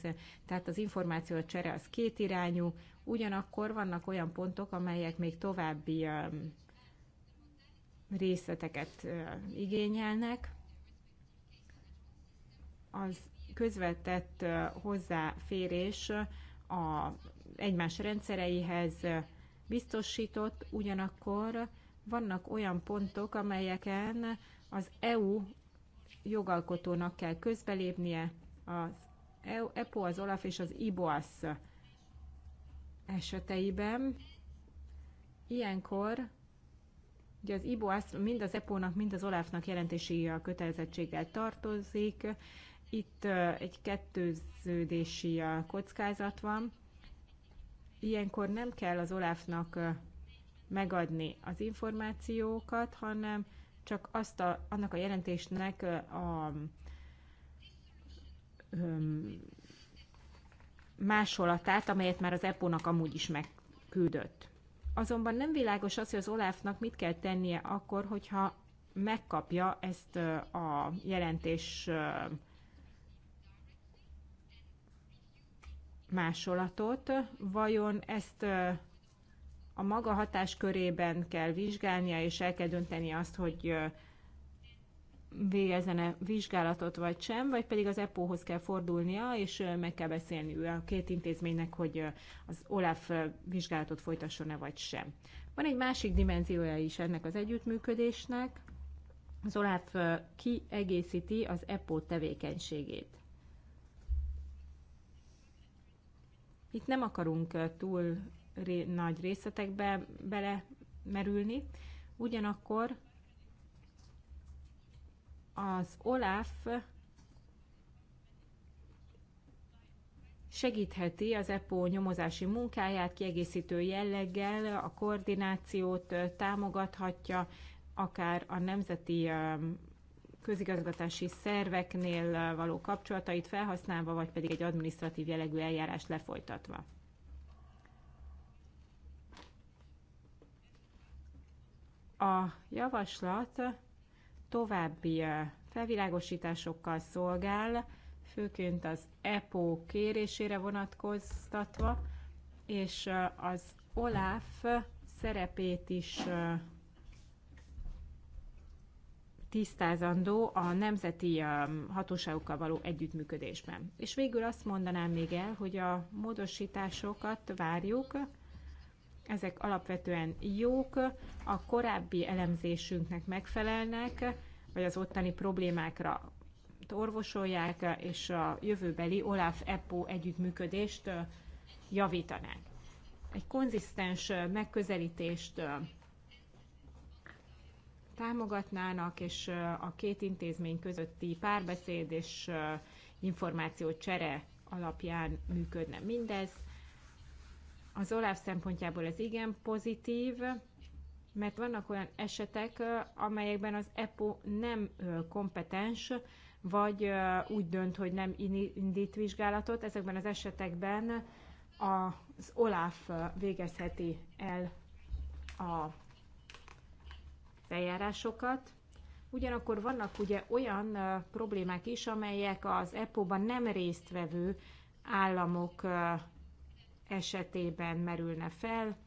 D: tehát az információ csere az kétirányú, Ugyanakkor vannak olyan pontok, amelyek még további um, részleteket uh, igényelnek. Az közvetett uh, hozzáférés uh, a egymás rendszereihez biztosított, ugyanakkor vannak olyan pontok, amelyeken az EU jogalkotónak kell közbelépnie, az EPO, e az OLAF és az IBOASZ eseteiben ilyenkor ugye az IBO azt mind az EPO-nak, mind az OLAF-nak a kötelezettséggel tartozik. Itt egy kettőződési kockázat van. Ilyenkor nem kell az OLAF-nak megadni az információkat, hanem csak azt a, annak a jelentésnek a a másolatát, amelyet már az EPO-nak amúgy is megküldött. Azonban nem világos az, hogy az Olafnak mit kell tennie akkor, hogyha megkapja ezt a jelentés másolatot, vajon ezt a maga hatáskörében kell vizsgálnia, és el kell dönteni azt, hogy végezene vizsgálatot vagy sem, vagy pedig az EPO-hoz kell fordulnia, és meg kell beszélni a két intézménynek, hogy az OLAF vizsgálatot folytasson-e vagy sem. Van egy másik dimenziója is ennek az együttműködésnek. Az OLAF kiegészíti az EPO tevékenységét. Itt nem akarunk túl ré, nagy részletekbe belemerülni, ugyanakkor az OLAF segítheti az EPO nyomozási munkáját kiegészítő jelleggel, a koordinációt támogathatja, akár a nemzeti közigazgatási szerveknél való kapcsolatait felhasználva, vagy pedig egy adminisztratív jellegű eljárást lefolytatva. A javaslat további felvilágosításokkal szolgál, főként az EPO kérésére vonatkoztatva, és az OLAF szerepét is tisztázandó a nemzeti hatóságokkal való együttműködésben. És végül azt mondanám még el, hogy a módosításokat várjuk, ezek alapvetően jók, a korábbi elemzésünknek megfelelnek, vagy az ottani problémákra orvosolják, és a jövőbeli Olaf-EPO együttműködést javítanák. Egy konzisztens megközelítést támogatnának, és a két intézmény közötti párbeszéd és csere alapján működne mindez. Az OLAF szempontjából ez igen pozitív, mert vannak olyan esetek, amelyekben az EPO nem kompetens, vagy úgy dönt, hogy nem indít vizsgálatot. Ezekben az esetekben az OLAF végezheti el a eljárásokat. Ugyanakkor vannak ugye olyan problémák is, amelyek az EPO-ban nem résztvevő államok esetében merülne fel.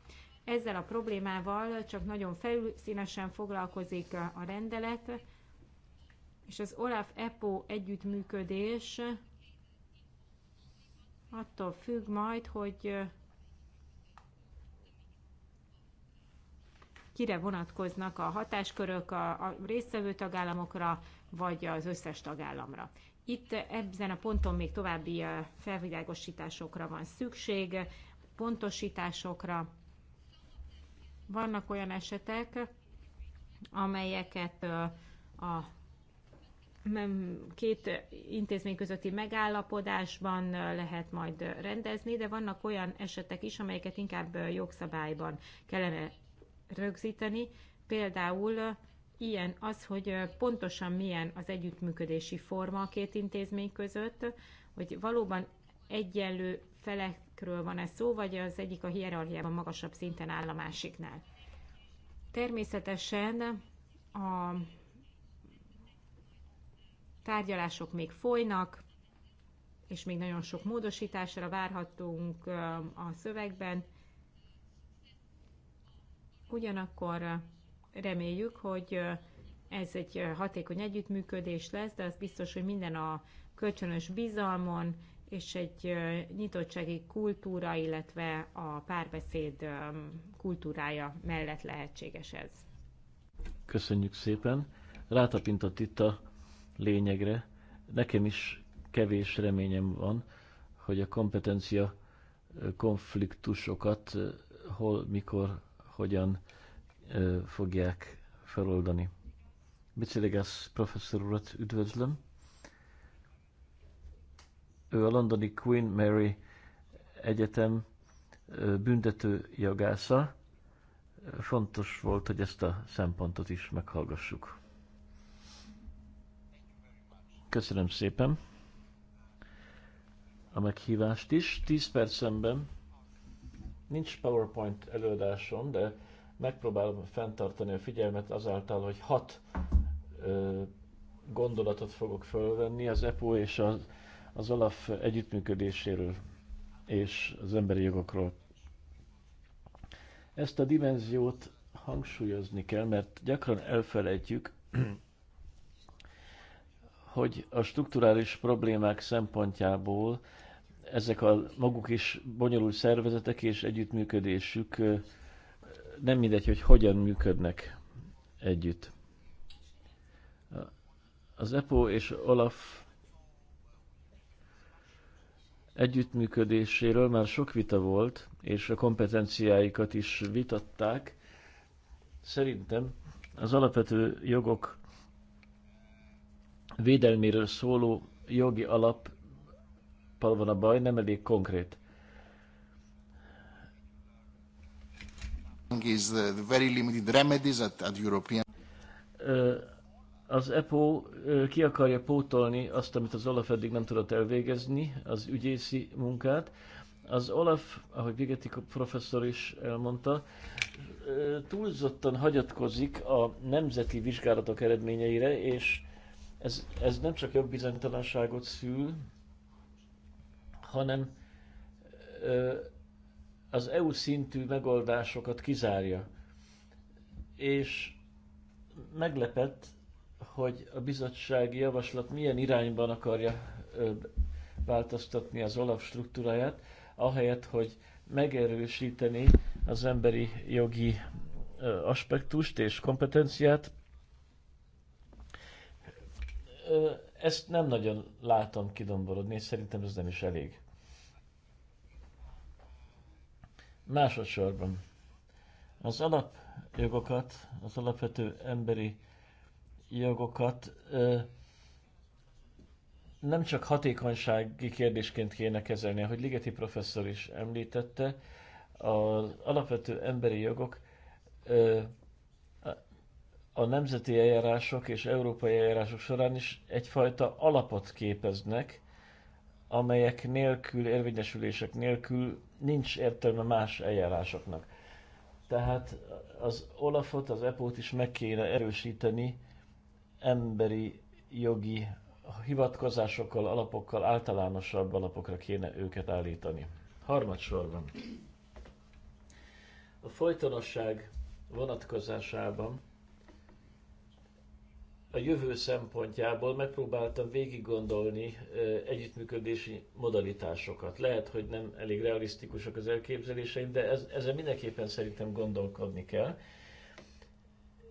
D: Ezzel a problémával csak nagyon felszínesen foglalkozik a rendelet, és az Olaf EPO együttműködés attól függ majd, hogy kire vonatkoznak a hatáskörök a, résztvevő tagállamokra, vagy az összes tagállamra. Itt ebben a ponton még további felvilágosításokra van szükség, pontosításokra. Vannak olyan esetek, amelyeket a két intézmény közötti megállapodásban lehet majd rendezni, de vannak olyan esetek is, amelyeket inkább jogszabályban kellene rögzíteni, például ilyen az, hogy pontosan milyen az együttműködési forma a két intézmény között, hogy valóban egyenlő felekről van ez szó, vagy az egyik a hierarchiában magasabb szinten áll a másiknál. Természetesen a tárgyalások még folynak, és még nagyon sok módosításra várhatunk a szövegben. Ugyanakkor Reméljük, hogy ez egy hatékony együttműködés lesz, de az biztos, hogy minden a kölcsönös bizalmon és egy nyitottsági kultúra, illetve a párbeszéd kultúrája mellett lehetséges ez.
A: Köszönjük szépen. Rátapintott itt a lényegre. Nekem is kevés reményem van, hogy a kompetencia konfliktusokat hol, mikor, hogyan fogják feloldani. Biciligász professzor urat üdvözlöm. Ő a londoni Queen Mary Egyetem büntető jogásza. Fontos volt, hogy ezt a szempontot is meghallgassuk. Köszönöm szépen a meghívást is. Tíz percemben nincs PowerPoint előadásom, de Megpróbálom fenntartani a figyelmet azáltal, hogy hat ö, gondolatot fogok fölvenni az EPO és az, az OLAF együttműködéséről és az emberi jogokról. Ezt a dimenziót hangsúlyozni kell, mert gyakran elfelejtjük, hogy a strukturális problémák szempontjából ezek a maguk is bonyolult szervezetek és együttműködésük nem mindegy, hogy hogyan működnek együtt. Az EPO és OLAF együttműködéséről már sok vita volt, és a kompetenciáikat is vitatták. Szerintem az alapvető jogok védelméről szóló jogi alap van a baj, nem elég konkrét. is the very limited remedies at, at European. Az EPO ki akarja pótolni azt, amit az Olaf eddig nem tudott elvégezni, az ügyészi munkát. Az Olaf, ahogy Vigeti professzor is elmondta, túlzottan hagyatkozik a nemzeti vizsgálatok eredményeire, és ez, ez nem csak jobb bizonytalanságot szül, hanem az EU szintű megoldásokat kizárja. És meglepett, hogy a bizottsági javaslat milyen irányban akarja változtatni az OLAF struktúráját, ahelyett, hogy megerősíteni az emberi jogi aspektust és kompetenciát. Ezt nem nagyon látom kidomborodni, és szerintem ez nem is elég. Másodszorban az alapjogokat, az alapvető emberi jogokat nem csak hatékonysági kérdésként kéne kezelni, ahogy Ligeti professzor is említette, az alapvető emberi jogok a nemzeti eljárások és európai eljárások során is egyfajta alapot képeznek, amelyek nélkül, érvényesülések nélkül nincs értelme más eljárásoknak. Tehát az Olafot, az Epót is meg kéne erősíteni emberi jogi hivatkozásokkal, alapokkal, általánosabb alapokra kéne őket állítani. Harmadsorban. A folytonosság vonatkozásában a jövő szempontjából megpróbáltam végig gondolni együttműködési modalitásokat. Lehet, hogy nem elég realisztikusak az elképzeléseim, de ez, ezzel mindenképpen szerintem gondolkodni kell.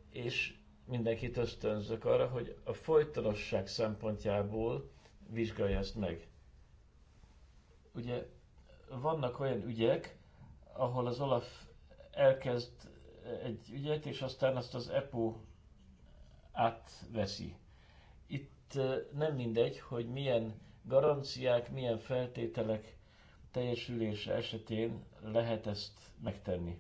A: És mindenkit ösztönzök arra, hogy a folytonosság szempontjából vizsgálja ezt meg. Ugye vannak olyan ügyek, ahol az Olaf elkezd egy ügyet, és aztán azt az EPO átveszi. Itt nem mindegy, hogy milyen garanciák, milyen feltételek teljesülése esetén lehet ezt megtenni.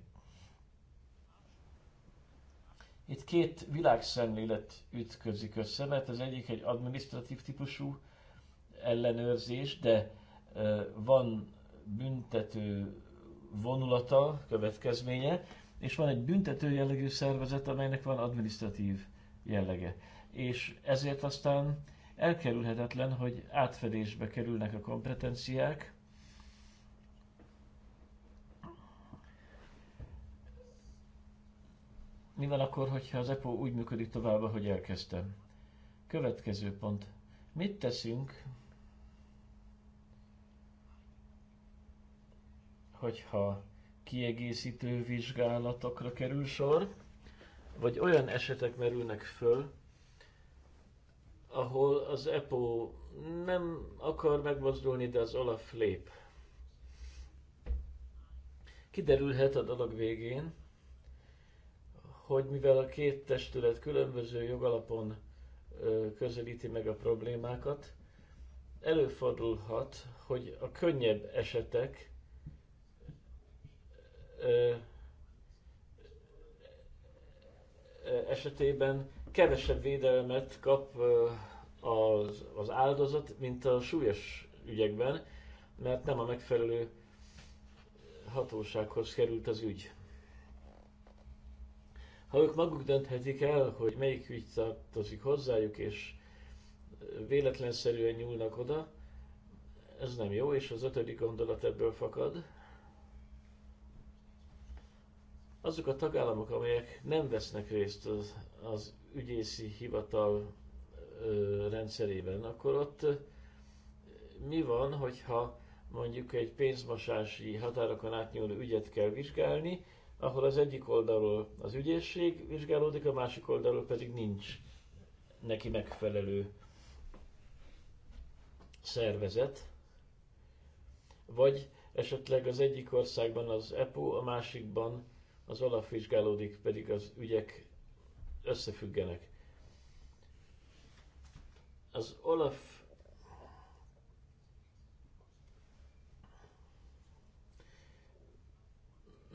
A: Itt két világszemlélet ütközik össze, mert az egyik egy administratív típusú ellenőrzés, de van büntető vonulata, következménye, és van egy büntető jellegű szervezet, amelynek van administratív jellege. És ezért aztán elkerülhetetlen, hogy átfedésbe kerülnek a kompetenciák, Mi van akkor, hogyha az EPO úgy működik tovább, ahogy elkezdtem? Következő pont. Mit teszünk, hogyha kiegészítő vizsgálatokra kerül sor? vagy olyan esetek merülnek föl, ahol az EPO nem akar megmozdulni, de az Olaf lép. Kiderülhet a dolog végén, hogy mivel a két testület különböző jogalapon közelíti meg a problémákat, előfordulhat, hogy a könnyebb esetek esetében kevesebb védelmet kap az, az áldozat, mint a súlyos ügyekben, mert nem a megfelelő hatósághoz került az ügy. Ha ők maguk dönthetik el, hogy melyik ügy tartozik hozzájuk, és véletlenszerűen nyúlnak oda, ez nem jó, és az ötödik gondolat ebből fakad, azok a tagállamok, amelyek nem vesznek részt az, az ügyészi hivatal ö, rendszerében, akkor ott ö, mi van, hogyha mondjuk egy pénzmosási határokon átnyúló ügyet kell vizsgálni, ahol az egyik oldalról az ügyészség vizsgálódik, a másik oldalról pedig nincs neki megfelelő szervezet, vagy esetleg az egyik országban az EPO, a másikban az Olaf vizsgálódik, pedig az ügyek összefüggenek. Az Olaf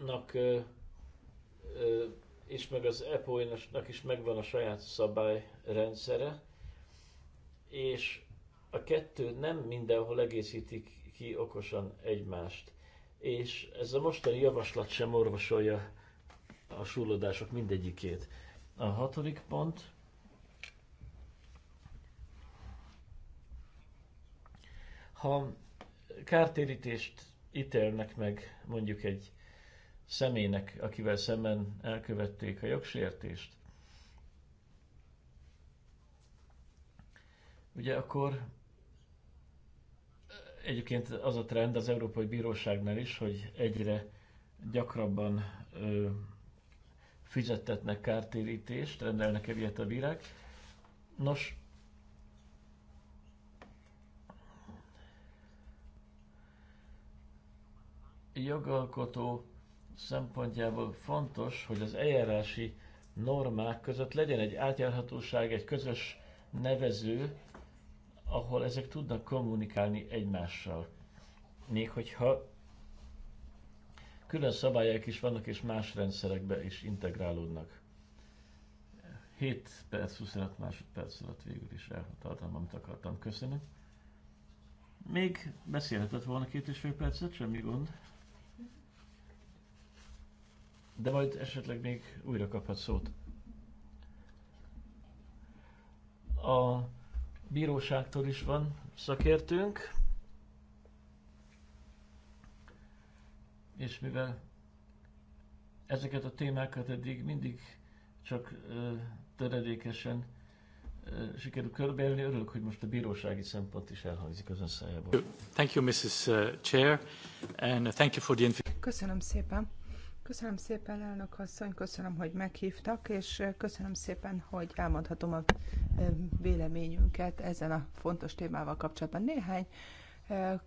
A: nak és meg az EPO-nak is megvan a saját szabályrendszere, és a kettő nem mindenhol egészítik ki okosan egymást. És ez a mostani javaslat sem orvosolja a súlódások mindegyikét. A hatodik pont ha kártérítést ítélnek meg mondjuk egy személynek, akivel szemben elkövették a jogsértést, ugye akkor egyébként az a trend az Európai Bíróságnál is, hogy egyre gyakrabban ö, fizettetnek kártérítést, rendelnek el ilyet a bírák. Nos, jogalkotó szempontjából fontos, hogy az eljárási normák között legyen egy átjárhatóság, egy közös nevező, ahol ezek tudnak kommunikálni egymással. Még hogyha Külön szabályaik is vannak, és más rendszerekbe is integrálódnak. 7 perc, 25 másodperc alatt végül is elhataltam, amit akartam. Köszönöm. Még beszélhetett volna két és fél percet, semmi gond. De majd esetleg még újra kaphat szót. A bíróságtól is van szakértőnk, és mivel ezeket a témákat eddig mindig csak töredékesen sikerül körbeélni, örülök, hogy most a bírósági szempont is elhangzik az ön szájából. Thank you, Mrs. Uh, Chair, and thank you for the
B: Köszönöm szépen. Köszönöm szépen, elnök asszony, köszönöm, hogy meghívtak, és köszönöm szépen, hogy elmondhatom a véleményünket ezen a fontos témával kapcsolatban. Néhány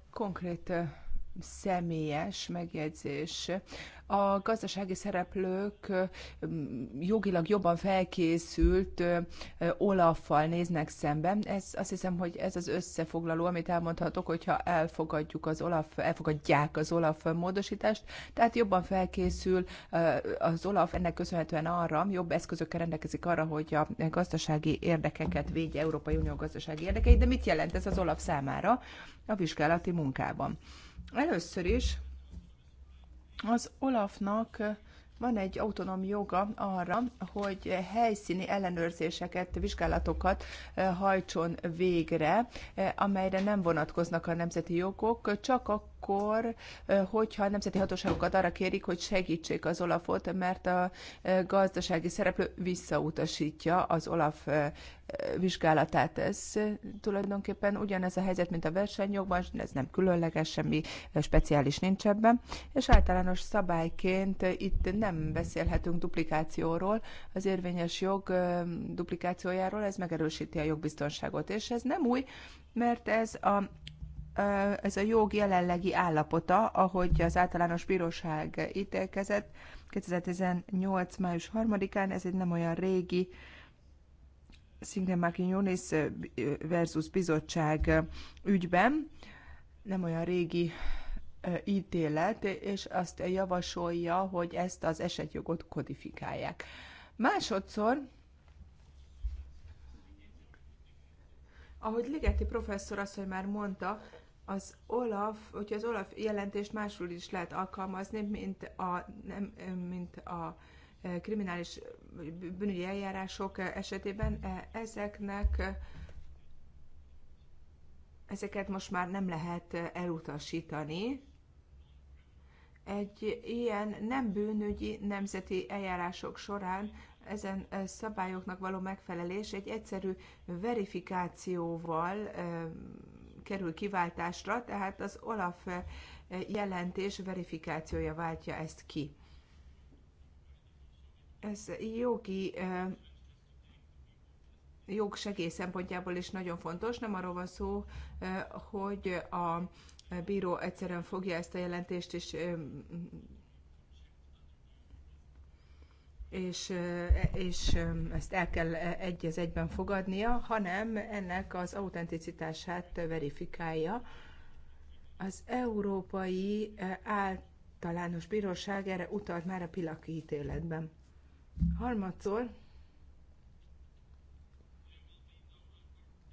B: konkrét személyes megjegyzés. A gazdasági szereplők jogilag jobban felkészült olaffal néznek szemben. Ez, azt hiszem, hogy ez az összefoglaló, amit elmondhatok, hogyha elfogadjuk az olaf, elfogadják az olaf módosítást, tehát jobban felkészül az olaf ennek köszönhetően arra, jobb eszközökkel rendelkezik arra, hogy a gazdasági érdekeket védje Európai Unió gazdasági érdekeit, de mit jelent ez az olaf számára a vizsgálati munkában? Először is az Olafnak van egy autonóm joga arra, hogy helyszíni ellenőrzéseket, vizsgálatokat eh, hajtson végre, eh, amelyre nem vonatkoznak a nemzeti jogok, csak a akkor, hogyha a nemzeti hatóságokat arra kérik, hogy segítsék az Olafot, mert a gazdasági szereplő visszautasítja az Olaf vizsgálatát. Ez tulajdonképpen ugyanez a helyzet, mint a versenyjogban, ez nem különleges, semmi speciális nincs ebben, és általános szabályként itt nem beszélhetünk duplikációról, az érvényes jog duplikációjáról, ez megerősíti a jogbiztonságot, és ez nem új, mert ez a ez a jog jelenlegi állapota, ahogy az általános bíróság ítélkezett 2018. május 3-án, ez egy nem olyan régi Szingre Mákinyonis versus bizottság ügyben, nem olyan régi ítélet, és azt javasolja, hogy ezt az esetjogot kodifikálják. Másodszor, ahogy Ligeti professzor azt, hogy már mondta, az Olaf, hogyha az Olaf jelentést másról is lehet alkalmazni, mint a, nem, mint a e, kriminális bűnügyi eljárások esetében, e, ezeknek e, ezeket most már nem lehet elutasítani. Egy ilyen nem bűnügyi nemzeti eljárások során ezen szabályoknak való megfelelés egy egyszerű verifikációval kerül kiváltásra, tehát az Olaf eh, jelentés verifikációja váltja ezt ki. Ez jogi eh, jogsegély szempontjából is nagyon fontos. Nem arról van szó, eh, hogy a bíró egyszerűen fogja ezt a jelentést és és, és ezt el kell egy az egyben fogadnia, hanem ennek az autenticitását verifikálja. Az Európai Általános Bíróság erre utalt már a Pilaki ítéletben. Harmadszor,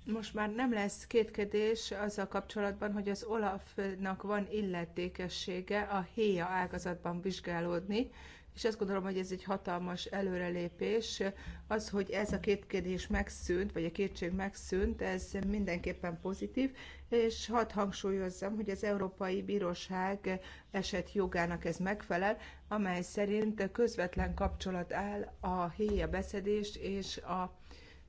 B: most már nem lesz kétkedés azzal kapcsolatban, hogy az Olafnak van illetékessége a héja ágazatban vizsgálódni, és azt gondolom, hogy ez egy hatalmas előrelépés. Az, hogy ez a két kérdés megszűnt, vagy a kétség megszűnt, ez mindenképpen pozitív, és hadd hangsúlyozzam, hogy az Európai Bíróság eset jogának ez megfelel, amely szerint közvetlen kapcsolat áll a héja beszedés és a,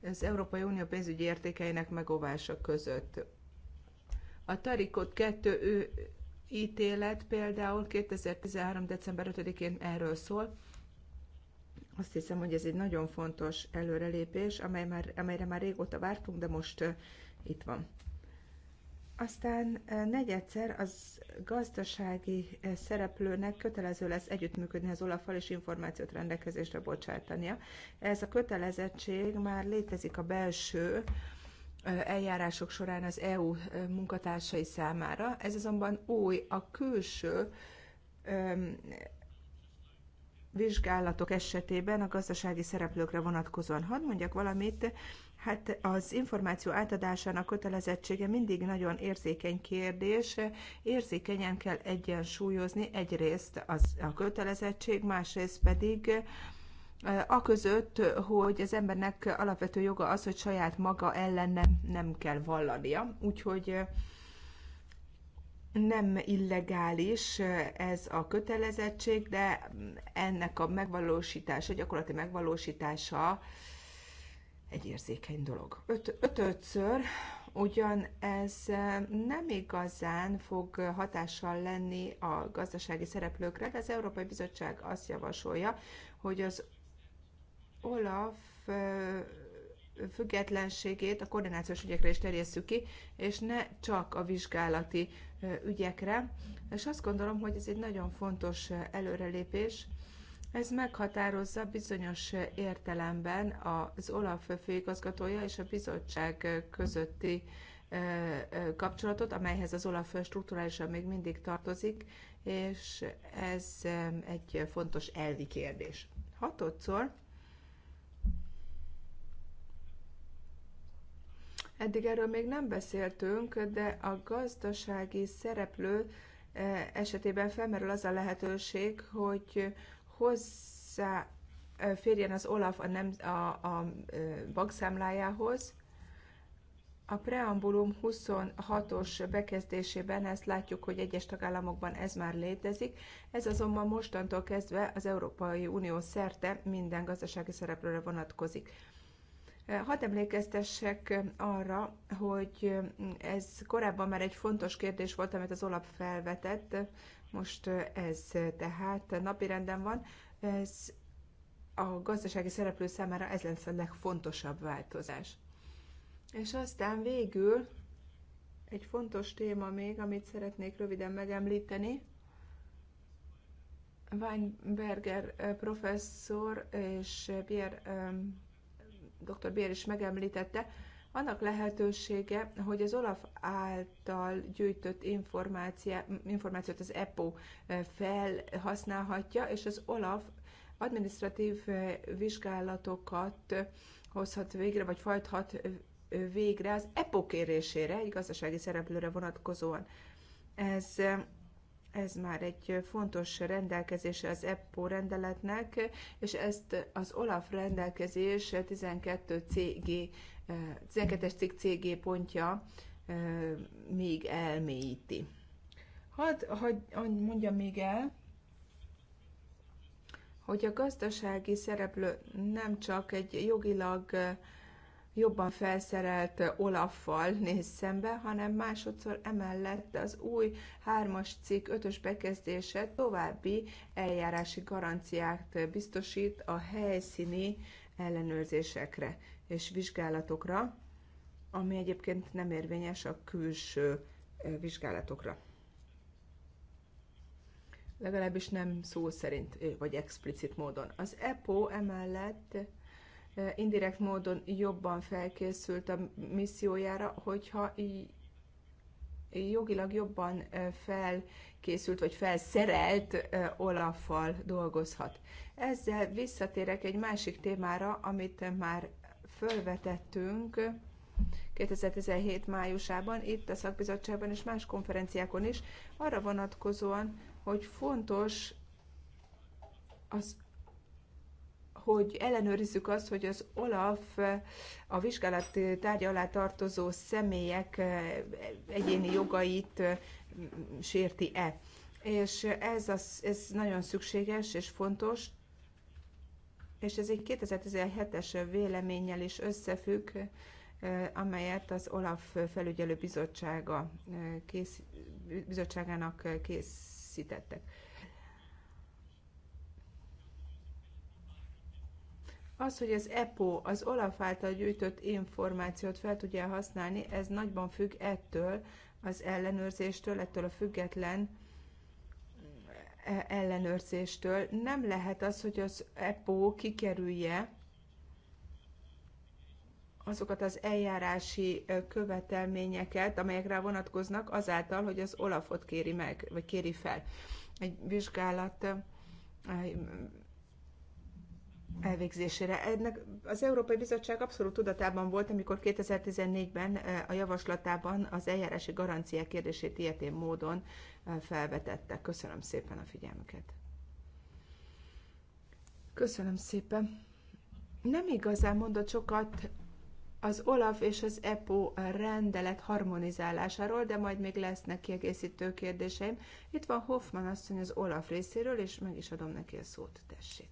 B: az Európai Unió pénzügyi értékeinek megóvása között. A Tarikot 2 ő ítélet például 2013. december 5-én erről szól. Azt hiszem, hogy ez egy nagyon fontos előrelépés, amely már, amelyre már régóta vártunk, de most uh, itt van. Aztán negyedszer az gazdasági szereplőnek kötelező lesz együttműködni az olaf és információt rendelkezésre bocsátania. Ez a kötelezettség már létezik a belső uh, eljárások során az EU munkatársai számára. Ez azonban új, a külső vizsgálatok esetében a gazdasági szereplőkre vonatkozóan. Hadd mondjak valamit, hát az információ átadásának kötelezettsége mindig nagyon érzékeny kérdés. Érzékenyen kell egyensúlyozni egyrészt az, a kötelezettség, másrészt pedig aközött, hogy az embernek alapvető joga az, hogy saját maga ellen nem, nem kell vallania. Úgyhogy nem illegális ez a kötelezettség, de ennek a megvalósítása, gyakorlati megvalósítása egy érzékeny dolog. Öt, ötödször ugyan ez nem igazán fog hatással lenni a gazdasági szereplőkre, de az Európai Bizottság azt javasolja, hogy az Olaf függetlenségét a koordinációs ügyekre is terjesszük ki, és ne csak a vizsgálati ügyekre. És azt gondolom, hogy ez egy nagyon fontos előrelépés. Ez meghatározza bizonyos értelemben az Olaf főigazgatója és a bizottság közötti kapcsolatot, amelyhez az Olaf strukturálisan még mindig tartozik, és ez egy fontos elvi kérdés. Hatodszor Eddig erről még nem beszéltünk, de a gazdasági szereplő e, esetében felmerül az a lehetőség, hogy hozzá e, férjen az Olaf a, nem, a, a e, bankszámlájához. A preambulum 26-os bekezdésében ezt látjuk, hogy egyes tagállamokban ez már létezik, ez azonban mostantól kezdve az Európai Unió szerte minden gazdasági szereplőre vonatkozik. Hadd emlékeztessek arra, hogy ez korábban már egy fontos kérdés volt, amit az olap felvetett, most ez tehát napirenden van. Ez a gazdasági szereplő számára ez lesz a legfontosabb változás. És aztán végül egy fontos téma még, amit szeretnék röviden megemlíteni. Weinberger professzor és Pierre dr. Bér is megemlítette, annak lehetősége, hogy az Olaf által gyűjtött információt az EPO eh, felhasználhatja, és az Olaf administratív eh, vizsgálatokat eh, hozhat végre, vagy fajthat végre az EPO kérésére, egy gazdasági szereplőre vonatkozóan. Ez ez már egy fontos rendelkezése az EPPO rendeletnek, és ezt az OLAF rendelkezés 12 CG, 12-es cikk CG pontja eh, még elmélyíti. Hadd had, had mondjam még el, hogy a gazdasági szereplő nem csak egy jogilag eh, jobban felszerelt Olaffal néz szembe, hanem másodszor emellett az új hármas cikk ötös bekezdése további eljárási garanciát biztosít a helyszíni ellenőrzésekre és vizsgálatokra, ami egyébként nem érvényes a külső vizsgálatokra. Legalábbis nem szó szerint, vagy explicit módon. Az EPO emellett indirekt módon jobban felkészült a missziójára, hogyha jogilag jobban felkészült vagy felszerelt Olaffal dolgozhat. Ezzel visszatérek egy másik témára, amit már felvetettünk 2017 májusában, itt a szakbizottságban és más konferenciákon is, arra vonatkozóan, hogy fontos az hogy ellenőrizzük azt, hogy az OLAF a vizsgálat tárgya alá tartozó személyek eh, egyéni jogait eh, sérti-e. És ez, az, ez nagyon szükséges és fontos, és ez egy 2017-es véleménnyel is összefügg, eh, amelyet az OLAF felügyelő bizottsága kész, bizottságának készítettek. Az, hogy az EPO az OLAF által gyűjtött információt fel tudja használni, ez nagyban függ ettől az ellenőrzéstől, ettől a független e, ellenőrzéstől. Nem lehet az, hogy az EPO kikerülje azokat az eljárási követelményeket, amelyek rá vonatkoznak, azáltal, hogy az Olafot kéri meg, vagy kéri fel egy vizsgálat elvégzésére. Ennek az Európai Bizottság abszolút tudatában volt, amikor 2014-ben eh, a javaslatában az eljárási garanciák kérdését ilyetén módon eh, felvetette. Köszönöm szépen a figyelmüket. Köszönöm szépen. Nem igazán mondott sokat az OLAF és az EPO rendelet harmonizálásáról, de majd még lesznek kiegészítő kérdéseim. Itt van Hoffman asszony az OLAF részéről, és meg is adom neki a szót, tessék.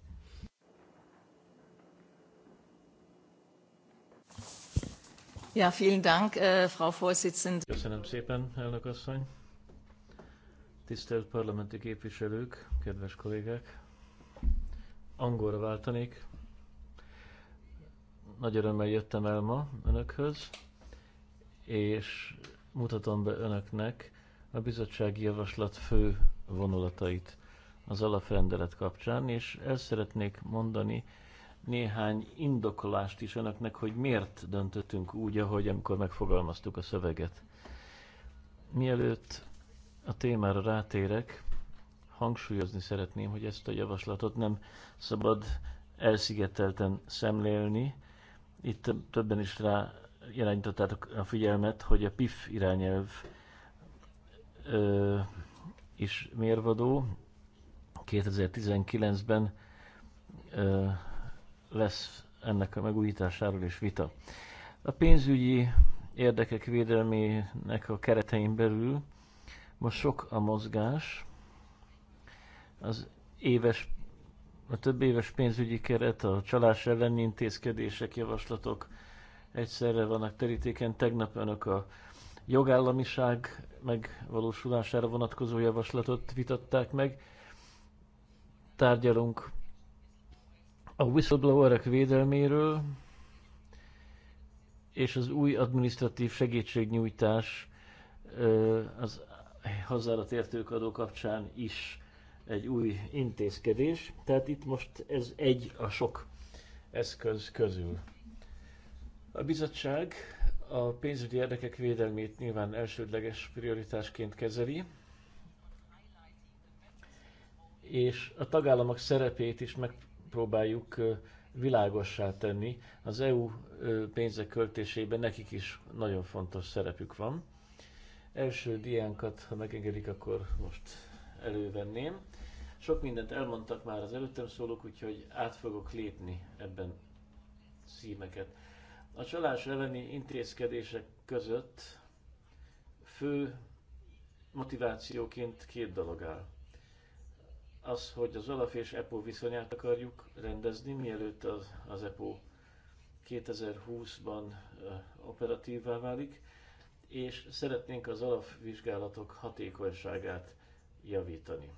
E: Ja, vielen Dank, äh, Frau Vorsitzende. Köszönöm szépen, elnök
A: asszony. Tisztelt parlamenti képviselők, kedves kollégák! Angolra váltanék. Nagy örömmel jöttem el ma önökhöz, és mutatom be önöknek a bizottsági javaslat fő vonulatait az alaprendelet kapcsán, és el szeretnék mondani néhány indokolást is önöknek, hogy miért döntöttünk úgy, ahogy amikor megfogalmaztuk a szöveget. Mielőtt a témára rátérek, hangsúlyozni szeretném, hogy ezt a javaslatot nem szabad elszigetelten szemlélni. Itt többen is rá irányítottátok a figyelmet, hogy a PIF irányelv ö, is mérvadó. 2019-ben lesz ennek a megújításáról is vita. A pénzügyi érdekek védelmének a keretein belül most sok a mozgás, az éves, a több éves pénzügyi keret, a csalás elleni intézkedések, javaslatok egyszerre vannak terítéken. Tegnap önök a jogállamiság megvalósulására vonatkozó javaslatot vitatták meg. Tárgyalunk a whistleblowerek védelméről és az új administratív segítségnyújtás az hazára tértők adó kapcsán is egy új intézkedés. Tehát itt most ez egy a sok eszköz közül. A bizottság a pénzügyi érdekek védelmét nyilván elsődleges prioritásként kezeli, és a tagállamok szerepét is meg próbáljuk világossá tenni. Az EU pénzek költésében nekik is nagyon fontos szerepük van. Első diánkat, ha megengedik, akkor most elővenném. Sok mindent elmondtak már az előttem szólók, úgyhogy át fogok lépni ebben szímeket. A csalás elleni intézkedések között fő motivációként két dolog áll az, hogy az Olaf és EPO viszonyát akarjuk rendezni, mielőtt az, az EPO 2020-ban operatívvá válik, és szeretnénk az vizsgálatok hatékonyságát javítani.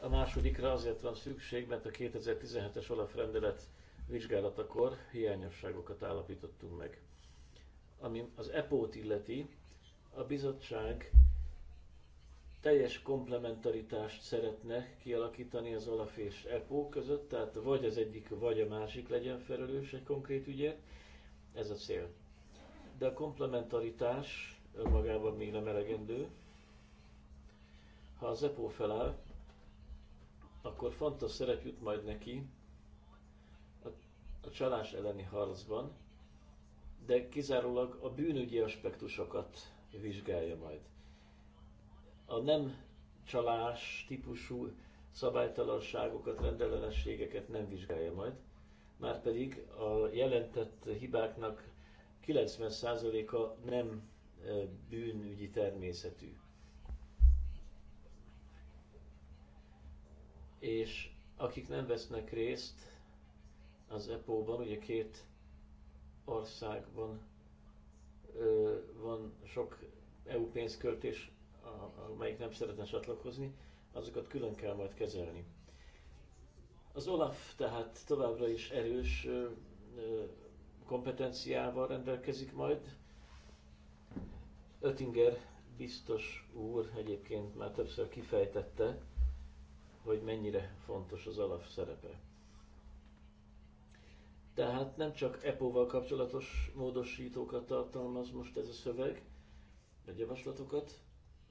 A: A másodikra azért van szükség, mert a 2017-es Olaf rendelet vizsgálatakor hiányosságokat állapítottunk meg. Ami az EPO-t illeti, a bizottság teljes komplementaritást szeretne kialakítani az OLAF és EPO között, tehát vagy az egyik, vagy a másik legyen felelős egy konkrét ügyért, ez a cél. De a komplementaritás önmagában még nem elegendő. Ha az EPO feláll, akkor fontos szerep jut majd neki a, a csalás elleni harcban, de kizárólag a bűnügyi aspektusokat vizsgálja majd. A nem csalás típusú szabálytalanságokat, rendellenességeket nem vizsgálja majd, márpedig a jelentett hibáknak 90%-a nem bűnügyi természetű. És akik nem vesznek részt az EPO-ban, ugye két országban van sok EU pénzköltés, amelyik nem szeretne csatlakozni, azokat külön kell majd kezelni. Az OLAF tehát továbbra is erős kompetenciával rendelkezik majd. Ötinger biztos úr egyébként már többször kifejtette, hogy mennyire fontos az alap szerepe. Tehát nem csak EPO-val kapcsolatos módosítókat tartalmaz most ez a szöveg, vagy javaslatokat,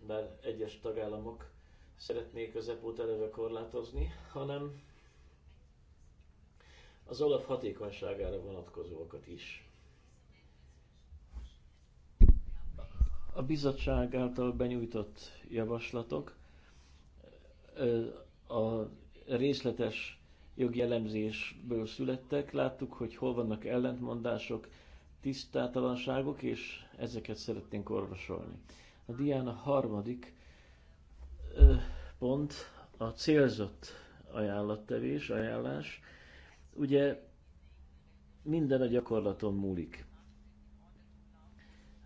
A: bár egyes tagállamok szeretnék az EPO-t előre korlátozni, hanem az olaf hatékonyságára vonatkozókat is. A bizottság által benyújtott javaslatok a részletes jogi elemzésből születtek, láttuk, hogy hol vannak ellentmondások, tisztátalanságok, és ezeket szeretnénk orvosolni. A dián a harmadik pont a célzott ajánlattevés, ajánlás. Ugye minden a gyakorlaton múlik.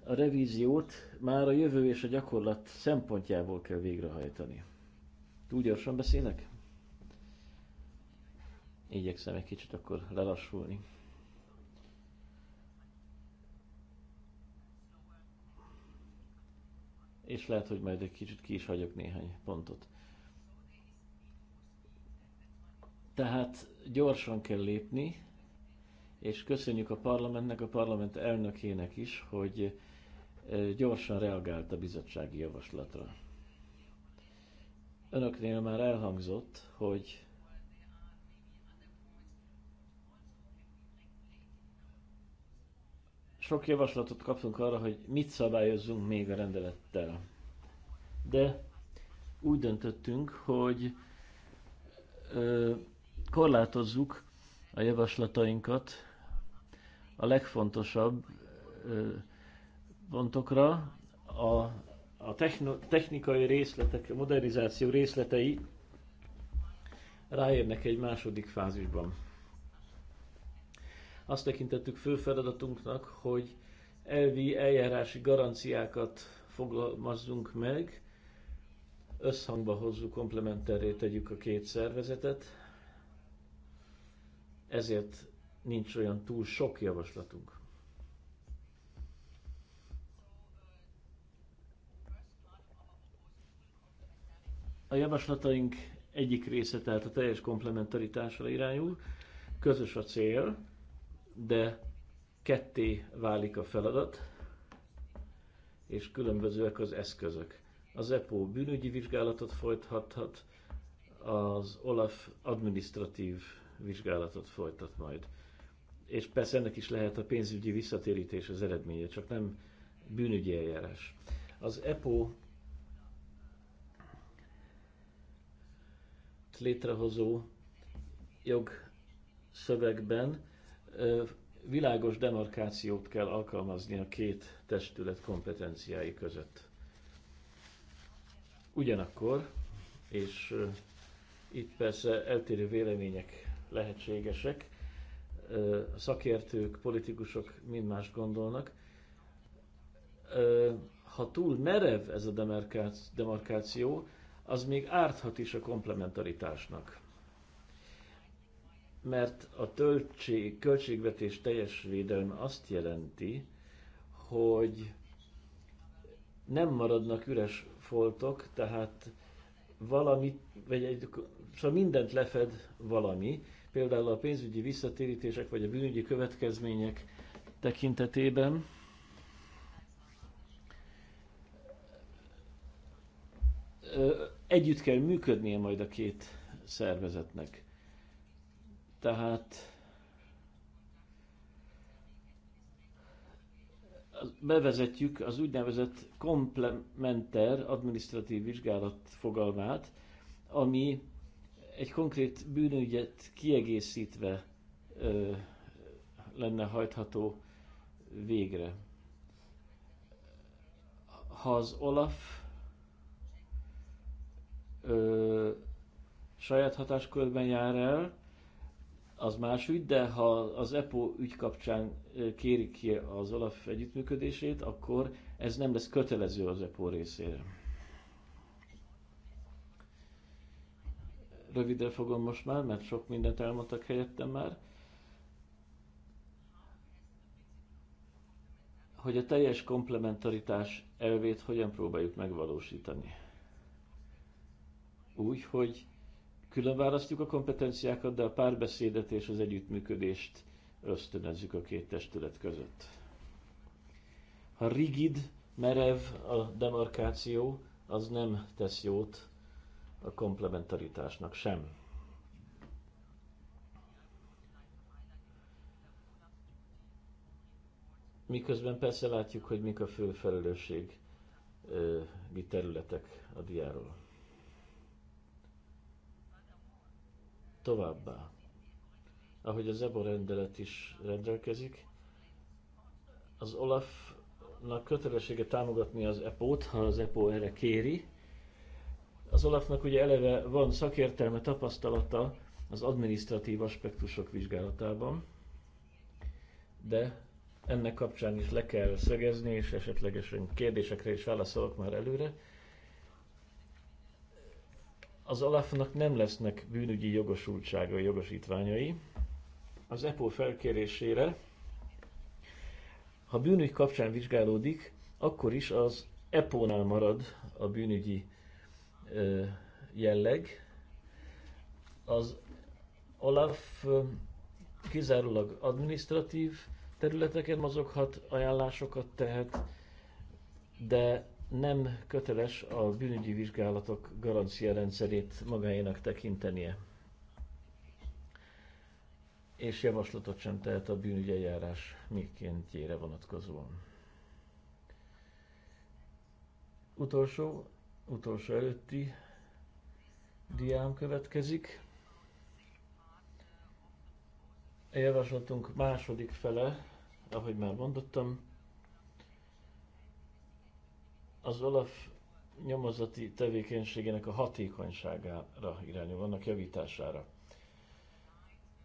A: A revíziót már a jövő és a gyakorlat szempontjából kell végrehajtani. Túl gyorsan beszélek? Igyekszem egy kicsit akkor lelassulni. És lehet, hogy majd egy kicsit ki is hagyok néhány pontot. Tehát gyorsan kell lépni, és köszönjük a parlamentnek, a parlament elnökének is, hogy gyorsan reagált a bizottsági javaslatra. Önöknél már elhangzott, hogy sok javaslatot kaptunk arra, hogy mit szabályozzunk még a rendelettel. De úgy döntöttünk, hogy ö, korlátozzuk a javaslatainkat a legfontosabb ö, pontokra, a, a techno, technikai részletek, a modernizáció részletei ráérnek egy második fázisban azt tekintettük fő feladatunknak, hogy elvi eljárási garanciákat fogalmazzunk meg, összhangba hozzuk, komplementerré tegyük a két szervezetet, ezért nincs olyan túl sok javaslatunk. A javaslataink egyik része, tehát a teljes komplementaritásra irányul, közös a cél, de ketté válik a feladat, és különbözőek az eszközök. Az EPO bűnügyi vizsgálatot folytathat, az OLAF administratív vizsgálatot folytat majd. És persze ennek is lehet a pénzügyi visszatérítés az eredménye, csak nem bűnügyi eljárás. Az EPO létrehozó jogszövegben világos demarkációt kell alkalmazni a két testület kompetenciái között. Ugyanakkor, és itt persze eltérő vélemények lehetségesek, szakértők, politikusok mind más gondolnak. Ha túl merev ez a demarkáció, az még árthat is a komplementaritásnak mert a töltség, költségvetés teljes védelme azt jelenti, hogy nem maradnak üres foltok, tehát valami, vagy egy, szóval mindent lefed valami, például a pénzügyi visszatérítések, vagy a bűnügyi következmények tekintetében. Együtt kell működnie majd a két szervezetnek tehát bevezetjük az úgynevezett komplementer administratív vizsgálat fogalmát, ami egy konkrét bűnügyet kiegészítve ö, lenne hajtható végre. Ha az Olaf ö, saját hatáskörben jár el, az más ügy, de ha az EPO ügy kapcsán kérik ki az Olaf együttműködését, akkor ez nem lesz kötelező az EPO részére. Rövidre fogom most már, mert sok mindent elmondtak helyettem már. Hogy a teljes komplementaritás elvét hogyan próbáljuk megvalósítani? Úgy, hogy külön választjuk a kompetenciákat, de a párbeszédet és az együttműködést ösztönözzük a két testület között. Ha rigid, merev a demarkáció, az nem tesz jót a komplementaritásnak sem. Miközben persze látjuk, hogy mik a fő felelősségi területek a diáról. Továbbá, ahogy az EBO rendelet is rendelkezik, az Olafnak kötelessége támogatni az EPO-t, ha az EPO erre kéri. Az Olafnak ugye eleve van szakértelme, tapasztalata az administratív aspektusok vizsgálatában, de ennek kapcsán is le kell szögezni, és esetlegesen kérdésekre is válaszolok már előre, az Olafnak nem lesznek bűnügyi jogosultsága, jogosítványai. Az EPO felkérésére, ha bűnügy kapcsán vizsgálódik, akkor is az EPO-nál marad a bűnügyi ö, jelleg. Az Olaf kizárólag administratív területeken mozoghat, ajánlásokat tehet, de nem köteles a bűnügyi vizsgálatok garancia rendszerét magáénak tekintenie. És javaslatot sem tehet a eljárás mikéntjére vonatkozóan. Utolsó, utolsó előtti diám következik. A javaslatunk második fele, ahogy már mondottam, az Olaf nyomozati tevékenységének a hatékonyságára irányul, annak javítására.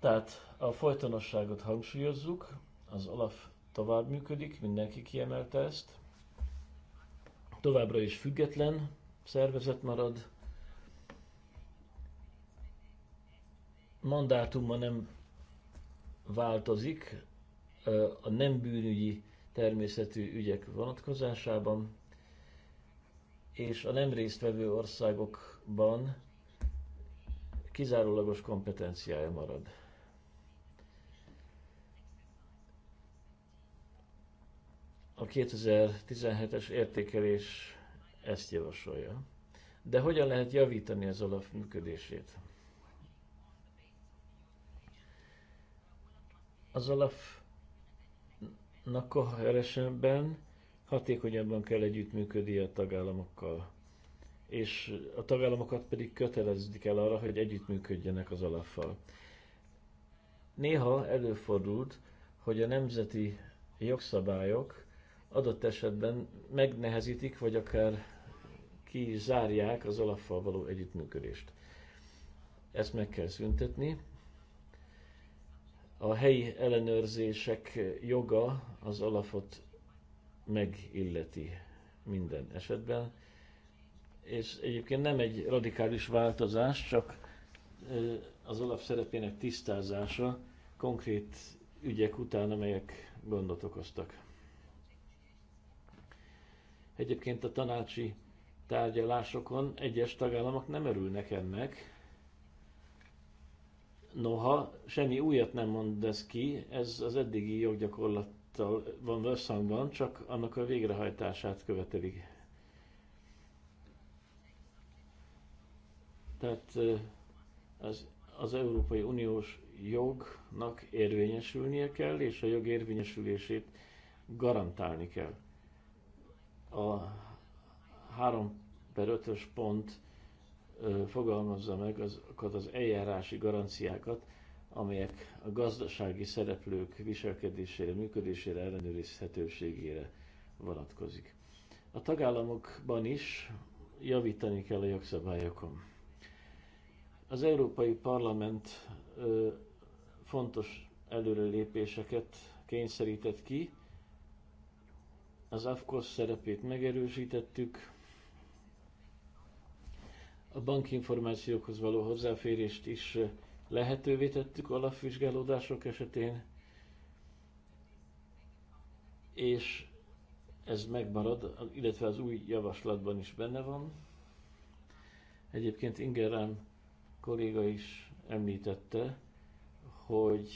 A: Tehát a folytonosságot hangsúlyozzuk, az Olaf tovább működik, mindenki kiemelte ezt, továbbra is független szervezet marad, mandátuma nem változik a nem bűnügyi természetű ügyek vonatkozásában, és a nem résztvevő országokban kizárólagos kompetenciája marad. A 2017-es értékelés ezt javasolja. De hogyan lehet javítani az alap működését? Az alapnak koherensenben hatékonyabban kell együttműködni a tagállamokkal, és a tagállamokat pedig kötelezni kell arra, hogy együttműködjenek az alaffal. Néha előfordult, hogy a nemzeti jogszabályok adott esetben megnehezítik, vagy akár ki zárják az alaffal való együttműködést. Ezt meg kell szüntetni. A helyi ellenőrzések joga az alapot megilleti minden esetben. És egyébként nem egy radikális változás, csak az alap szerepének tisztázása konkrét ügyek után, amelyek gondot okoztak. Egyébként a tanácsi tárgyalásokon egyes tagállamok nem örülnek ennek. Noha semmi újat nem mond ez ki, ez az eddigi joggyakorlat javaslattal van összhangban, csak annak a végrehajtását követelik. Tehát az, az Európai Uniós jognak érvényesülnie kell, és a jog érvényesülését garantálni kell. A 3 per 5-ös pont fogalmazza meg azokat az eljárási garanciákat, amelyek a gazdasági szereplők viselkedésére, működésére, ellenőrizhetőségére vonatkozik. A tagállamokban is javítani kell a jogszabályokon. Az Európai Parlament ö, fontos előrelépéseket kényszerített ki, az AFKOSZ szerepét megerősítettük, a bankinformációkhoz való hozzáférést is lehetővé tettük alapvizsgálódások esetén, és ez megmarad, illetve az új javaslatban is benne van. Egyébként Ingerán kolléga is említette, hogy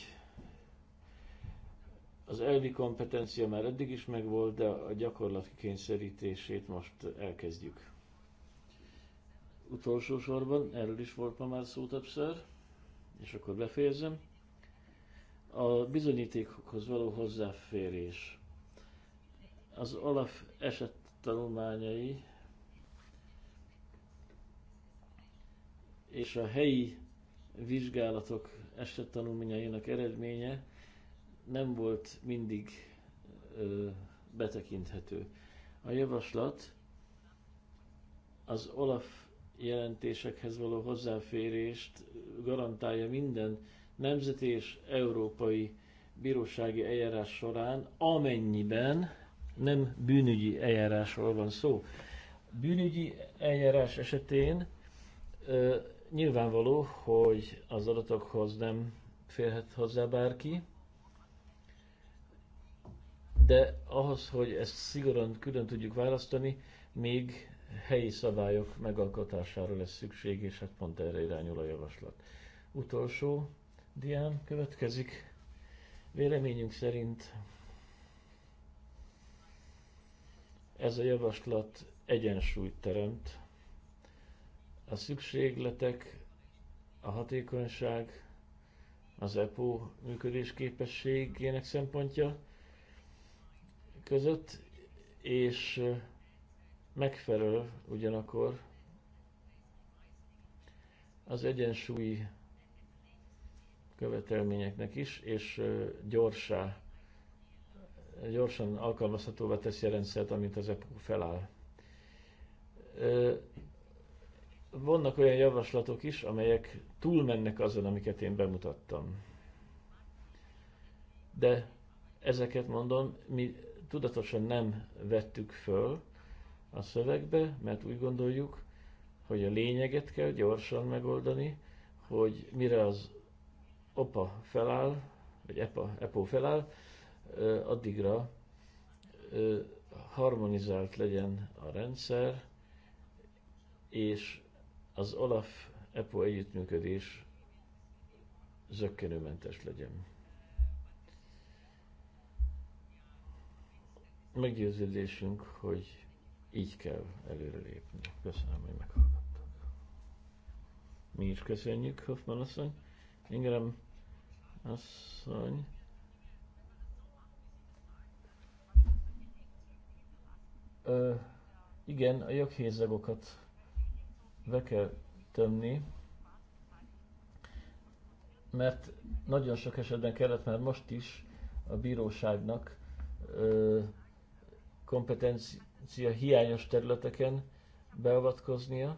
A: az elvi kompetencia már eddig is megvolt, de a gyakorlati kényszerítését most elkezdjük. Utolsó sorban, erről is volt ma már szó többször, és akkor befejezem. A bizonyítékokhoz való hozzáférés. Az Olaf eset tanulmányai és a helyi vizsgálatok eset tanulmányainak eredménye nem volt mindig ö, betekinthető. A javaslat az Olaf jelentésekhez való hozzáférést garantálja minden nemzeti és európai bírósági eljárás során, amennyiben nem bűnügyi eljárásról van szó. Bűnügyi eljárás esetén ö, nyilvánvaló, hogy az adatokhoz nem férhet hozzá bárki, de ahhoz, hogy ezt szigorúan külön tudjuk választani, még helyi szabályok megalkotására lesz szükség, és hát pont erre irányul a javaslat. Utolsó dián következik. Véleményünk szerint ez a javaslat egyensúlyt teremt. A szükségletek, a hatékonyság, az EPO működésképességének szempontja között, és megfelel ugyanakkor az egyensúlyi követelményeknek is, és gyorsá, gyorsan alkalmazhatóvá teszi a rendszert, amint az EPU feláll. Vannak olyan javaslatok is, amelyek túlmennek azon, amiket én bemutattam. De ezeket mondom, mi tudatosan nem vettük föl, a szövegbe, mert úgy gondoljuk, hogy a lényeget kell gyorsan megoldani, hogy mire az opa feláll, vagy epa, epo feláll, addigra harmonizált legyen a rendszer, és az Olaf EPO együttműködés zöggenőmentes legyen. Meggyőződésünk, hogy így kell előrelépni. Köszönöm, hogy meghallgattak. Mi is köszönjük, Hoffman asszony. Ingerem asszony. Ö, igen, a joghézagokat be kell tömni, mert nagyon sok esetben kellett már most is a bíróságnak ö, kompetenci, kompetencia hiányos területeken beavatkoznia.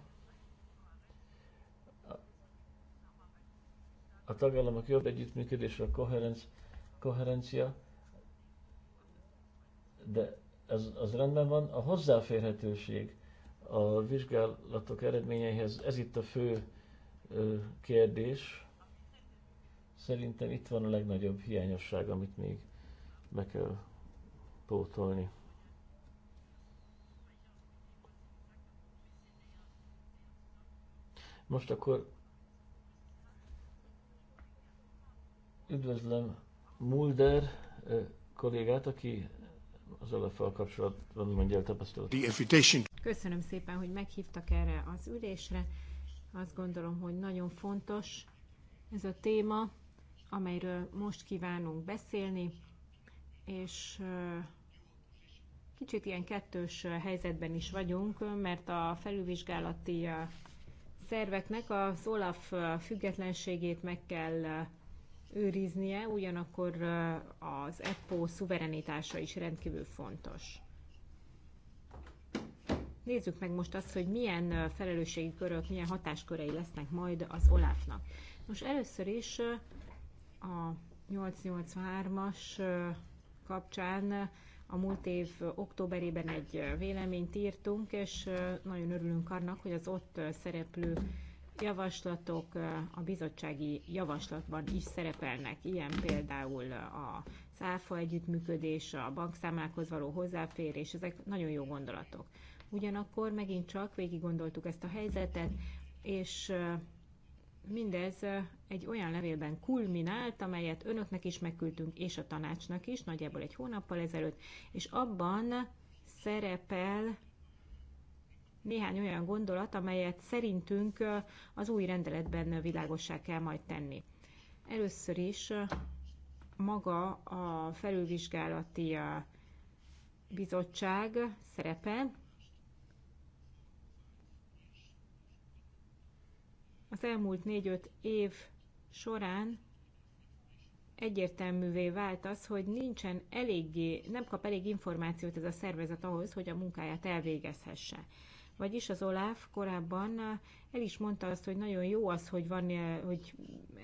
A: A tagállamok jobb együttműködésre, koherenc, koherencia, de ez, az rendben van. A hozzáférhetőség a vizsgálatok eredményeihez, ez itt a fő ö, kérdés. Szerintem itt van a legnagyobb hiányosság, amit még meg kell pótolni. Most akkor üdvözlöm Mulder kollégát, aki az olafal kapcsolatban mondja el tapasztalatot.
D: Köszönöm szépen, hogy meghívtak erre az ülésre. Azt gondolom, hogy nagyon fontos ez a téma, amelyről most kívánunk beszélni, és kicsit ilyen kettős helyzetben is vagyunk, mert a felülvizsgálati szerveknek a Olaf függetlenségét meg kell őriznie, ugyanakkor az EPPO szuverenitása is rendkívül fontos. Nézzük meg most azt, hogy milyen felelősségi körök, milyen hatáskörei lesznek majd az Olafnak. Most először is a 883-as kapcsán a múlt év októberében egy véleményt írtunk, és nagyon örülünk annak, hogy az ott szereplő javaslatok a bizottsági javaslatban is szerepelnek, ilyen például a száfa együttműködés, a bankszámlákhoz való hozzáférés, ezek nagyon jó gondolatok. Ugyanakkor megint csak végig gondoltuk ezt a helyzetet, és Mindez egy olyan levélben kulminált, amelyet önöknek is megküldtünk, és a tanácsnak is, nagyjából egy hónappal ezelőtt, és abban szerepel néhány olyan gondolat, amelyet szerintünk az új rendeletben világossá kell majd tenni. Először is maga a felülvizsgálati bizottság szerepe, Az elmúlt 4-5 év során egyértelművé vált az, hogy nincsen eléggé, nem kap elég információt ez a szervezet ahhoz, hogy a munkáját elvégezhesse. Vagyis az Olaf korábban el is mondta azt, hogy nagyon jó az, hogy, van, hogy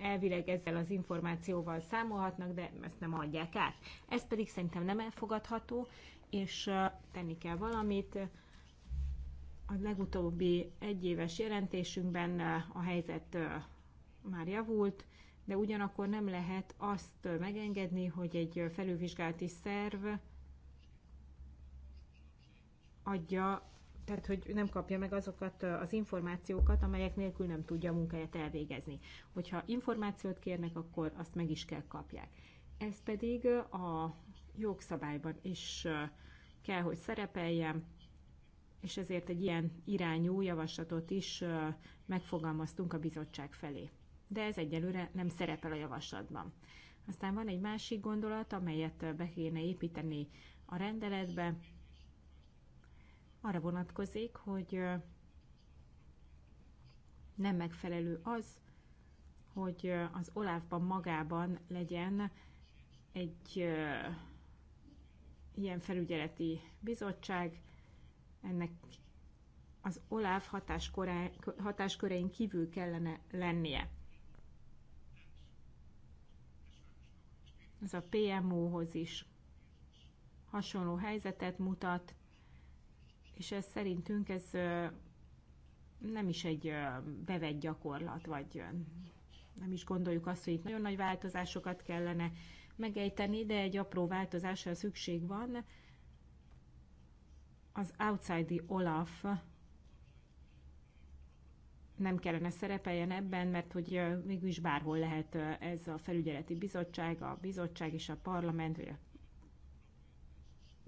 D: elvileg ezzel az információval számolhatnak, de ezt nem adják át. Ez pedig szerintem nem elfogadható, és tenni kell valamit, a legutóbbi egyéves jelentésünkben eh, a helyzet eh, már javult, de ugyanakkor nem lehet azt eh, megengedni, hogy egy felülvizsgálati szerv adja, tehát hogy nem kapja meg azokat az információkat, amelyek nélkül nem tudja a munkáját elvégezni. Hogyha információt kérnek, akkor azt meg is kell kapják. Ez pedig a jogszabályban is kell, hogy szerepeljen, és ezért egy ilyen irányú javaslatot is megfogalmaztunk a bizottság felé. De ez egyelőre nem szerepel a javaslatban. Aztán van egy másik gondolat, amelyet be kéne építeni a rendeletbe. Arra vonatkozik, hogy nem megfelelő az, hogy az olávban magában legyen egy ilyen felügyeleti bizottság, ennek az OLAF hatáskörein kívül kellene lennie. Ez a PMO-hoz is hasonló helyzetet mutat, és ez szerintünk ez nem is egy bevett gyakorlat, vagy nem is gondoljuk azt, hogy itt nagyon nagy változásokat kellene megejteni, de egy apró változásra szükség van, az Outside Olaf nem kellene szerepeljen ebben, mert hogy végül is bárhol lehet ez a felügyeleti bizottság, a bizottság és a parlament, vagy a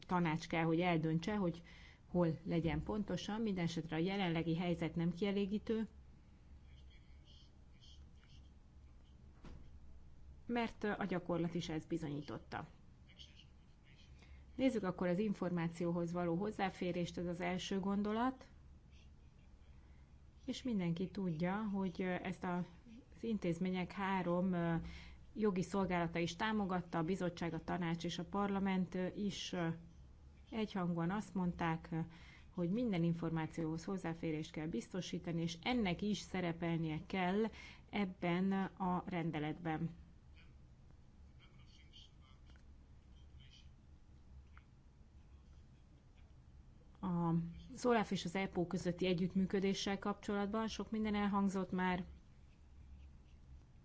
D: tanács kell, hogy eldöntse, hogy hol legyen pontosan. Mindenesetre a jelenlegi helyzet nem kielégítő, mert a gyakorlat is ezt bizonyította. Nézzük akkor az információhoz való hozzáférést, ez az első gondolat. És mindenki tudja, hogy ezt az intézmények három jogi szolgálata is támogatta, a bizottság, a tanács és a parlament is egyhangúan azt mondták, hogy minden információhoz hozzáférést kell biztosítani, és ennek is szerepelnie kell ebben a rendeletben. a Szoláf és az EPO közötti együttműködéssel kapcsolatban sok minden elhangzott már.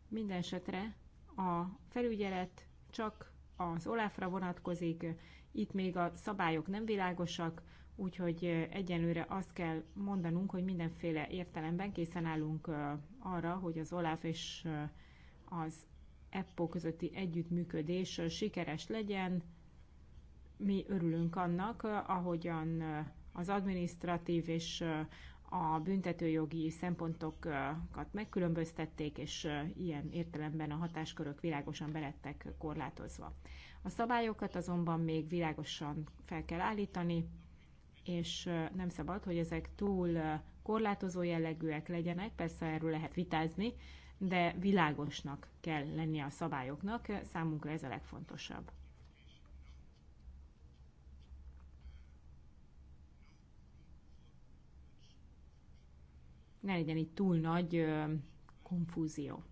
D: Minden esetre a felügyelet csak az Olafra vonatkozik, itt még a szabályok nem világosak, úgyhogy egyenlőre azt kell mondanunk, hogy mindenféle értelemben készen állunk arra, hogy az Olaf és az EPO közötti együttműködés sikeres legyen, mi örülünk annak, ahogyan az administratív és a büntetőjogi szempontokat megkülönböztették, és ilyen értelemben a hatáskörök világosan belettek korlátozva. A szabályokat azonban még világosan fel kell állítani, és nem szabad, hogy ezek túl korlátozó jellegűek legyenek, persze erről lehet vitázni, de világosnak kell lennie a szabályoknak, számunkra ez a legfontosabb. ne legyen itt túl nagy konfúzió.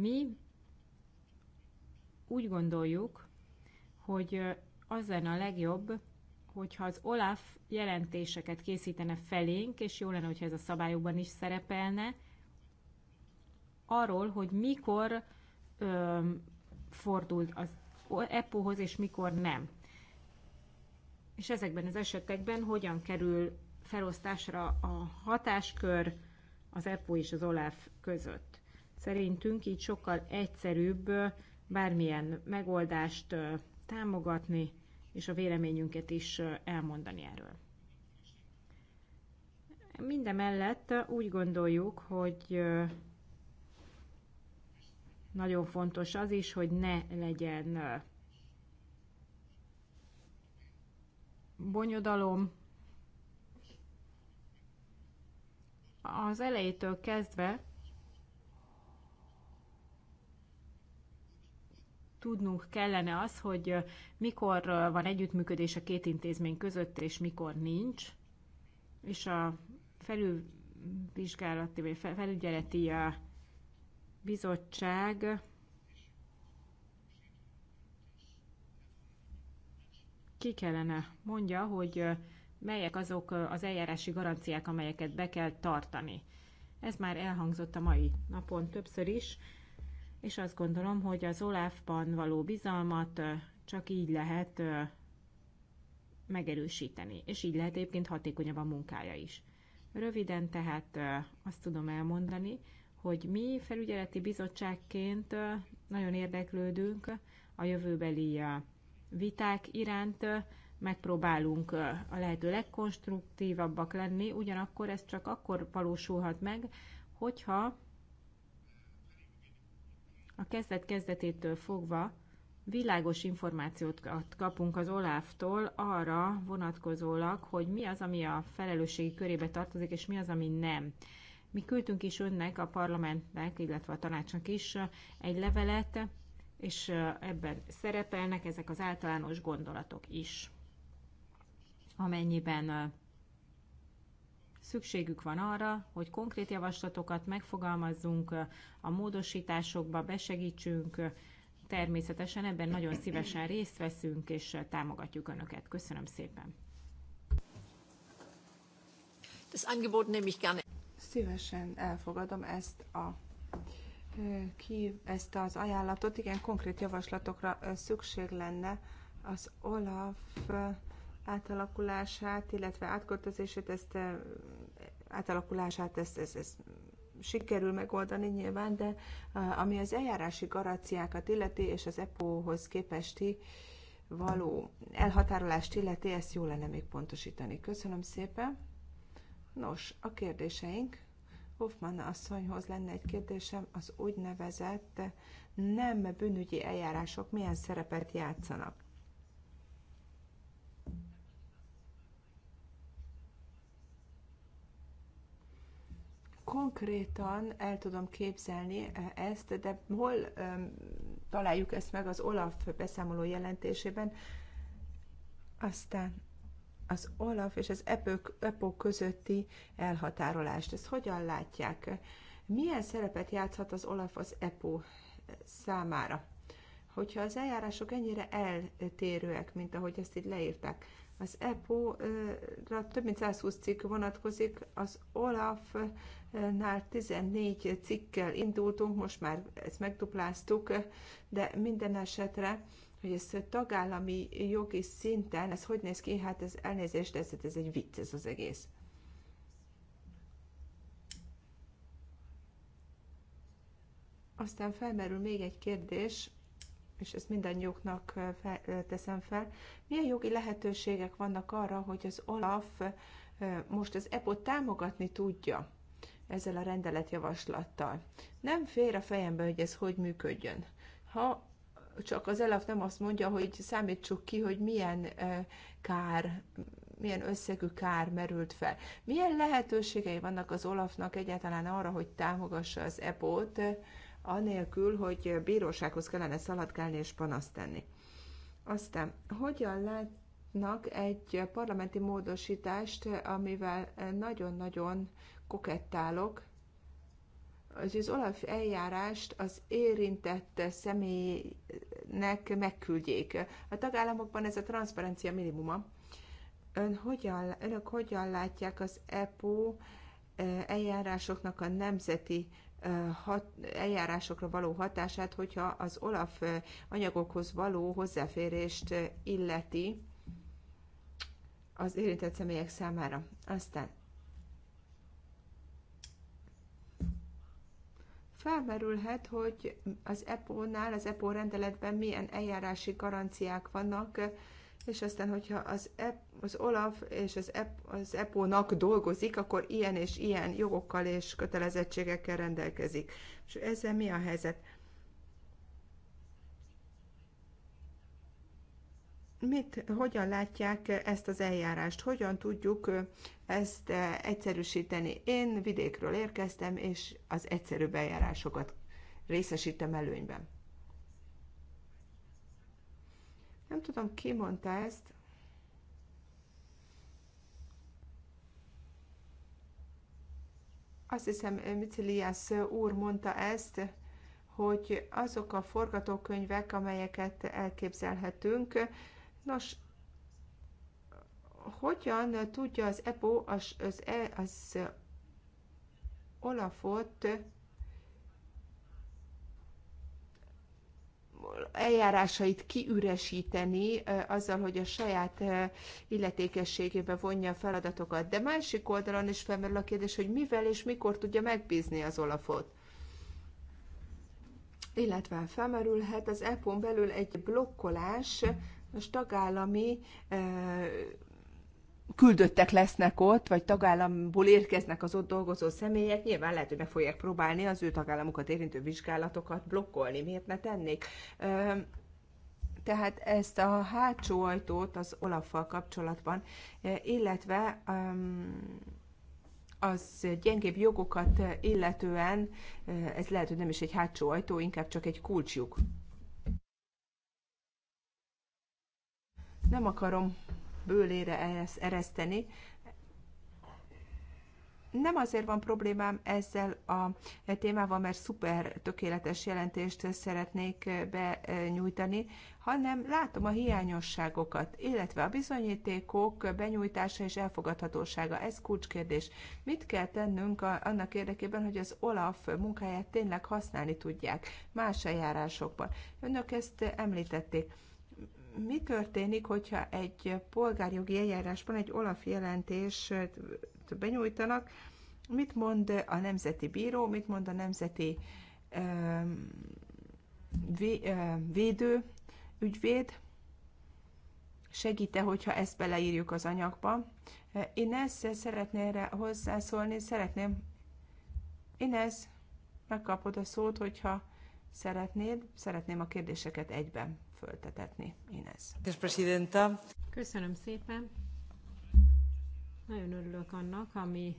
D: Mi úgy gondoljuk, hogy az lenne a legjobb, hogyha az OLAF jelentéseket készítene felénk, és jó lenne, hogyha ez a szabályokban is szerepelne, arról, hogy mikor ö, fordult az EPO-hoz, és mikor nem. És ezekben az esetekben hogyan kerül felosztásra a hatáskör az EPO és az OLAF e között. Szerintünk így sokkal egyszerűbb bármilyen megoldást támogatni, és a véleményünket is elmondani erről. Mindemellett úgy gondoljuk, hogy nagyon fontos az is, hogy ne legyen bonyodalom, az elejétől kezdve tudnunk kellene az, hogy mikor van együttműködés a két intézmény között, és mikor nincs, és a felülvizsgálati vagy felügyeleti bizottság ki kellene mondja, hogy melyek azok az eljárási garanciák, amelyeket be kell tartani. Ez már elhangzott a mai napon többször is, és azt gondolom, hogy az Olafban való bizalmat csak így lehet megerősíteni, és így lehet egyébként hatékonyabb a munkája is. Röviden tehát azt tudom elmondani, hogy mi felügyeleti bizottságként nagyon érdeklődünk a jövőbeli viták iránt, megpróbálunk a lehető legkonstruktívabbak lenni, ugyanakkor ez csak akkor valósulhat meg, hogyha a kezdet kezdetétől fogva világos információt kapunk az Oláftól arra vonatkozólag, hogy mi az, ami a felelősségi körébe tartozik, és mi az, ami nem. Mi küldtünk is önnek, a parlamentnek, illetve a tanácsnak is egy levelet, és ebben szerepelnek ezek az általános gondolatok is amennyiben szükségük van arra, hogy konkrét javaslatokat megfogalmazzunk, a módosításokba besegítsünk, természetesen ebben nagyon szívesen részt veszünk, és támogatjuk Önöket. Köszönöm szépen!
B: Das Angebot nehme ich gerne. Szívesen elfogadom ezt a ki ezt az ajánlatot. Igen, konkrét javaslatokra szükség lenne. Az Olaf átalakulását, illetve átköltözését, ezt átalakulását, ezt, ezt, ezt sikerül megoldani nyilván, de ami az eljárási garanciákat illeti, és az EPO-hoz képesti való elhatárolást illeti, ezt jó lenne még pontosítani. Köszönöm szépen. Nos, a kérdéseink. Hoffman asszonyhoz lenne egy kérdésem, az úgynevezett nem bűnügyi eljárások milyen szerepet játszanak? konkrétan el tudom képzelni eh, ezt, de hol um, találjuk ezt meg az Olaf beszámoló jelentésében? Aztán az Olaf és az EPOK, EPOK közötti elhatárolást. Ezt hogyan látják? Milyen szerepet játszhat az Olaf az EPO számára? Hogyha az eljárások ennyire eltérőek, mint ahogy ezt így leírták, az EPO-ra eh, több mint 120 cikk vonatkozik, az OLAF nál 14 cikkkel indultunk, most már ezt megdupláztuk, de minden esetre hogy ez tagállami jogi szinten, ez hogy néz ki, hát ez elnézést, ez, ez egy vicc ez az egész. Aztán felmerül még egy kérdés, és ezt mindannyiuknak eh, fel, eh, teszem fel. Milyen jogi lehetőségek vannak arra, hogy az OLAF eh, most az EPO támogatni tudja? ezzel a rendeletjavaslattal. Nem fér a fejembe, hogy ez hogy működjön. Ha csak az elaf nem azt mondja, hogy számítsuk ki, hogy milyen kár, milyen összegű kár merült fel. Milyen lehetőségei vannak az Olafnak egyáltalán arra, hogy támogassa az EPO-t, anélkül, hogy bírósághoz kellene szaladkálni és panaszt tenni. Aztán, hogyan látnak egy parlamenti módosítást, amivel nagyon-nagyon kokettálok, hogy az Olaf eljárást az érintett személynek megküldjék. A tagállamokban ez a transzparencia minimuma. Ön hogyan, önök hogyan látják az EPO e, eljárásoknak a nemzeti e, hat, eljárásokra való hatását, hogyha az OLAF e, anyagokhoz való hozzáférést illeti az érintett személyek számára. Aztán felmerülhet, hogy az EPO-nál, az EPO rendeletben milyen eljárási garanciák vannak, és aztán, hogyha az, EP, az OLAF és az, EP, az EPO-nak dolgozik, akkor ilyen és ilyen jogokkal és kötelezettségekkel rendelkezik. És ezzel mi a helyzet? Mit, hogyan látják ezt az eljárást? Hogyan tudjuk ezt eh, egyszerűsíteni. Én vidékről érkeztem, és az egyszerű bejárásokat részesítem előnyben. Nem tudom, ki mondta ezt. Azt hiszem, eh, Miciliász úr mondta ezt, hogy azok a forgatókönyvek, amelyeket elképzelhetünk, nos, hogyan tudja az EPO az, az, e, az Olafot eljárásait kiüresíteni azzal, hogy a saját illetékességébe vonja a feladatokat. De másik oldalon is felmerül a kérdés, hogy mivel és mikor tudja megbízni az Olafot. Illetve felmerülhet az EPO-n belül egy blokkolás, a tagállami küldöttek lesznek ott, vagy tagállamból érkeznek az ott dolgozó személyek, nyilván lehet, hogy meg fogják próbálni az ő tagállamokat érintő vizsgálatokat blokkolni. Miért ne tennék? Tehát ezt a hátsó ajtót az Olaffal kapcsolatban, illetve az gyengébb jogokat illetően, ez lehet, hogy nem is egy hátsó ajtó, inkább csak egy kulcsjuk. Nem akarom bőlére ereszteni. Nem azért van problémám ezzel a témával, mert szuper tökéletes jelentést szeretnék benyújtani, hanem látom a hiányosságokat, illetve a bizonyítékok benyújtása és elfogadhatósága. Ez kulcskérdés. Mit kell tennünk a, annak érdekében, hogy az OLAF munkáját tényleg használni tudják más eljárásokban? Önök ezt említették mi történik, hogyha egy polgárjogi eljárásban egy olaf jelentést benyújtanak, mit mond a nemzeti bíró, mit mond a nemzeti védő, ügyvéd, segíte, hogyha ezt beleírjuk az anyagba. Inez, szeretnél erre hozzászólni? Szeretném. Inez, megkapod a szót, hogyha szeretnéd. Szeretném a kérdéseket egyben föltetetni. Inez. Köszönöm szépen.
D: Nagyon örülök annak, ami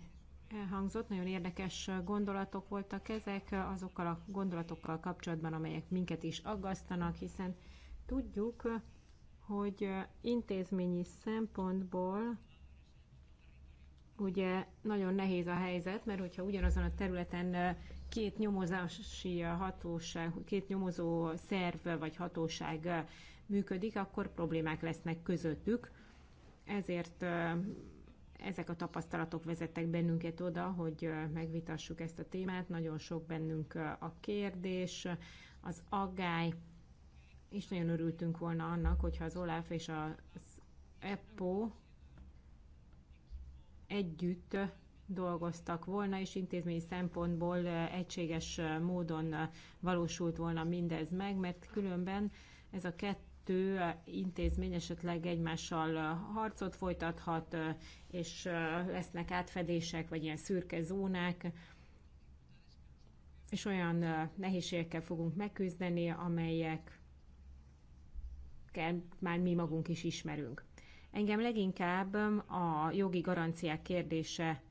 D: elhangzott, nagyon érdekes gondolatok voltak ezek, azokkal a gondolatokkal kapcsolatban, amelyek minket is aggasztanak, hiszen tudjuk, hogy intézményi szempontból ugye nagyon nehéz a helyzet, mert hogyha ugyanazon a területen két nyomozási hatóság, két nyomozó szerv vagy hatóság működik, akkor problémák lesznek közöttük. Ezért ezek a tapasztalatok vezettek bennünket oda, hogy megvitassuk ezt a témát. Nagyon sok bennünk a kérdés, az aggály, és nagyon örültünk volna annak, hogyha az OLAF és az EPO együtt dolgoztak volna, és intézményi szempontból egységes módon valósult volna mindez meg, mert különben ez a kettő intézmény esetleg egymással harcot folytathat, és lesznek átfedések, vagy ilyen szürke zónák, és olyan nehézségekkel fogunk megküzdeni, amelyek már mi magunk is ismerünk. Engem leginkább a jogi garanciák kérdése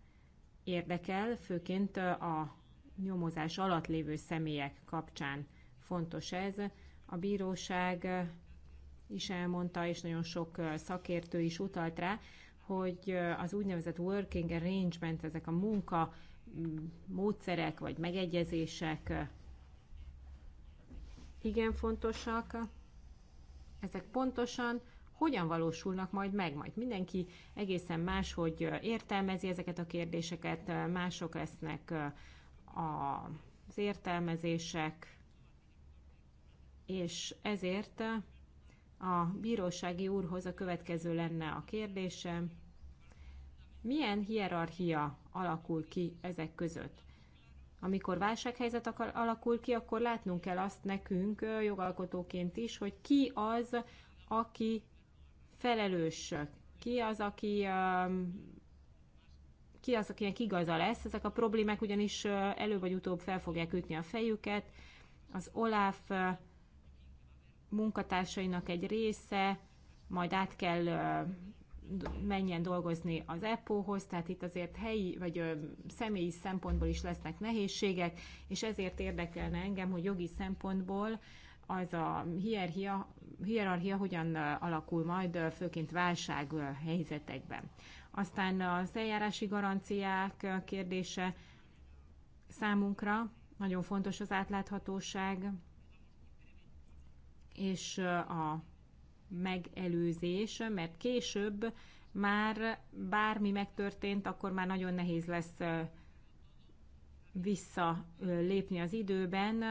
D: érdekel, főként a nyomozás alatt lévő személyek kapcsán fontos ez. A bíróság is elmondta, és nagyon sok szakértő is utalt rá, hogy az úgynevezett working arrangement, ezek a munka módszerek vagy megegyezések igen fontosak. Ezek pontosan hogyan valósulnak majd meg. Majd mindenki egészen más, hogy értelmezi ezeket a kérdéseket, mások lesznek az értelmezések, és ezért a bírósági úrhoz a következő lenne a kérdésem. Milyen hierarchia alakul ki ezek között? Amikor válsághelyzet alakul ki, akkor látnunk kell azt nekünk jogalkotóként is, hogy ki az, aki felelős, ki az, aki um, ki az, akinek igaza lesz, ezek a problémák ugyanis elő vagy utóbb fel fogják ütni a fejüket. Az OLAF munkatársainak egy része majd át kell menjen dolgozni az EPO-hoz, tehát itt azért helyi vagy személyi szempontból is lesznek nehézségek, és ezért érdekelne engem, hogy jogi szempontból az a hierarchia, hierarchia hogyan alakul majd, főként válság helyzetekben. Aztán az eljárási garanciák kérdése számunkra nagyon fontos az átláthatóság és a megelőzés, mert később már bármi megtörtént, akkor már nagyon nehéz lesz visszalépni az időben,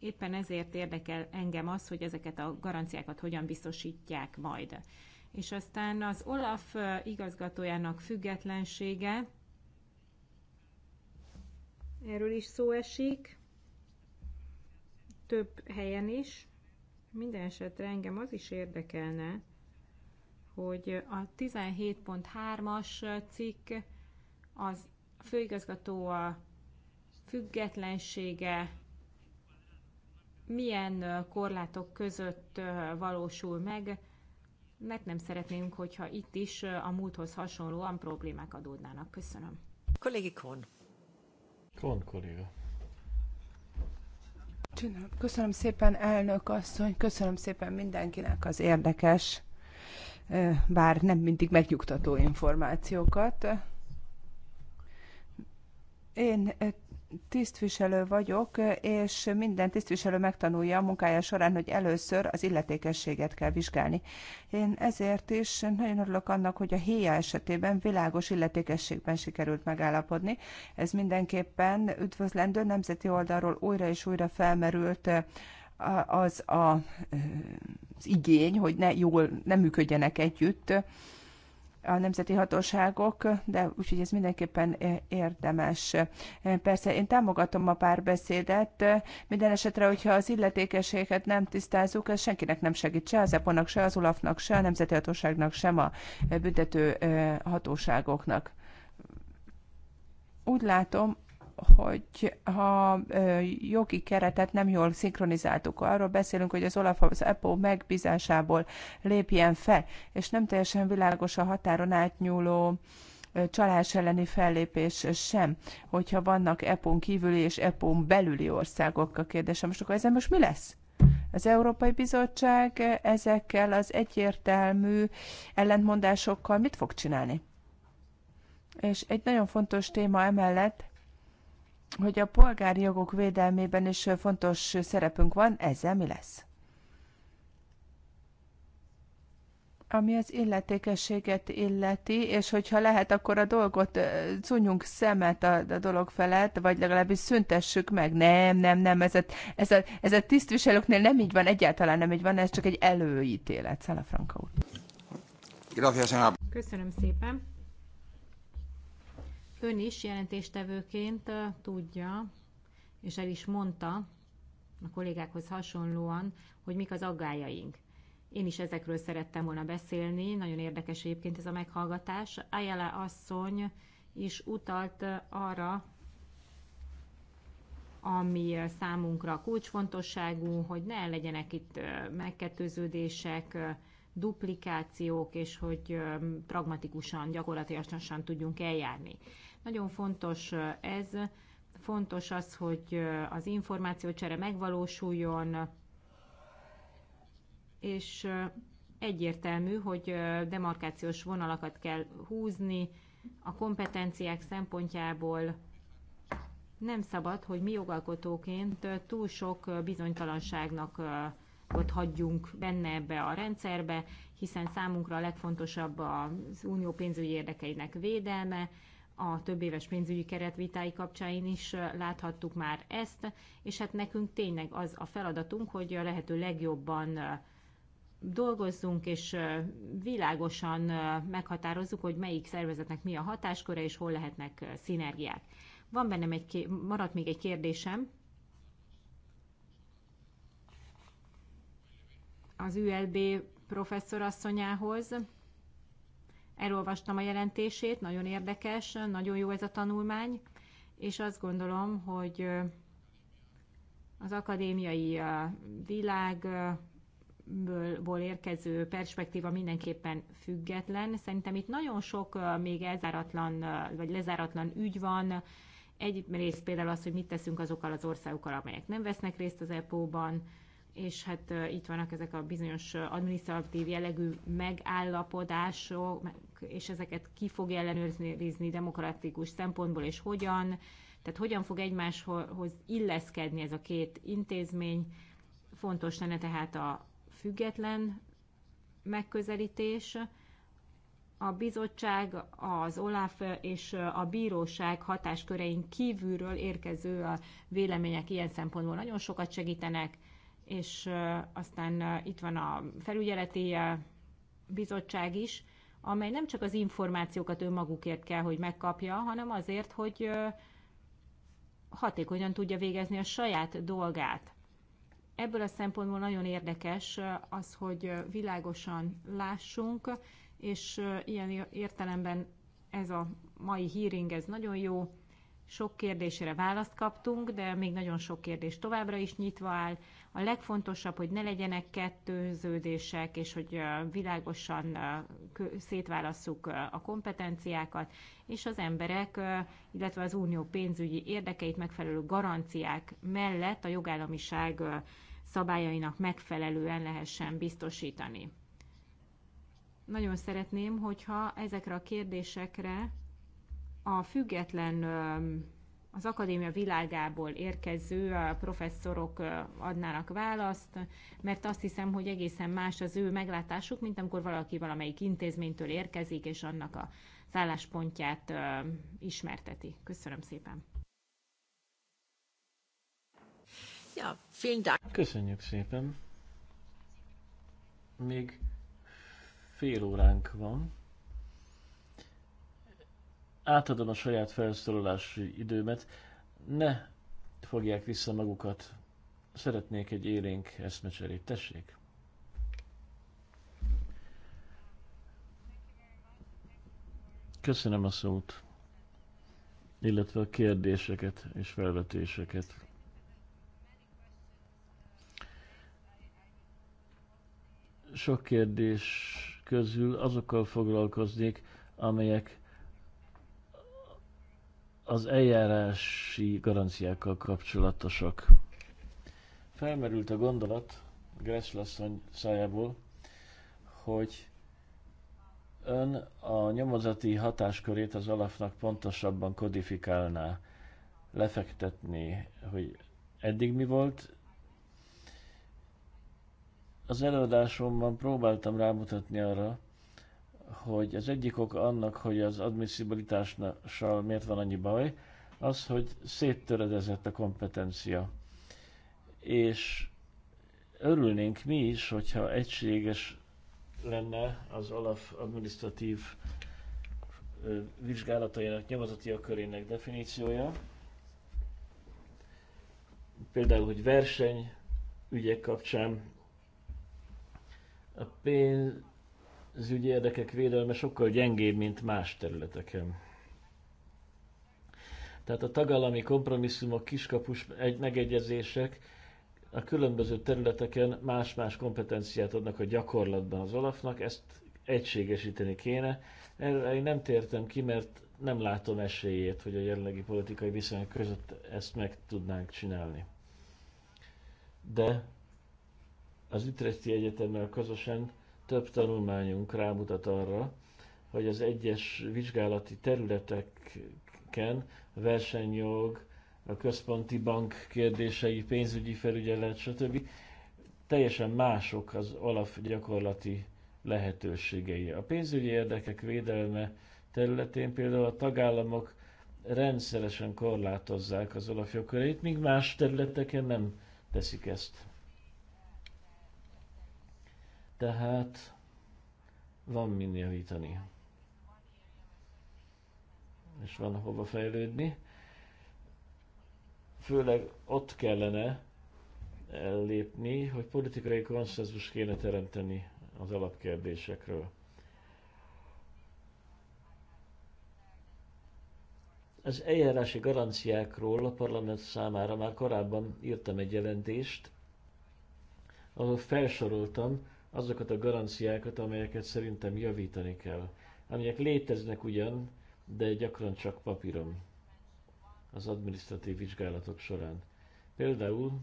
D: Éppen ezért érdekel engem az, hogy ezeket a garanciákat hogyan biztosítják majd. És aztán az Olaf igazgatójának függetlensége, erről is szó esik, több helyen is. Minden esetre engem az is érdekelne, hogy a 17.3-as cikk az főigazgató a függetlensége milyen korlátok között valósul meg, mert nem szeretnénk, hogyha itt is a múlthoz hasonlóan problémák adódnának. Köszönöm. Kollégi Kohn.
B: Kohn kolléga. Köszönöm szépen, elnök asszony, köszönöm szépen mindenkinek az érdekes, bár nem mindig megnyugtató információkat. Én tisztviselő vagyok, és minden tisztviselő megtanulja a munkája során, hogy először az illetékességet kell vizsgálni. Én ezért is nagyon örülök annak, hogy a héja esetében világos illetékességben sikerült megállapodni. Ez mindenképpen üdvözlendő, nemzeti oldalról újra és újra felmerült az a, az igény, hogy ne jól, nem működjenek együtt a nemzeti hatóságok, de úgyhogy ez mindenképpen érdemes. Persze én támogatom a párbeszédet, minden esetre, hogyha az illetékeséget nem tisztázunk, ez senkinek nem segít, se az EPO-nak, se az olafnak se a Nemzeti Hatóságnak, sem a büntető hatóságoknak. Úgy látom, hogy ha jogi keretet nem jól szinkronizáltuk, arról beszélünk, hogy az Olaf az EPO megbízásából lépjen fel, és nem teljesen világos a határon átnyúló csalás elleni fellépés sem, hogyha vannak EPO-n kívüli és EPO-n belüli országok a kérdésem. Most akkor ezen most mi lesz? Az Európai Bizottság ezekkel az egyértelmű ellentmondásokkal mit fog csinálni? És egy nagyon fontos téma emellett, hogy a polgári jogok védelmében is fontos szerepünk van, ezzel mi lesz? Ami az illetékességet illeti, és hogyha lehet, akkor a dolgot szunjunk szemet a, a dolog felett, vagy legalábbis szüntessük meg. Nem, nem, nem, ez a, ez, a, ez a tisztviselőknél nem így van, egyáltalán nem így van, ez csak egy előítélet. Szala Franka úr.
D: Köszönöm szépen. Ön is jelentéstevőként tudja, és el is mondta a kollégákhoz hasonlóan, hogy mik az aggájaink. Én is ezekről szerettem volna beszélni, nagyon érdekes egyébként ez a meghallgatás. Ayala asszony is utalt arra, ami számunkra kulcsfontosságú, hogy ne legyenek itt megkettőződések, duplikációk, és hogy pragmatikusan, gyakorlatilag tudjunk eljárni. Nagyon fontos ez, fontos az, hogy az információcsere megvalósuljon, és egyértelmű, hogy demarkációs vonalakat kell húzni a kompetenciák szempontjából. Nem szabad, hogy mi jogalkotóként túl sok bizonytalanságnak ott hagyjunk benne ebbe a rendszerbe, hiszen számunkra a legfontosabb az unió pénzügyi érdekeinek védelme, a több éves pénzügyi keret kapcsán is láthattuk már ezt, és hát nekünk tényleg az a feladatunk, hogy a lehető legjobban dolgozzunk, és világosan meghatározzuk, hogy melyik szervezetnek mi a hatásköre, és hol lehetnek szinergiák. Van bennem egy, maradt még egy kérdésem. Az ULB professzorasszonyához. Elolvastam a jelentését, nagyon érdekes, nagyon jó ez a tanulmány, és azt gondolom, hogy az akadémiai világból érkező perspektíva mindenképpen független. Szerintem itt nagyon sok még elzáratlan vagy lezáratlan ügy van. Egyrészt például az, hogy mit teszünk azokkal az országokkal, amelyek nem vesznek részt az EPO-ban, és hát itt vannak ezek a bizonyos adminisztratív jellegű megállapodások, és ezeket ki fogja ellenőrizni demokratikus szempontból, és hogyan, tehát hogyan fog egymáshoz illeszkedni ez a két intézmény. Fontos lenne tehát a független megközelítés, a bizottság, az OLAF és a bíróság hatáskörein kívülről érkező a vélemények ilyen szempontból nagyon sokat segítenek, és aztán itt van a felügyeleti bizottság is, amely nem csak az információkat önmagukért kell, hogy megkapja, hanem azért, hogy hatékonyan tudja végezni a saját dolgát. Ebből a szempontból nagyon érdekes az, hogy világosan lássunk, és ilyen értelemben ez a mai hearing, ez nagyon jó. Sok kérdésre választ kaptunk, de még nagyon sok kérdés továbbra is nyitva áll. A legfontosabb, hogy ne legyenek kettőződések, és hogy világosan szétválasszuk a kompetenciákat, és az emberek, illetve az unió pénzügyi érdekeit megfelelő garanciák mellett a jogállamiság szabályainak megfelelően lehessen biztosítani. Nagyon szeretném, hogyha ezekre a kérdésekre a független az akadémia világából érkező professzorok adnának választ, mert azt hiszem, hogy egészen más az ő meglátásuk, mint amikor valaki valamelyik intézménytől érkezik, és annak a szálláspontját ismerteti. Köszönöm szépen. Ja, vielen Dank.
A: Köszönjük szépen. Még fél óránk van átadom a saját felszólalási időmet, ne fogják vissza magukat. Szeretnék egy élénk eszmecserét. Tessék! Köszönöm a szót, illetve a kérdéseket és felvetéseket. Sok kérdés közül azokkal foglalkoznék, amelyek az eljárási garanciákkal kapcsolatosak. Felmerült a gondolat Gresslasszony szájából, hogy ön a nyomozati hatáskörét az alapnak pontosabban kodifikálná, lefektetni, hogy eddig mi volt. Az előadásomban próbáltam rámutatni arra, hogy az egyik ok annak, hogy az admisszibilitással miért van annyi baj, az, hogy széttöredezett a kompetencia. És örülnénk mi is, hogyha egységes lenne az Olaf administratív vizsgálatainak, nyomozati körének definíciója. Például, hogy verseny ügyek kapcsán a pénz, az ügyi érdekek védelme sokkal gyengébb, mint más területeken. Tehát a tagállami kompromisszumok, kiskapus egy megegyezések a különböző területeken más-más kompetenciát adnak a gyakorlatban az Olafnak, ezt egységesíteni kéne. Erre én nem tértem ki, mert nem látom esélyét, hogy a jelenlegi politikai viszonyok között ezt meg tudnánk csinálni. De az Ütreszti Egyetemmel közösen több tanulmányunk rámutat arra, hogy az egyes vizsgálati területeken versenyjog, a központi bank kérdései, pénzügyi felügyelet, stb. teljesen mások az alap gyakorlati lehetőségei. A pénzügyi érdekek védelme területén például a tagállamok rendszeresen korlátozzák az alapjogkörét, míg más területeken nem teszik ezt. Tehát van mind javítani. És van hova fejlődni. Főleg ott kellene lépni, hogy politikai konszenzus kéne teremteni az alapkérdésekről. Az eljárási garanciákról a parlament számára már korábban írtam egy jelentést, ahol felsoroltam azokat a garanciákat, amelyeket szerintem javítani kell. Amelyek léteznek ugyan, de gyakran csak papíron az adminisztratív vizsgálatok során. Például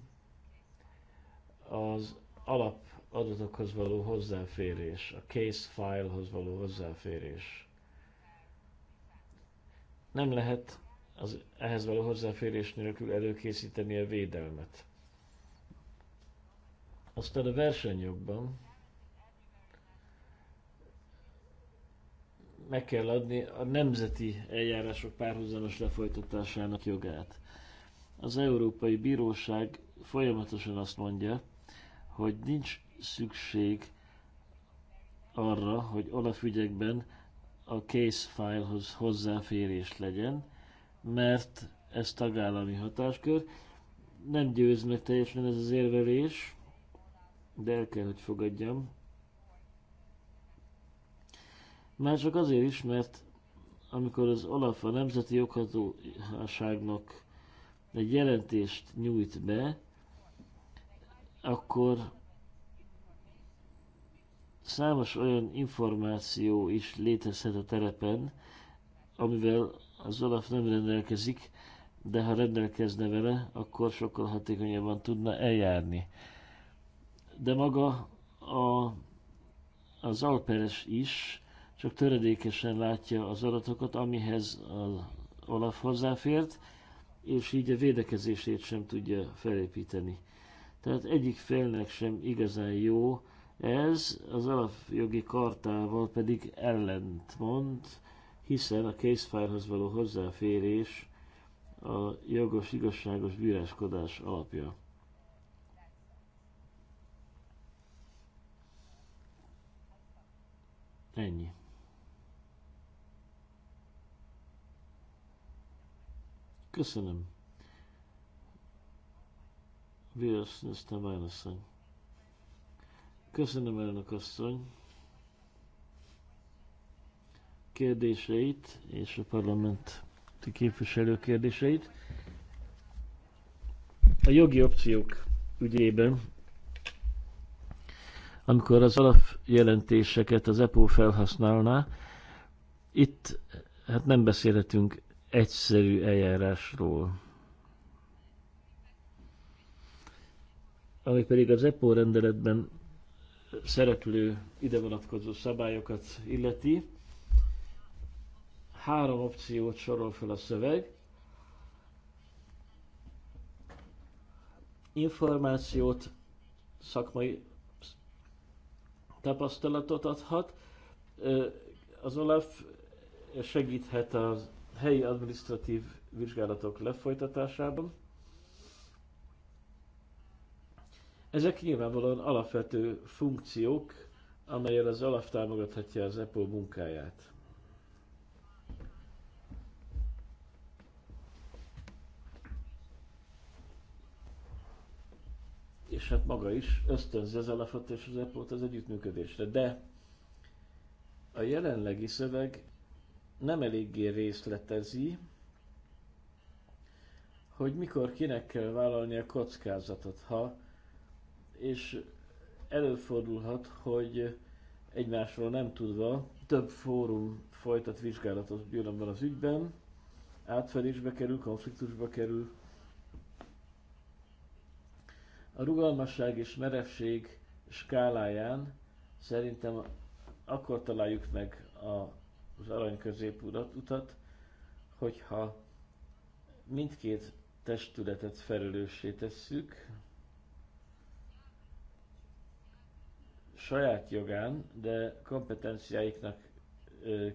A: az alap adatokhoz való hozzáférés, a case filehoz való hozzáférés. Nem lehet az ehhez való hozzáférés nélkül előkészíteni a védelmet. Aztán a versenyjogban meg kell adni a nemzeti eljárások párhuzamos lefolytatásának jogát. Az Európai Bíróság folyamatosan azt mondja, hogy nincs szükség arra, hogy ügyekben a case filehoz hozzáférés legyen, mert ez tagállami hatáskör. Nem győz meg teljesen ez az érvelés, de el kell, hogy fogadjam, már csak azért is, mert amikor az Olaf a Nemzeti Joghatóságnak egy jelentést nyújt be, akkor számos olyan információ is létezhet a terepen, amivel az Olaf nem rendelkezik, de ha rendelkezne vele, akkor sokkal hatékonyabban tudna eljárni. De maga a, az alperes is csak töredékesen látja az adatokat, amihez az Olaf hozzáfért, és így a védekezését sem tudja felépíteni. Tehát egyik félnek sem igazán jó ez, az alapjogi kartával pedig ellentmond, hiszen a casefile való hozzáférés a jogos, igazságos bíráskodás alapja. Ennyi. Köszönöm. Vírus Nesztemán asszony. Köszönöm, elnök asszony. Kérdéseit és a parlament képviselő kérdéseit. A jogi opciók ügyében, amikor az alapjelentéseket az EPO felhasználná, itt hát nem beszélhetünk egyszerű eljárásról. Ami pedig az EPO rendeletben szereplő ide vonatkozó szabályokat illeti, három opciót sorol fel a szöveg. Információt, szakmai tapasztalatot adhat, az Olaf segíthet az helyi administratív vizsgálatok lefolytatásában. Ezek nyilvánvalóan alapvető funkciók, amelyel az alap támogathatja az EPO munkáját. És hát maga is ösztönzi az alapot és az epo az együttműködésre. De a jelenlegi szöveg nem eléggé részletezi, hogy mikor kinek kell vállalni a kockázatot, ha és előfordulhat, hogy egymásról nem tudva több fórum folytat vizsgálatot gyűlömben az ügyben, átfedésbe kerül, konfliktusba kerül. A rugalmasság és merevség skáláján szerintem akkor találjuk meg a az arany középutat, hogyha mindkét testületet felelőssé tesszük, saját jogán, de kompetenciáiknak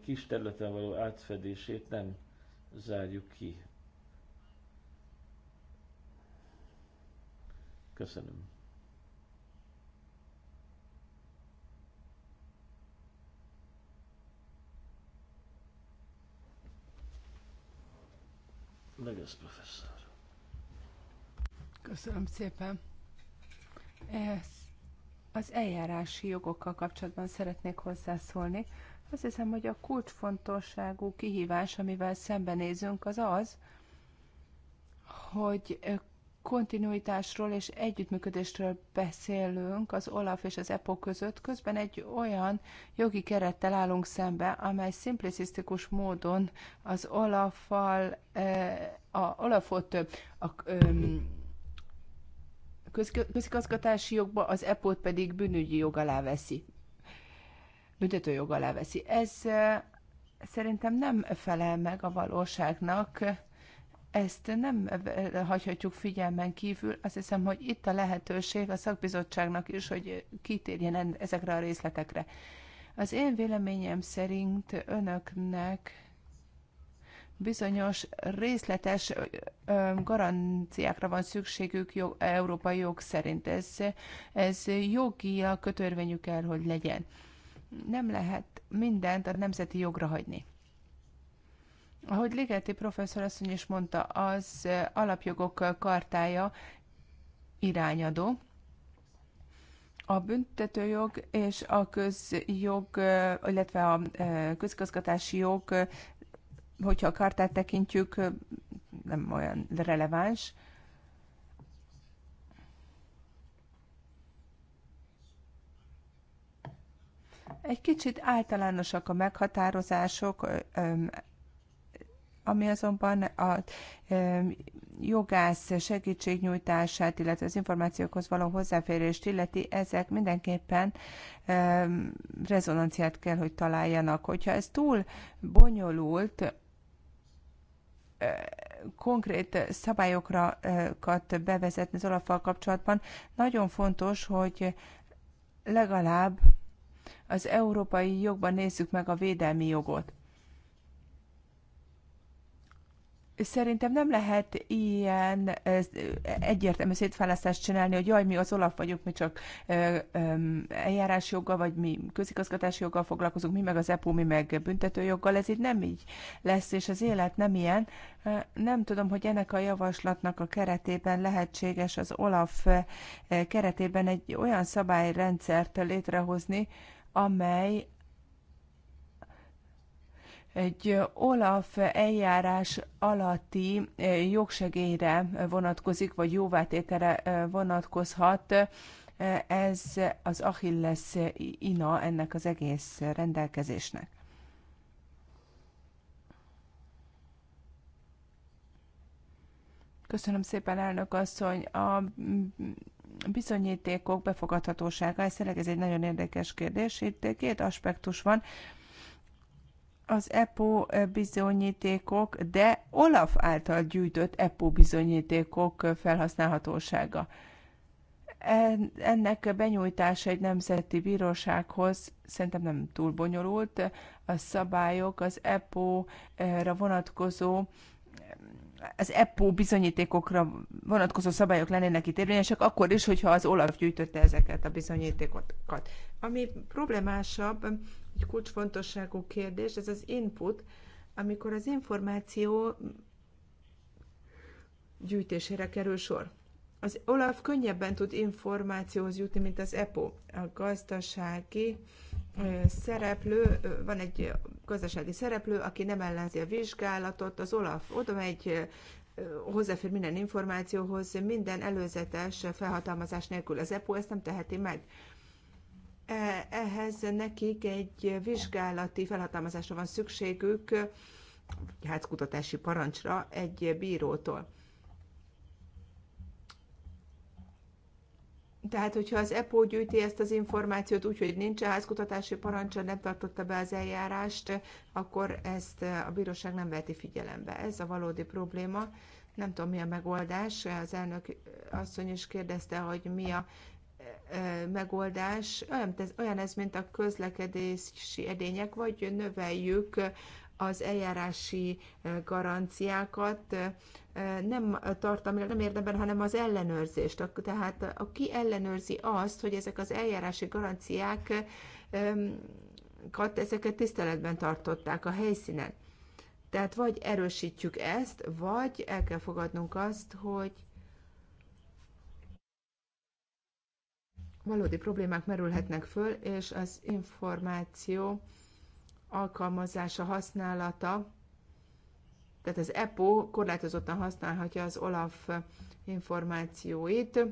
A: kis területen való átfedését nem zárjuk ki. Köszönöm. Legesz professzor.
B: Köszönöm szépen. Ez az eljárási jogokkal kapcsolatban szeretnék hozzászólni. Azt hiszem, hogy a kulcsfontosságú kihívás, amivel szembenézünk, az az, hogy kontinuitásról és együttműködésről beszélünk az OLAF és az EPO között, közben egy olyan jogi kerettel állunk szembe, amely szimplicisztikus módon az OLAF-fal, eh, a Olafot a, a közigazgatási jogba, az EPO-t pedig bűnügyi jog alá veszi. Büntetőjog alá veszi. Ez eh, szerintem nem felel meg a valóságnak, ezt nem eh, hagyhatjuk figyelmen kívül. Azt hiszem, hogy itt a lehetőség a szakbizottságnak is, hogy kitérjen ezekre a részletekre. Az én véleményem szerint önöknek bizonyos részletes garanciákra van szükségük jog, európai jog szerint. Ez, ez jogi a kötörvényük kell, hogy legyen. Nem lehet mindent a nemzeti jogra hagyni. Ahogy Ligeti professzor asszony is mondta, az alapjogok kartája irányadó, a büntetőjog és a közjog, illetve a közigazgatási jog, hogyha a kartát tekintjük, nem olyan releváns. Egy kicsit általánosak a meghatározások, ami azonban a jogász segítségnyújtását, illetve az információkhoz való hozzáférést illeti, ezek mindenképpen rezonanciát kell, hogy találjanak. Hogyha ez túl bonyolult, e, konkrét szabályokat bevezetni az olaf kapcsolatban, nagyon fontos, hogy legalább az európai jogban nézzük meg a védelmi jogot. Szerintem nem lehet ilyen eh, egyértelmű szétválasztást csinálni, hogy jaj, mi az Olaf vagyunk, mi csak eh, joggal, vagy mi közigazgatási joggal foglalkozunk, mi meg az EPU, mi meg büntetőjoggal. Ez így nem így lesz, és az élet nem ilyen. Eh, nem tudom, hogy ennek a javaslatnak a keretében lehetséges az Olaf keretében egy olyan szabályrendszert létrehozni, amely egy Olaf eljárás alatti jogsegélyre vonatkozik, vagy jóvátétele vonatkozhat. Ez az Achilles ina ennek az egész rendelkezésnek. Köszönöm szépen, elnök asszony. A bizonyítékok befogadhatósága, ez tényleg ez egy nagyon érdekes kérdés. Itt két aspektus van az EPO bizonyítékok, de Olaf által gyűjtött EPO bizonyítékok felhasználhatósága. Ennek benyújtása egy nemzeti bírósághoz szerintem nem túl bonyolult. A szabályok az EPO-ra vonatkozó az epo bizonyítékokra vonatkozó szabályok lennének itt érvényesek, akkor is, hogyha az Olaf gyűjtötte ezeket a bizonyítékokat. Ami problémásabb, egy kulcsfontosságú kérdés, ez az input, amikor az információ gyűjtésére kerül sor. Az Olaf könnyebben tud információhoz jutni, mint az EPO. A gazdasági szereplő, van egy gazdasági szereplő, aki nem ellenzi a vizsgálatot, az Olaf oda megy, hozzáfér minden információhoz, minden előzetes felhatalmazás nélkül. Az EPO ezt nem teheti meg. E, ehhez nekik egy vizsgálati felhatalmazásra van szükségük, hát kutatási parancsra egy bírótól. Tehát, hogyha az EPO gyűjti ezt az információt úgy, hogy nincs házkutatási parancsa, nem tartotta be az eljárást, akkor ezt a bíróság nem veheti figyelembe. Ez a valódi probléma. Nem tudom, mi a megoldás. Az elnök asszony is kérdezte, hogy mi a e, megoldás. Olyan ez, olyan ez mint a közlekedési edények, vagy növeljük az eljárási e, garanciákat, nem tartalmilag, nem érdemben, hanem az ellenőrzést. Tehát aki ki ellenőrzi azt, hogy ezek az eljárási garanciák ezeket tiszteletben tartották a helyszínen. Tehát vagy erősítjük ezt, vagy el kell fogadnunk azt, hogy valódi problémák merülhetnek föl, és az információ alkalmazása, használata tehát az EPO korlátozottan használhatja az OLAF információit,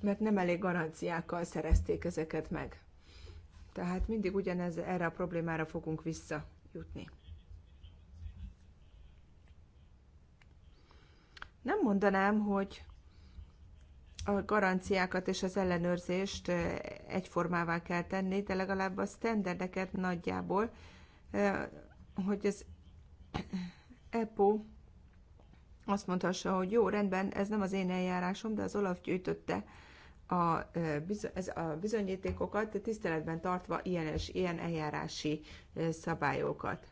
B: mert nem elég garanciákkal szerezték ezeket meg. Tehát mindig ugyanez erre a problémára fogunk visszajutni. Nem mondanám, hogy a garanciákat és az ellenőrzést eh, egyformává kell tenni, de legalább a standardeket nagyjából eh, hogy ez EPO azt mondhassa, hogy jó, rendben, ez nem az én eljárásom, de az Olaf gyűjtötte a, ez a bizonyítékokat, tiszteletben tartva ilyen és ilyen eljárási szabályokat.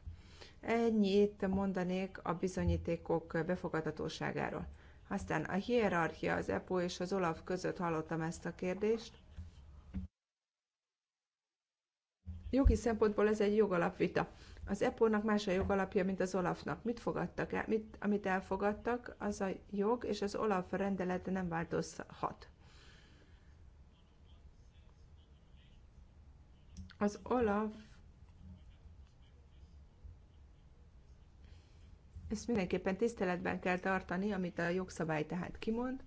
B: Ennyit mondanék a bizonyítékok befogadhatóságáról. Aztán a hierarchia az EPO és az OLAF között hallottam ezt a kérdést. Jogi szempontból ez egy jogalapvita. Az EPO-nak más a jogalapja, mint az OLAF-nak. Mit fogadtak el? Mit, amit elfogadtak, az a jog, és az OLAF rendelete nem változhat. Az OLAF ezt mindenképpen tiszteletben kell tartani, amit a jogszabály tehát kimond,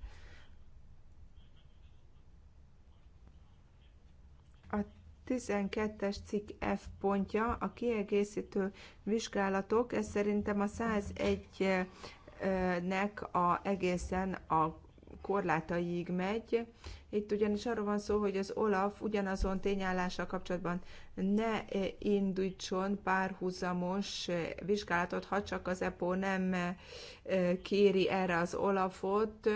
B: 12-es cikk F pontja, a kiegészítő vizsgálatok, ez szerintem a 101-nek a egészen a korlátaig megy. Itt ugyanis arról van szó, hogy az Olaf ugyanazon tényállással kapcsolatban ne indítson párhuzamos vizsgálatot, ha csak az EPO nem kéri erre az Olafot,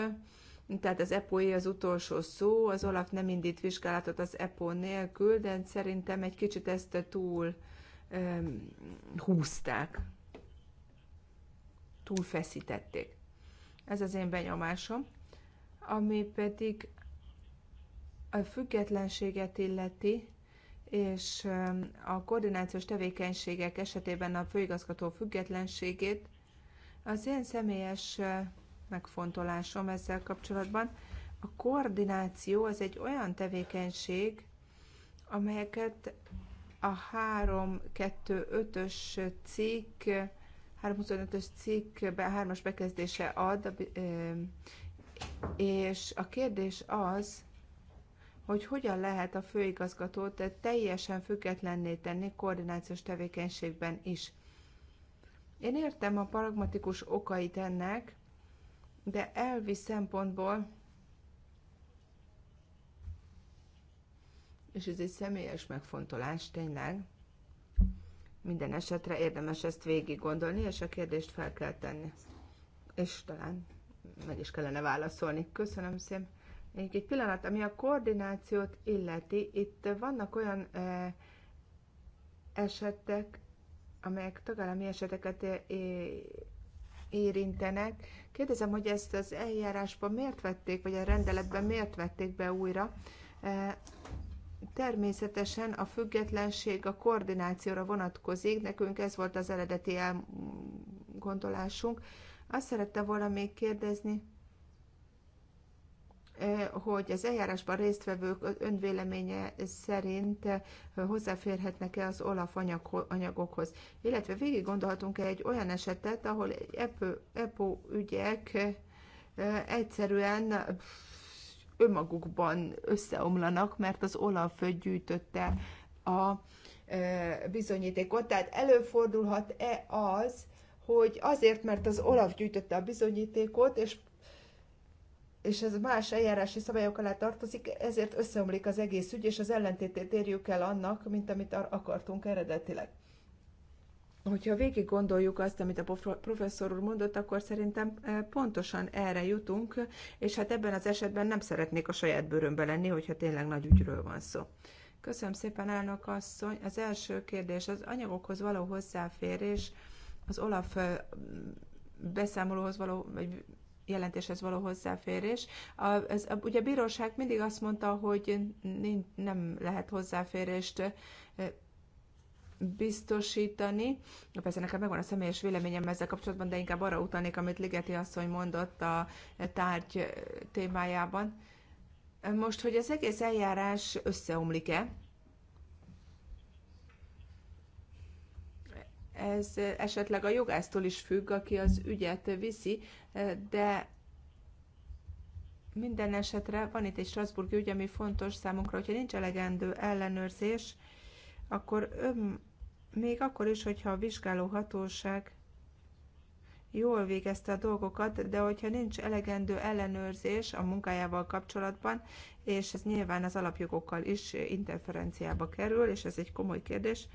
B: tehát az EPO e az utolsó szó, az Olaf nem indít vizsgálatot az EPO nélkül, de szerintem egy kicsit ezt túl um, húzták, túl feszítették. Ez az én benyomásom. Ami pedig a függetlenséget illeti, és a koordinációs tevékenységek esetében a főigazgató függetlenségét, az én személyes megfontolásom ezzel kapcsolatban. A koordináció az egy olyan tevékenység, amelyeket a 3-2-5-ös cikk, 3 25 ös cikk 3-as bekezdése ad, és a kérdés az, hogy hogyan lehet a főigazgatót teljesen függetlenné tenni koordinációs tevékenységben is. Én értem a pragmatikus okait ennek, de elvi szempontból, és ez egy személyes megfontolás tényleg, minden esetre érdemes ezt végig gondolni, és a kérdést fel kell tenni. És talán meg is kellene válaszolni. Köszönöm szépen. Még egy pillanat, ami a koordinációt illeti, itt vannak olyan e, esetek, amelyek tagállami eseteket e, érintenek. Kérdezem, hogy ezt az eljárásban miért vették, vagy a rendeletben miért vették be újra. E, természetesen a függetlenség a koordinációra vonatkozik, nekünk ez volt az eredeti elgondolásunk. Azt szerettem volna még kérdezni, hogy az eljárásban résztvevők önvéleménye szerint hozzáférhetnek-e az OLAF anyagokhoz. Illetve végig gondolhatunk-e egy olyan esetet, ahol EPO, EPO ügyek egyszerűen önmagukban összeomlanak, mert az OLAF gyűjtötte a bizonyítékot. Tehát előfordulhat-e az, hogy azért, mert az Olaf gyűjtötte a bizonyítékot, és és ez más eljárási szabályok alá tartozik, ezért összeomlik az egész ügy, és az ellentétét érjük el annak, mint amit akartunk eredetileg. Hogyha végig gondoljuk azt, amit a professzor úr mondott, akkor szerintem e, pontosan erre jutunk, és hát ebben az esetben nem szeretnék a saját bőrömbe lenni, hogyha tényleg nagy ügyről van szó. Köszönöm szépen, elnök asszony. Az első kérdés az anyagokhoz való hozzáférés, az Olaf beszámolóhoz való, vagy jelentéshez való hozzáférés. A, ez, a, ugye a bíróság mindig azt mondta, hogy ninc, nem lehet hozzáférést biztosítani. Na persze nekem megvan a személyes véleményem ezzel kapcsolatban, de inkább arra utalnék, amit Ligeti asszony mondott a tárgy témájában. Most, hogy az egész eljárás összeomlik-e, ez esetleg a jogásztól is függ, aki az ügyet viszi, de minden esetre van itt egy Strasburgi ügy, ami fontos számunkra, hogyha nincs elegendő ellenőrzés, akkor ön, még akkor is, hogyha a vizsgáló hatóság jól végezte a dolgokat, de hogyha nincs elegendő ellenőrzés a munkájával kapcsolatban, és ez nyilván az alapjogokkal is interferenciába kerül, és ez egy komoly kérdés,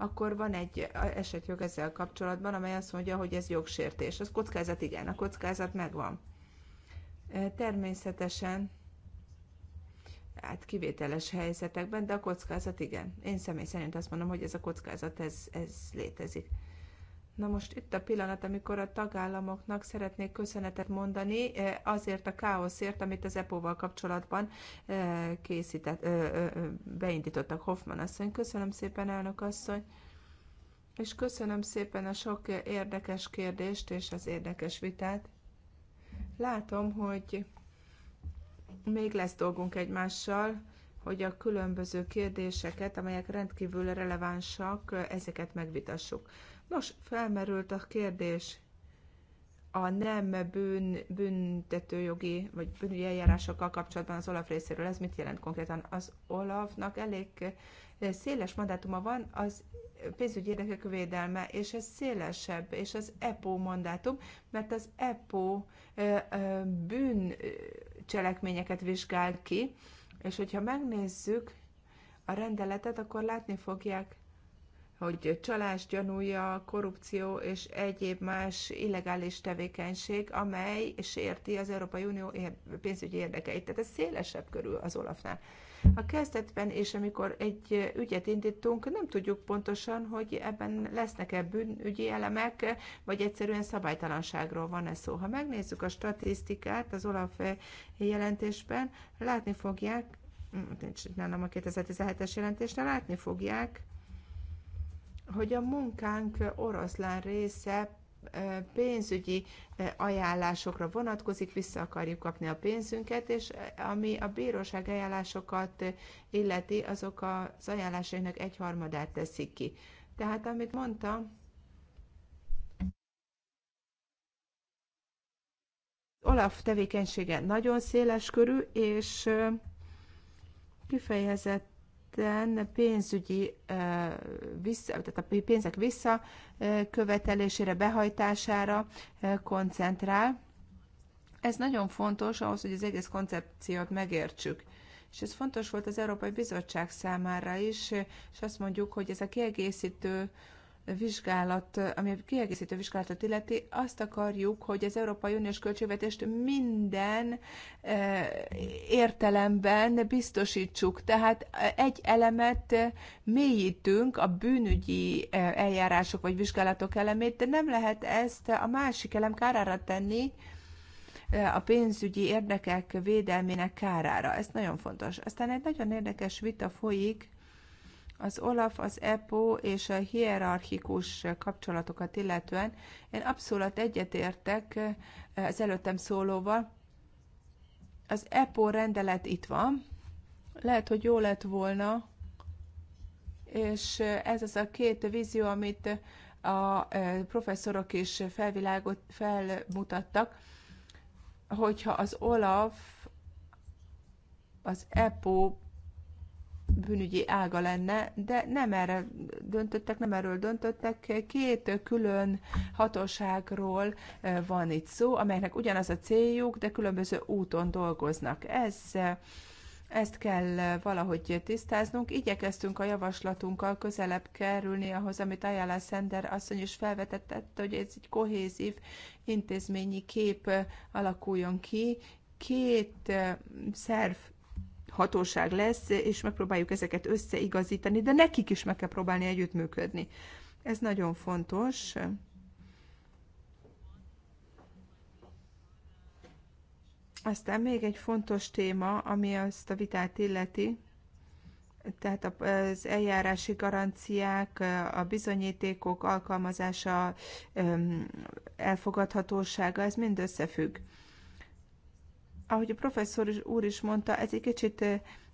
B: akkor van egy esetjog ezzel kapcsolatban, amely azt mondja, hogy ez jogsértés. Az kockázat igen, a kockázat megvan. Természetesen, hát kivételes helyzetekben, de a kockázat igen. Én személy szerint azt mondom, hogy ez a kockázat, ez, ez létezik. Na most itt a pillanat, amikor a tagállamoknak szeretnék köszönetet mondani eh, azért a káoszért, amit az EPO-val kapcsolatban eh, készített, beindítottak Hoffman asszony. Köszönöm szépen, elnök asszony, és köszönöm szépen a sok érdekes kérdést és az érdekes vitát. Látom, hogy még lesz dolgunk egymással, hogy a különböző kérdéseket, amelyek rendkívül relevánsak, ezeket megvitassuk. Nos, felmerült a kérdés a nem bűn, büntetőjogi vagy bűnügyi eljárásokkal kapcsolatban az Olaf részéről. Ez mit jelent konkrétan? Az Olafnak elég eh, széles mandátuma van, az pénzügyi érdekek védelme, és ez szélesebb, és az EPO mandátum, mert az EPO eh, eh, bűncselekményeket vizsgál ki, és hogyha megnézzük a rendeletet, akkor látni fogják, hogy csalás gyanúja, korrupció és egyéb más illegális tevékenység, amely sérti az Európai Unió pénzügyi érdekeit. Tehát ez szélesebb körül az Olafnál. A kezdetben és amikor egy ügyet indítunk, nem tudjuk pontosan, hogy ebben lesznek-e bűnügyi elemek, vagy egyszerűen szabálytalanságról van-e szó. Ha megnézzük a statisztikát az Olaf jelentésben, látni fogják, nincs nálam a 2017-es jelentésnél, látni fogják, hogy a munkánk oroszlán része pénzügyi ajánlásokra vonatkozik, vissza akarjuk kapni a pénzünket, és ami a bíróság ajánlásokat illeti, azok az ajánlásainak egyharmadát teszik ki. Tehát, amit mondtam, Olaf tevékenysége nagyon széles körű, és kifejezett ketten pénzügyi, vissza, tehát a pénzek visszakövetelésére, behajtására koncentrál. Ez nagyon fontos ahhoz, hogy az egész koncepciót megértsük. És ez fontos volt az Európai Bizottság számára is, és azt mondjuk, hogy ez a kiegészítő vizsgálat, ami a kiegészítő vizsgálatot illeti, azt akarjuk, hogy az Európai Uniós költségvetést minden e, értelemben biztosítsuk. Tehát egy elemet mélyítünk, a bűnügyi e, eljárások vagy vizsgálatok elemét, de nem lehet ezt a másik elem kárára tenni, e, a pénzügyi érdekek védelmének kárára. Ez nagyon fontos. Aztán egy nagyon érdekes vita folyik az OLAF, az EPO és a hierarchikus kapcsolatokat illetően én abszolút egyetértek eh, az előttem szólóval. Az EPO rendelet itt van, lehet, hogy jó lett volna, és ez az a két vízió, amit a eh, professzorok is felvilágot, felmutattak, hogyha az OLAF, az EPO bűnügyi ága lenne, de nem erre döntöttek, nem erről döntöttek. Két külön hatóságról eh, van itt szó, amelynek ugyanaz a céljuk, de különböző úton dolgoznak. Ez eh, ezt kell eh, valahogy tisztáznunk. Igyekeztünk a javaslatunkkal közelebb kerülni ahhoz, amit Ayala Sender asszony is felvetett, hogy ez egy kohézív intézményi kép alakuljon ki. Két szerv hatóság lesz, és megpróbáljuk ezeket összeigazítani, de nekik is meg kell próbálni együttműködni. Ez nagyon fontos. Aztán még egy fontos téma, ami azt a vitát illeti, tehát az eljárási garanciák, a bizonyítékok alkalmazása, elfogadhatósága, ez mind összefügg. Ahogy a professzor úr is mondta, ez egy kicsit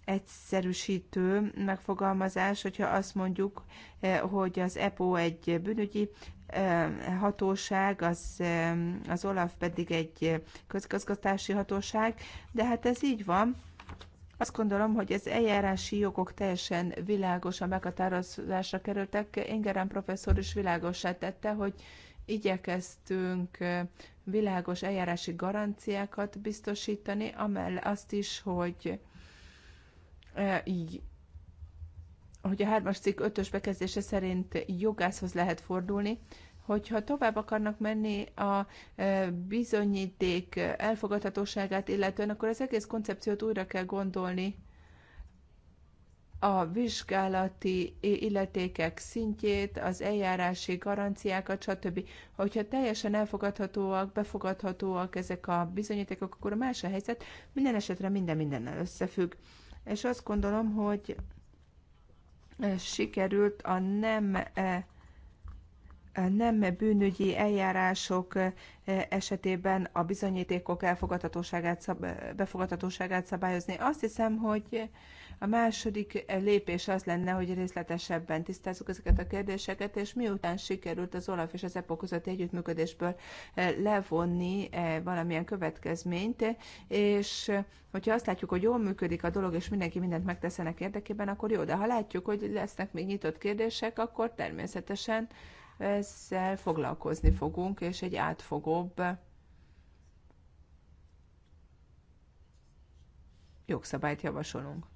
B: egyszerűsítő megfogalmazás, hogyha azt mondjuk, hogy az EPO egy bűnügyi hatóság, az, az OLAF pedig egy közgazgatási hatóság, de hát ez így van. Azt gondolom, hogy az eljárási jogok teljesen világosan meghatározásra kerültek. Ingerán professzor is világosá tette, hogy igyekeztünk világos eljárási garanciákat biztosítani, amell azt is, hogy hogy a 3 cikk 5 bekezdése szerint jogászhoz lehet fordulni, hogyha tovább akarnak menni a bizonyíték elfogadhatóságát illetően, akkor az egész koncepciót újra kell gondolni, a vizsgálati illetékek szintjét, az eljárási garanciákat, stb. Hogyha teljesen elfogadhatóak, befogadhatóak ezek a bizonyítékok, akkor más a helyzet. Minden esetre minden mindennel összefügg. És azt gondolom, hogy eh, sikerült a nem eh, nem bűnügyi eljárások eh, esetében a bizonyítékok elfogadhatóságát, befogadhatóságát szabályozni. Azt hiszem, hogy a második lépés az lenne, hogy részletesebben tisztázzuk ezeket a kérdéseket, és miután sikerült az Olaf és az EPO közötti együttműködésből eh, levonni eh, valamilyen következményt, és eh, hogyha azt látjuk, hogy jól működik a dolog, és mindenki mindent megteszenek érdekében, akkor jó, de ha látjuk, hogy lesznek még nyitott kérdések, akkor természetesen ezzel foglalkozni fogunk, és egy átfogóbb jogszabályt javasolunk.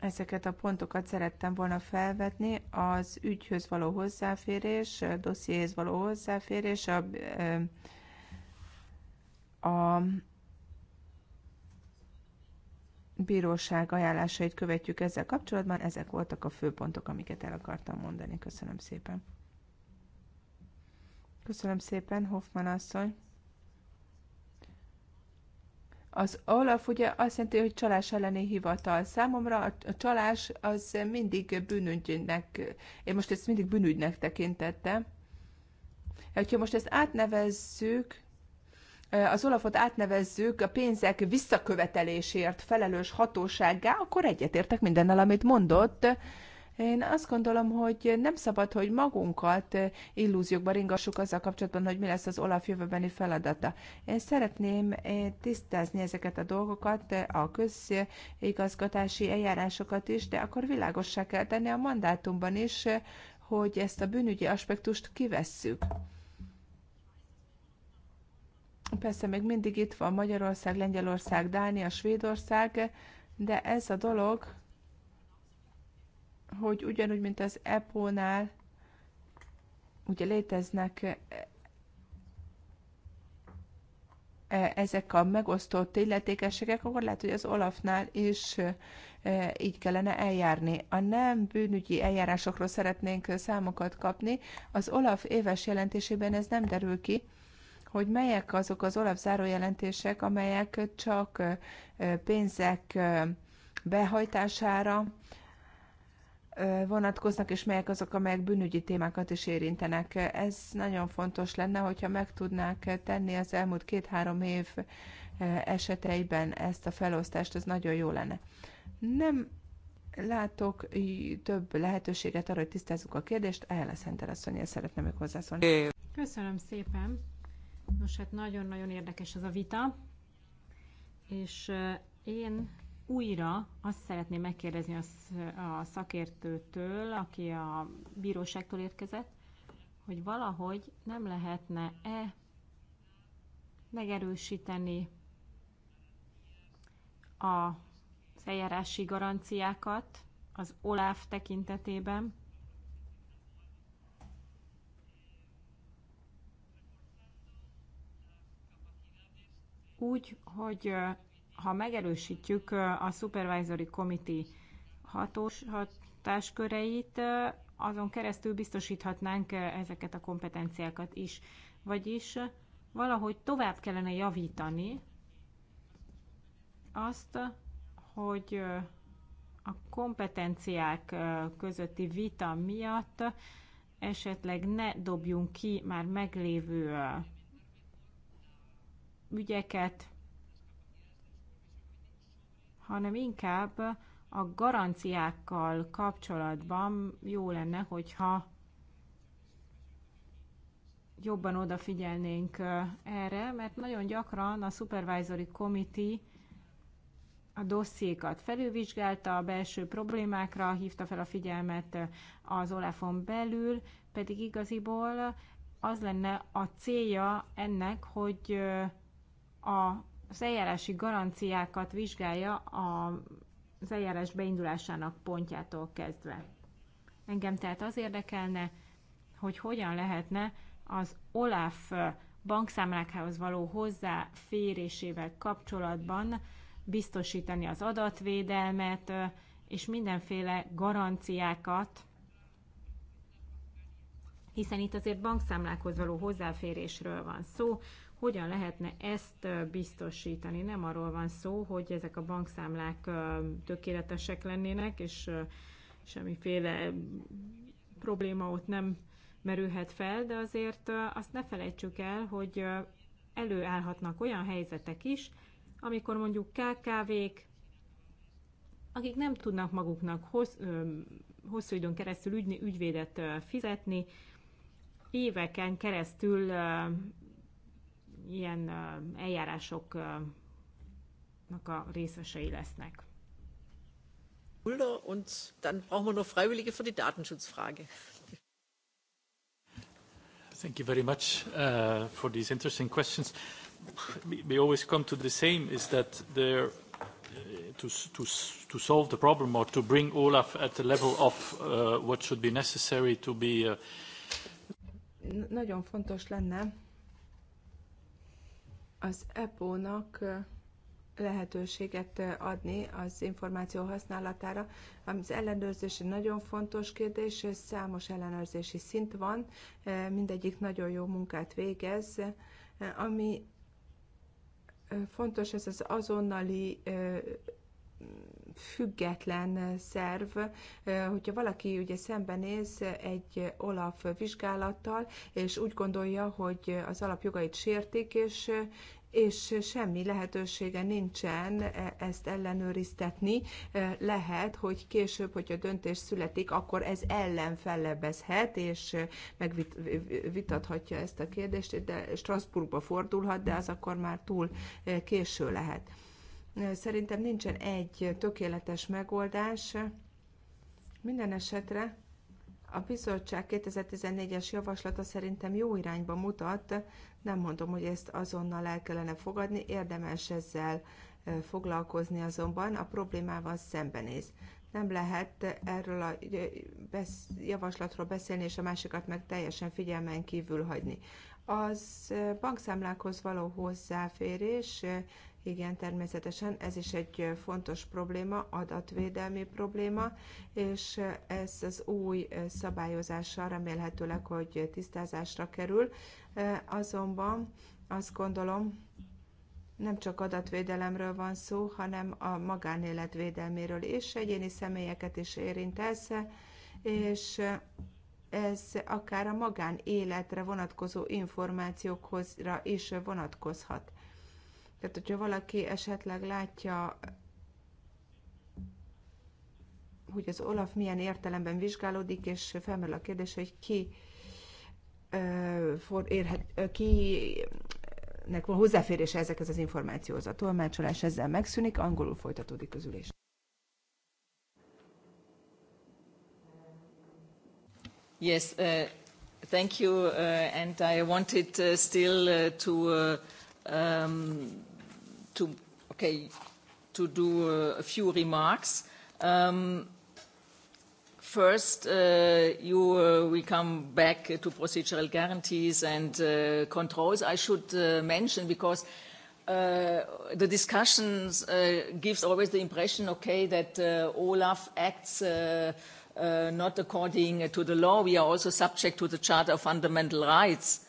B: Ezeket a pontokat szerettem volna felvetni, az ügyhöz való hozzáférés, dossziéhez való hozzáférés, a, a bíróság ajánlásait követjük ezzel kapcsolatban. Ezek voltak a fő pontok, amiket el akartam mondani. Köszönöm szépen. Köszönöm szépen, Hoffman asszony. Az Olaf ugye azt jelenti, hogy csalás elleni hivatal. Számomra a csalás az mindig bűnügynek, én most ezt mindig bűnügynek tekintettem. Ha most ezt átnevezzük, eh, az Olafot átnevezzük a pénzek visszakövetelésért felelős hatósággá, akkor egyetértek mindennel, amit mondott én azt gondolom, hogy nem szabad, hogy magunkat illúziókba ringassuk azzal kapcsolatban, hogy mi lesz az Olaf jövőbeni feladata. Én szeretném eh, tisztázni ezeket a dolgokat, a közigazgatási eljárásokat is, de akkor világossá kell tenni a mandátumban is, hogy ezt a bűnügyi aspektust kivesszük. Persze még mindig itt van Magyarország, Lengyelország, Dánia, Svédország, de ez a dolog hogy ugyanúgy, mint az EPO-nál, ugye léteznek e, e, ezek a megosztott illetékességek, akkor lehet, hogy az Olafnál is e, így kellene eljárni. A nem bűnügyi eljárásokról szeretnénk számokat kapni. Az Olaf éves jelentésében ez nem derül ki, hogy melyek azok az Olaf zárójelentések, amelyek csak pénzek behajtására, vonatkoznak, és melyek azok, amelyek bűnügyi témákat is érintenek. Ez nagyon fontos lenne, hogyha meg tudnák tenni az elmúlt két-három év eseteiben ezt a felosztást, az nagyon jó lenne. Nem látok több lehetőséget arra, hogy tisztázzuk a kérdést. Ejle Szenter asszony, szeretném még hozzászólni.
D: Köszönöm szépen. Nos, hát nagyon-nagyon érdekes ez a vita, és én újra azt szeretném megkérdezni a szakértőtől, aki a bíróságtól érkezett, hogy valahogy nem lehetne-e megerősíteni a eljárási garanciákat az OLAF tekintetében, úgy, hogy ha megerősítjük a Supervisory Committee hatós, hatásköreit, azon keresztül biztosíthatnánk ezeket a kompetenciákat is. Vagyis valahogy tovább kellene javítani azt, hogy a kompetenciák közötti vita miatt esetleg ne dobjunk ki már meglévő ügyeket, hanem inkább a garanciákkal kapcsolatban jó lenne, hogyha jobban odafigyelnénk erre, mert nagyon gyakran a Supervisory Committee a dossziékat felülvizsgálta, a belső problémákra hívta fel a figyelmet az Olafon belül, pedig igaziból az lenne a célja ennek, hogy a az eljárási garanciákat vizsgálja a, az eljárás beindulásának pontjától kezdve. Engem tehát az érdekelne, hogy hogyan lehetne az OLAF bankszámlákhoz való hozzáférésével kapcsolatban biztosítani az adatvédelmet és mindenféle garanciákat, hiszen itt azért bankszámlákhoz való hozzáférésről van szó, hogyan lehetne ezt biztosítani. Nem arról van szó, hogy ezek a bankszámlák tökéletesek lennének, és semmiféle probléma ott nem merülhet fel, de azért azt ne felejtsük el, hogy előállhatnak olyan helyzetek is, amikor mondjuk KKV-k, akik nem tudnak maguknak hossz, ö, hosszú időn keresztül ügy, ügyvédet ö, fizetni, éveken keresztül ö, ilyen eljárásoknak a részesei lesznek. und dann brauchen wir noch Freiwillige für die
C: Datenschutzfrage.
A: Thank you very much uh, for these interesting questions. We always come to the same, is that there uh, to, to, to solve the problem or to bring Olaf at the level of uh, what should be necessary to be... Uh...
B: Nagyon fontos lenne, az EPO-nak lehetőséget adni az információ használatára. Az ellenőrzés egy nagyon fontos kérdés, számos ellenőrzési szint van, mindegyik nagyon jó munkát végez, ami fontos, ez az azonnali független szerv, hogyha valaki ugye szembenéz egy Olaf vizsgálattal, és úgy gondolja, hogy az alapjogait sértik, és és semmi lehetősége nincsen e, ezt ellenőriztetni. Lehet, hogy később, hogyha döntés születik, akkor ez ellen fellebezhet, és megvitathatja ezt a kérdést, de Strasbourgba fordulhat, de az akkor már túl késő lehet. Szerintem nincsen egy tökéletes megoldás. Minden esetre a bizottság 2014-es javaslata szerintem jó irányba mutat. Nem mondom, hogy ezt azonnal el kellene fogadni, érdemes ezzel foglalkozni azonban, a problémával szembenéz. Nem lehet erről a javaslatról beszélni, és a másikat meg teljesen figyelmen kívül hagyni. Az bankszámlákhoz való hozzáférés igen, természetesen ez is egy fontos probléma, adatvédelmi probléma, és ez az új szabályozással remélhetőleg, hogy tisztázásra kerül. Azonban azt gondolom, nem csak adatvédelemről van szó, hanem a magánélet védelméről is, egyéni személyeket is érint ez, és ez akár a magánéletre vonatkozó információkhozra is vonatkozhat. Tehát, hogyha valaki esetleg látja, hogy az Olaf milyen értelemben vizsgálódik, és felmerül a kérdés, hogy ki for, érhet, kinek van hozzáférése ezekhez az információhoz. A tolmácsolás ezzel megszűnik, angolul folytatódik az ülés.
E: Yes, uh, thank you, uh, and I wanted uh, still uh, to uh, um, to, okay, to do uh, a few remarks. Um, first, uh, you uh, we will come back to procedural guarantees and controls. I should mention because the discussions gives always the impression, okay, that Olaf acts not according to the law. We are also subject to the Charter of Fundamental Rights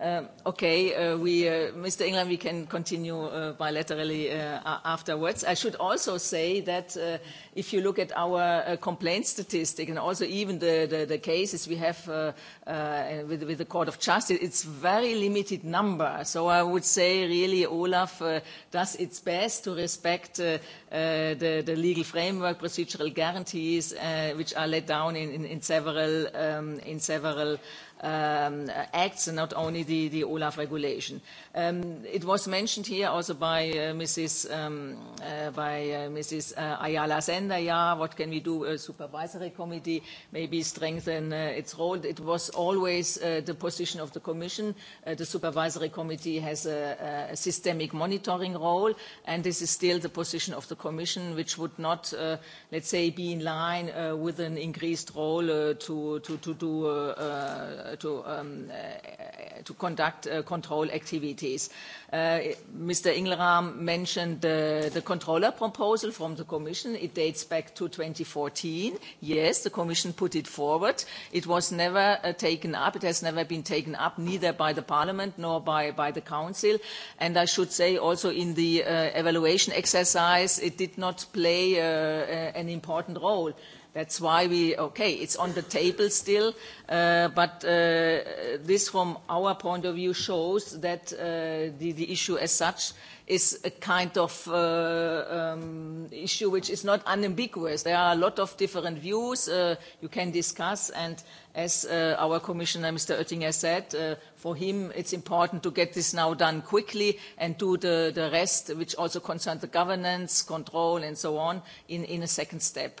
E: Um, okay, uh, we, uh, Mr. England, we can continue uh, bilaterally uh, afterwards. I should also say that uh, if you look at our uh, complaint statistic and also even the, the, the cases we have uh, uh, with, with the Court of Justice, it's very limited number. So I would say really Olaf uh, does its best to respect uh, uh, the, the legal framework, procedural guarantees, uh, which are laid down in, in, in several, um, in several um, acts and not only the, the Olaf regulation. Um, it was mentioned here also by uh, Mrs. Um, uh, by uh, Mrs. Uh, Ayala Sender. Yeah, what can we do? A supervisory committee maybe strengthen uh, its role. It was always uh, the position of the Commission. Uh, the supervisory committee has a, a systemic monitoring role, and this is still the position of the Commission, which would not, uh, let's say, be in line uh, with an increased role uh, to, to, to do uh, uh, to, um, uh, to conduct uh, control activities. Uh, Mr. Ingleram mentioned the, the controller proposal from the Commission. It dates back to 2014. Yes, the Commission put it forward. It was never uh, taken up. It has never been taken up, neither by the Parliament nor by, by the Council. And I should say also in the uh, evaluation exercise, it did not play uh, uh, an important role. That's why we, okay, it's on the table still, uh, but uh, this from our point of view shows that uh, the, the issue as such is a kind of uh, um, issue which is not unambiguous. There are a lot of different views uh, you can discuss, and as uh, our Commissioner, Mr. Oettinger, said, uh, for him it's important to get this now done quickly and do the, the rest, which also concerns the governance, control, and so on, in, in a second step.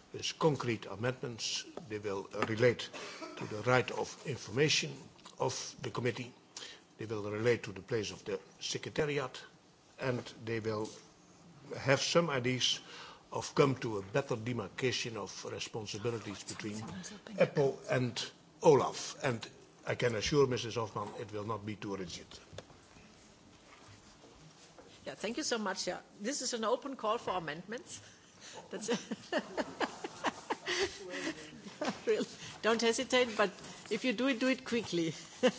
F: with concrete amendments. They will relate to the right of information
A: of the committee. They will relate to the place of the secretariat. And they will have some ideas of come to a better demarcation of
F: responsibilities between EPPO and Olaf. And I can assure Mrs. Hoffman it will not be too rigid.
C: Yeah, thank you so much. Yeah. This is an open call for amendments. That's it. really, don't hesitate, but if you do it, do it quickly.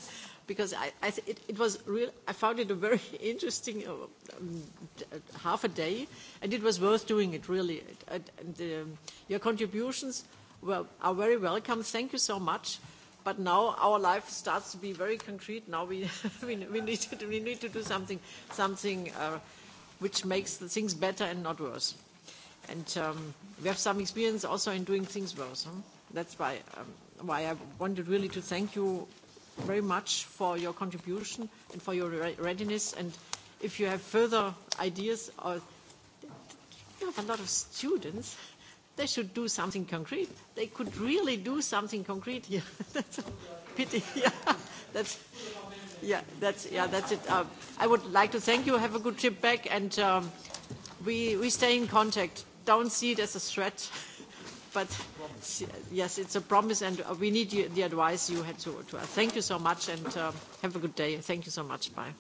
C: because I, I it, it was real, I found it a very interesting uh, um, uh, half a day, and it was worth doing it, really. And, and, um, your contributions were, are very welcome. Thank you so much. But now our life starts to be very concrete. Now we, we, we, need, to, we need to do something, something uh, which makes the things better and not worse. And um, we have some experience also in doing things worse. Huh? That's why, um, why I wanted really to thank you very much for your contribution and for your re readiness. And if you have further ideas, or you have a lot of students, they should do something concrete. They could really do something concrete here. that's a pity. Yeah, that's, yeah, that's, yeah, that's it. Uh, I would like to thank you. Have a good trip back, and um, we, we stay in contact don't see it as a threat, but yes, it's a promise, and uh, we need the advice you had to, to. Uh, thank you so much, and uh, have a good day. Thank you so much. Bye.